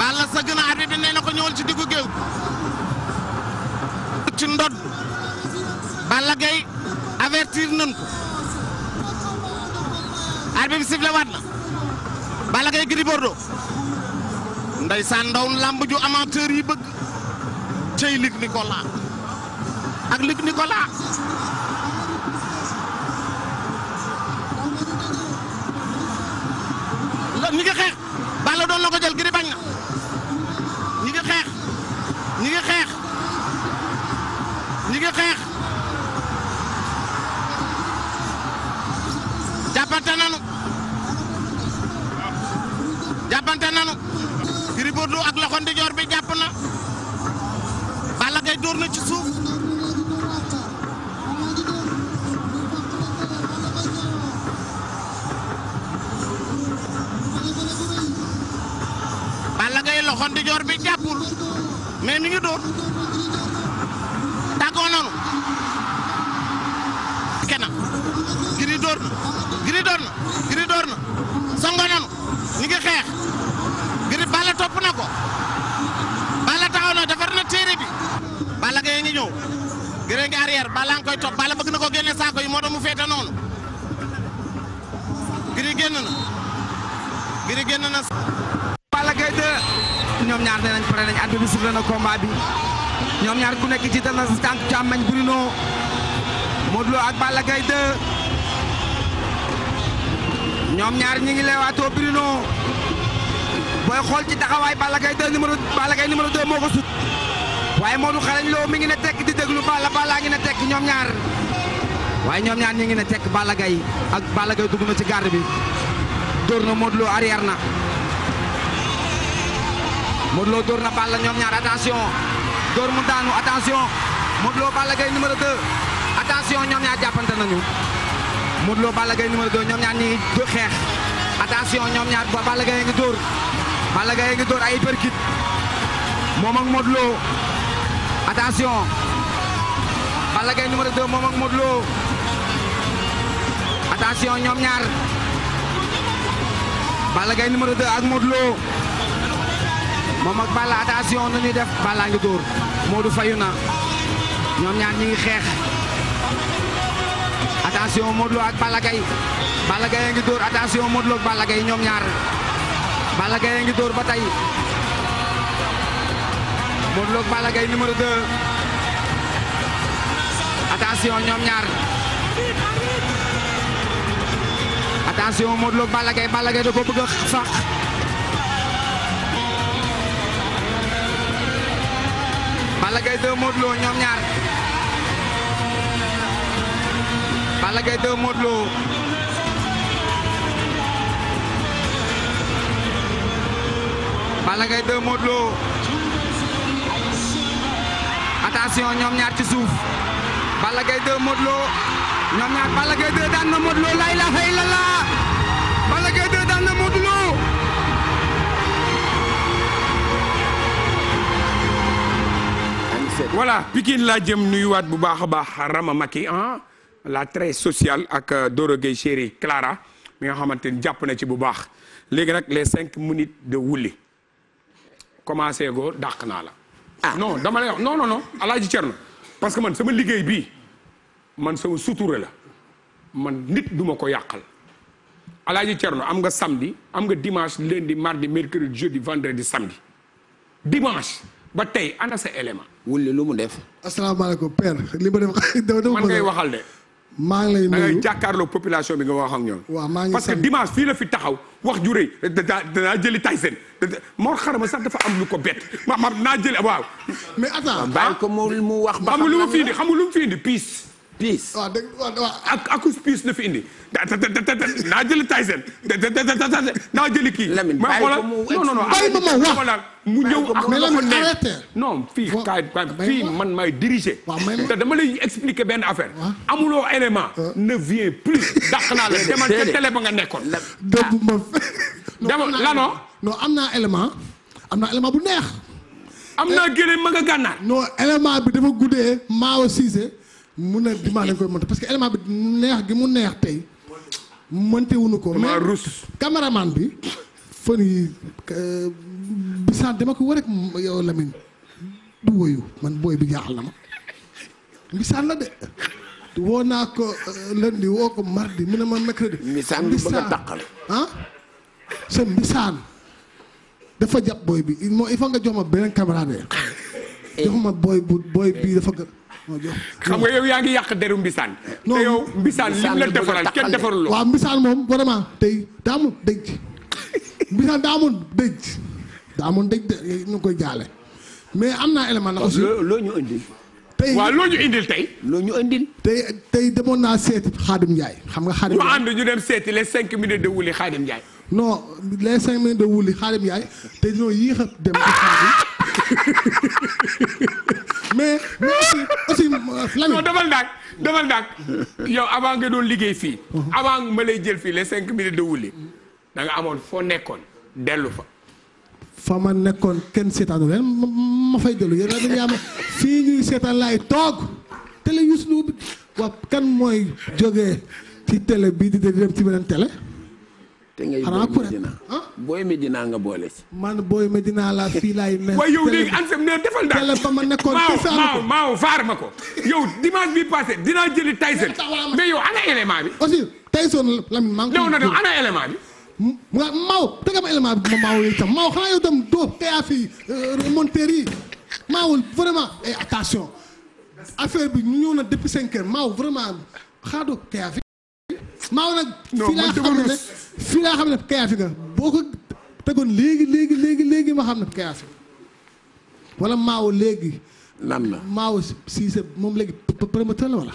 Balla sëgg na arbitre bi nee na ko ñëwal ci diggu géew ci ndodd Balla Gaye avertir nañ ko bi sifflé na Balla Gaye Gris Bordeaux ndeysaan ndaw lamb ju amateur yi bëgg cey Luc Nicolas ak Luc Nicolas la xeex Balla doon la ko jël Gris mais mi ngi dóor tàggoo noonu giri dóor giri dóor na giri ngi xeex giri balla topp na ko balla taxaw na defar na téere bi balla ga ngi ñëw giri ngi arrière balla nga koy topp balla bëgg na ko génne saako yi moo tax mu féete noonu giri génn na giri génn na jiital na combat bi ñoom ñaar ku nekk ci jiital na sa tànk càmmañ Bruno Modou Lo ak Balla Gaye ñoom ñaar ñi ngi leewaatoo Bruno booy xool ci taxawaay Balla Gaye 2 numéro Balla Gaye numéro 2 moo ko sut waaye Modou xarañ Lo mi ngi ne tekk di déglu Balla Balla ngi ne tekk ñoom ñaar waaye ñoom ñaar ñi ngi ne tekk Balla Gaye ak Balla Gaye dugg na ci garde bi dóor na Modou Lo arrière na Modou Lo dóor na Balla ñoom ñaar attention dóor mu daanu attention Modou Lo Balla Gaye numéro 2 attention ñoom ñaar jàppante nañu Modou Lo Balla Gaye numéro 2 ñoom ñaar ñi ngi xeex attention ñoom ñaar ba Balla Gaye ngi dóor Balla ay perkit moom ak Modou Lo attention ñoom ñaar Balla Gaye numéro 2 ak Modou moom ak Balla attention nu ñuy def Balla ngi dóor Modou fayu na ñoom ñaar ñi ngi xeex attention Modou Lo ak Balla Gaye Balla Gaye a dóor attention Modou Lo ñoom ñaar Balla Gaye a dóor ba tey Modou Lo ak Balla Gaye numéro 2 attention ñoom ñaar attention Modou Lo ak Balla da ko bëgg a Balla Gaye 2 Modou Lo ñoom ñaar Balla Gaye 2 Modou Lo Balla Gaye 2 Modou Lo attention ñoom ñaar ci suuf Balla Gaye 2 Modou Lo la ilaha illallah Balla Gaye 2 daan na Modou Lo voilà Pikine laa jëm nuyuwaat bu baax a baax Rama Maki ah la très sociale ak euh, Doro Gueye Clara mi nga xamante ni jàpp na ci bu baax léegi nag les cinq minutes de Wouly commencé go dàq naa la. ah non dama lay wax non non non Alaaji Cerno parce que man sama liggéey bi man sama suture la man nit duma ko yàqal. Alaaji Cerno am nga samedi am nga dimanche lundi mardi mercredi jeudi vendredi samedi dimanche. ba tey ana sa élément. wulli lu mu def. asalaamaaleykum père li ma def dama man ngay waxal de. maa ngi lay nuyu da ngay jàkkaarloo population bi nga wax ak ñoom. waaw maa ngi parce que dimanche fii la fi taxaw wax ju rëy da danaa jëli Tyson Mor xarama sax dafa am lu ko bett ma ma naa jëli waaw. mais a bàyyi ko mu wax. ba xam lu mu fi indi xam lu mu fi indi piis. piis waaw dégg waaw ak akus piis la fi indi naa jëli Tyson naa jëli kii. Lamine bàyyi ko mu non non non mu ñëw ak la ko nekk non fii kaay fii man maay diriger. te dama lay expliquer benn affaire. amuloo élément. Euh. ne vient plus. dàq naa la demal ca télé ba nga nekkoon. demal ah. lanoo. non am naa élément am naa élément bu neex. am naa euh. gën ma nga gànnaar. non élément bi dafa guddee Mao Cissé. mun a dimanche lañ koy monté parce que élément bi neex gi mu neex tey monté wuñu ko. mais caméraman bi fan yi euh, bisaan dama ko war a yow Lamine du woyu man booy bi jaaxal na ma bisaan la de. woo naa ko euh, lundi woo ko mardi mu ne ma mercredi. mbisaan bi bëgg a taqal ah? sa mbisaan dafa jàpp booy bi il faut nga jox ma beneen caméra eh. jox ma booy bu booy bii dafa gën. xam nga yow yaa ngi yàq deru mbisaan te yow mbisaan lim la defaral kenn defaral waaw mbisaan moom vraiment tey daa amoon dëj mbisaan daa amoon dëj daa amoon dëj de ñu koy jaale mais am naa élément na aussi loo ñu indil tey waaw loo tey loo ñu indil tey tey demoon naa seeti Xaadim Njaay xam nga Xaadim ñu ànd ñu dem seeti les cinq minutes de wuli Xaadim Njaay non les cinq minutes de wuli Xaadim Njaay te ñoo yéex a dem mais mais aussi aussi euh, Lamine. non demal naag demal naag yow avant nga doon liggéey fii. avant ma lay jël fii les cinq minutes de wuli da amoon foo nekkoon dellu fa. fa ma nekkoon kenn seetaanu leen ma fay dellu yéen dañuy am fii ñuy seetaan laay toog télé Youssou Ndour waa kan mooy jógee ci télé bii di dem ci beneen télé. te ngay booy Medina ah? booy Medina nga boole si. man booy Medina la fii laay mel. waaye yow léegi ANSM nee defal ndax ma nekkoon ci maaw maaw vaar ma ko yow dimanche bi passé dinaa jëli Tyson mais yow ana élément bi. aussi Tyson la maa maaw dëgg élément bi ma maaw yi tam maaw xanaa yow tam doo euh, PAF yi monteur vraiment eh, attention affaire bi ñu ñëw na depuis cinq heures maaw vraiment xaado PAF. maaw nag. non man dama rus fii laa xam ne kayaasi nga boo ko tegoon léegi léegi léegi léegi ma xam ne kayaasi wala maaw léegi. lan na maaw Cissé moom léegi promoteur la wala.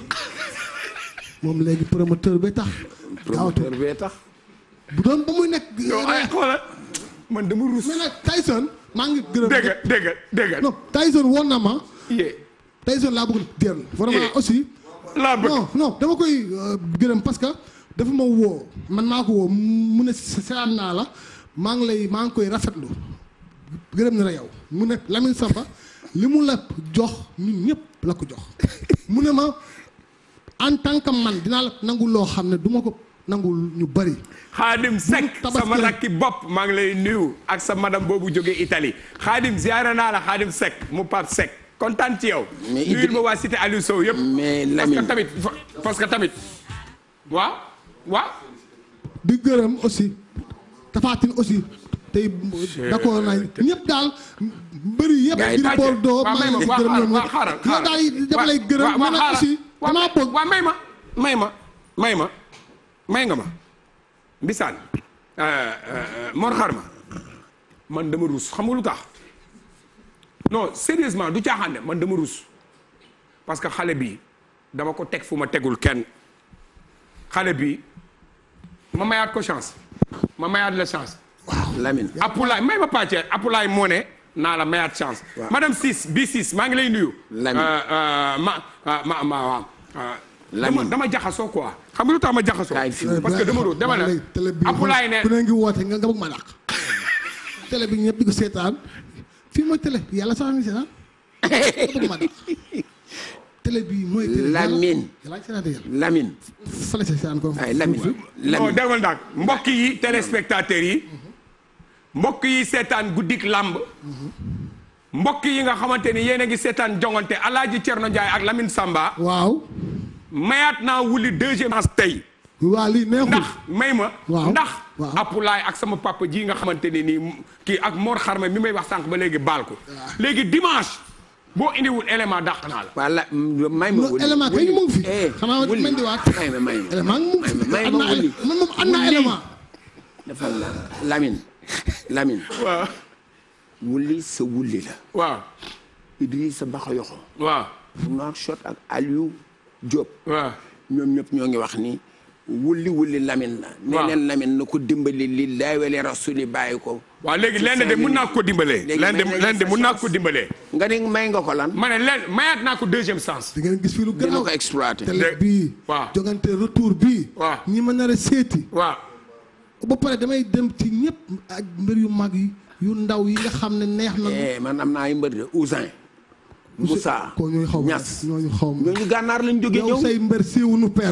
moom léegi promoteur bee tax. promoteur bee tax. bu ba muy nekk. Eh, man dama rus. mais nag Tyson maa ngi gërëm. dégg nga dégg nga dégg nga. Tyson woon na ma. yee. Tyson laa bëgg a dellu. vraiment aussi. laa dama koy euh, gërëm parce que. dafa ma woo man maa ko woo mu ne seetaan naa la maa ngi lay maa ngi koy rafetlu gërëm na la yow mu ne Lamine Samba li mu la jox ñun ñëpp la ko jox mu ne ma en tant que man dinaa la nangu loo xam ne duma ko nangul ñu bëri. xaadim Seck sama rakki bopp maa ngi lay nuyu ak sa madame boobu jógee itali xaadim ziyaara naa la xaadim Seck mu Pape Seck kontaan ci yow. mais Idr nuyul ma waa cité Aliou Sow yëpp. mais Lamine que tamit parce waaw di gërëm aussi tafaatin aussi tey d'accord nañ ñëpp daal mbëri yëpp Gris Bordeaux maa ngi may ma may ma may nga ma mbisaan euh, euh, Mor ma man dama ruus xam nga lu tax non sérieusement du caaxaan man dama ruus parce que xale bi dama ko teg fu ma tegul kenn xale bi ma mayaat ko chance ma mayaat la chance. waaw Lamine. Apulaay may moo ne naa la mayaat chance. waaw madame Ciss bi Ciss maa ngi lay nuyu. Euh, euh, ma euh, ma ma waaw. dama jaxasoo quoi xam nga lu tax ma jaxasoo. parce que dama doon dama ne. Apulaay ne ku ne ngi woote nga nga ma dàq. télé bi ñëpp di ko seetaan fii mooy télé yàlla sax na seetaan nga bëgg ma dàq. télé bi mooy. Lamine Lamine. fële ca Sane ay Lamine Lamine. dégg nga mbokk yi téléspectateurs yi. mbokk yi seetaan guddik làmb mbokk yi nga xamante ni yéen a ngi seetaan jongante Alaaji Cerno Ndiaye ak Lamine Samba. waaw. mayaat naa wuli deuxième as tey. waa lii neexul ndax may ma. waaw ndax. waaw Apulaay ak sama papa ji nga xamante ne nii kii ak Mor Xarma mi may wax sànq ba léegi baal ko. léegi dimanche. boo indiwul élément dàq naa la. voilà may ma wëli élément kay ñu fi. Eh, xanaa man di waat may ma may ma élément ngi may ma wëli man moom am naa élément. dafa la Lamine Lamine. waaw. wuli sa wuli la. waaw. Idrissa Bakayoko. waaw. Nouakchott ak Aliou Diop. waaw ñoom ñëpp ñoo ngi wax ni. wulli wulli Lamine la. waaw nee na Lamine na ko dimbali li laawale rasuli bàyyi ko. waaw léegi lenn de mun naa ko dimbalee. léegi lenn de mun naa ko dimbalee. nga ni may nga ko lan. ma ne lenn mayaat naa ko deuxième sens. di ngeen gis fi lu gën a ko exploité. télé bii waaw jogante retour bi waaw ñi ma nar a seeti. waaw. ba pare damay dem ci ñëpp ak mbir yu mag yi yu ndaw yi nga xam ne neex na. Eh, man am na ay mbër de ousin. Moussa Niass ñooñu xaw gànnaar lañ jógee ñëw yow say mbër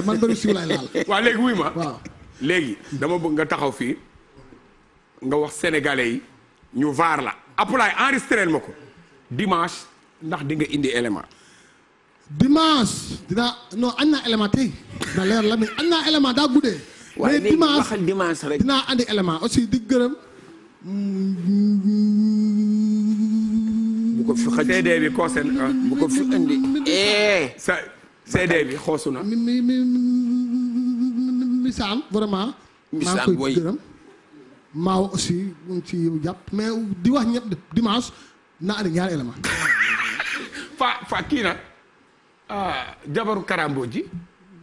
man mbëru siiw laay laal. waaw léegi wuy ma léegi dama bëgg nga taxaw fii nga wax sénégalais yi ñu vaar la appalaay enregistré ma ko dimanche ndax di nga indi élément. dimanche dinaa non am naa élément tey na leer la mais am naa élément daa guddee. mais dimanche waaye léegi waxal dimanche rek andi élément aussi di gërëm. Mm, mm, bu ko fi xaj bi concerne bu ko fi indi eh sa bi xoosu na. mi mi mi misaal vraiment. misaal maa koy gërëm. maa aussi mu ngi ciy jàpp mais di wax ñett dimanche naa andi ñaari élément fa fa kii ah, jabaru Karambo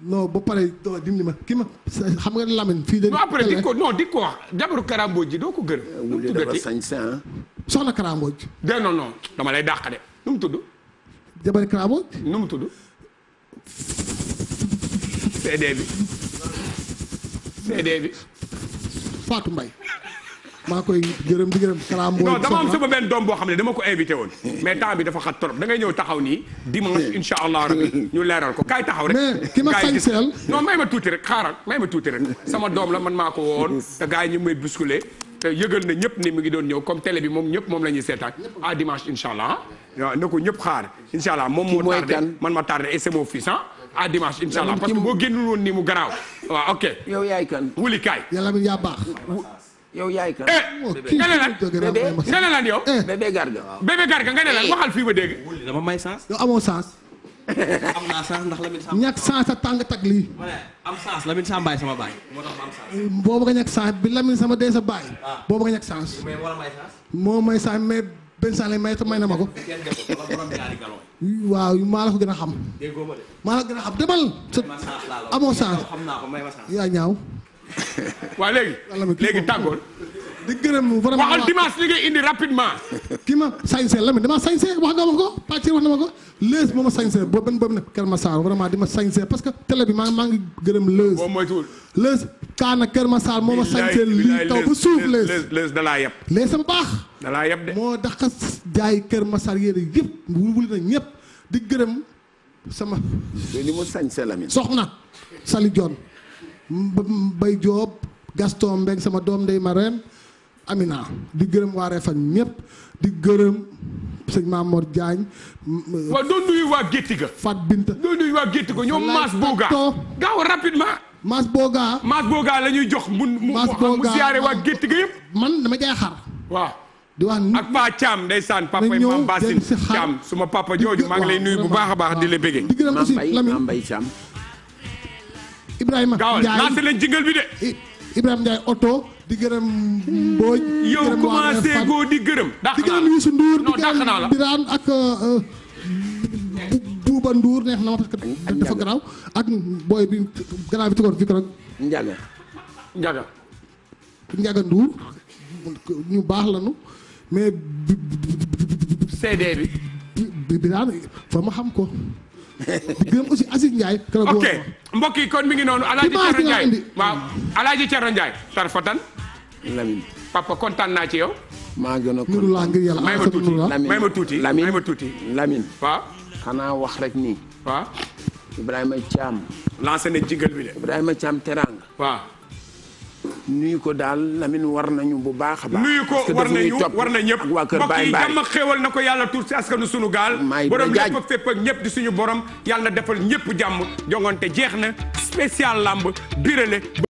non ba pare non dimbali ma ki ma xam nga Lamine. fii de non après di ko non di ko wax. jabaru Karambooj ji doo ko gërëm. nu mu tuddati soxna Karambooj. de non non dama lay dàq de nu mu tudd. jabaru Karambooj. nu mu tudd. CD bi. CD bi. Fatou mbay maa koy gërëm di gërëm kalaam non dama am sama benn doom boo xam ne dama ko invité woon mais temps bi dafa xat trop da ñëw taxaw nii dimanche insha allah ñu leeral ko kaay taxaw rek mais ki ma sañ seel non may ma tuuti rek xaaral may ma tuuti rek sama doom la man maa ko woon te gars yi ñu may bousculer yëgal na ñëpp ni mu ngi doon ñëw comme télé bi moom ñëpp moom la ñuy seetaan a dimanche insha allah waaw na ko ñëpp xaar insha moom man ma tardé et c'est mon fils à dimanche insha allah parce que ni mu garaaw waaw ok yow yaay kan yow yaay kan. Eh, oh, nga ne lan nga ne lan eh. bébé garga nga ne lan eh. waxal fii ba dégg. may sens. yow amoo sens. am sens ndax Lamine Samba. ñàkk sens a tàng tag lii. am sens Lamine Samba sama baay. moo tax ma am boobu nga ñàkk sens bi Lamine sama dee sa baay. Ah. boobu nga ñàkk sens. mais war may sens. moo may sens mais benn sens lañ may te may na ma ko. waaw maa la ko gën a xam. maa la ko gën a xam demal. amoo sens. yaa ñaaw. waaw léegi léegi tàggool di gërëm vraiment waxal dimanche li ngay indi rapidement kii ma sañse la mi dama sañse wax nga wax ko pàcc wax na ma ko lees moo ma sañse boo benn boobu nekk Kër Massar vraiment di ma sañse parce que télé bi maa maa ngi gërëm lees boo moytuwul lees kaana Kër Massar moo ma sañse lii taw ba suuf lees lees laa yeb lees sama baax laa yeb de moo daqa jaay Kër Massar yére yëpp wuli na ñëpp di gërëm sama li la mi soxna Sali Dione Mbaye joob Gaston Mbengue sama doom ndey Marème Amina di gërëm waa Réfane ñëpp di gërëm sëñ Mamour Diagne. waaw doon nuyu waa Gétti ga. Fat Binta doon nuyu waa Gétti ñoom Mass Boga gaaw rapidement. Mass Boga. Mass Boga la ñuy jox mu mu mu siyaare waa Gétti ga yëpp. man dama jaay xar. waaw. di wax ak Paa Thiam ndeysaan papa yi maam Basine Thiam suma papa jooju maa ngi lay nuyu bu baax a baax di la bëggee. di gërëm aussi Lamine Ibrahima Ndiaye gaawal lancé leen jingle oto di gërëm Mbodj. yow commencé goo di gërëm. di gërëm Youssou Ndour di gërëm Birane ak. Bouba Ndour neex na ma parce que dafa ak booy bi garaaw bi ci fii keroog. Ndiaga Ndiaga. Ndiaga Ndour ñu baax lañu mais. CD bi. bi Birane fa ma xam ko. di gërëm aussi Assis Ndiaye. ok mbokk yi kon mi ngi noonu Alaaji Cerno Ndiaye waaw Alaaji Cerno Ndiaye tarfatan Lamine papa kontaan naa ci yow. maa gën a kontaan ngir yàlla may tuuti lamin ma tuuti may ma tuuti xanaa wax rek nii. waaw Ibrahima Thiam. lance ne jingle bi de. Ibrahima Thiam Teranga waaw. nuyu ko daal Lamine war nañu bu baax a baax. nuyu ko war nañu war na ñëpp waa kër Baye Mbaye mbokk xéewal na ko yàlla tur si askanu sunu gaal. maay borom lépp ak fépp ak ñëpp di suñu borom yàlla defal ñëpp jàmm jongante jeex na spécial làmb birale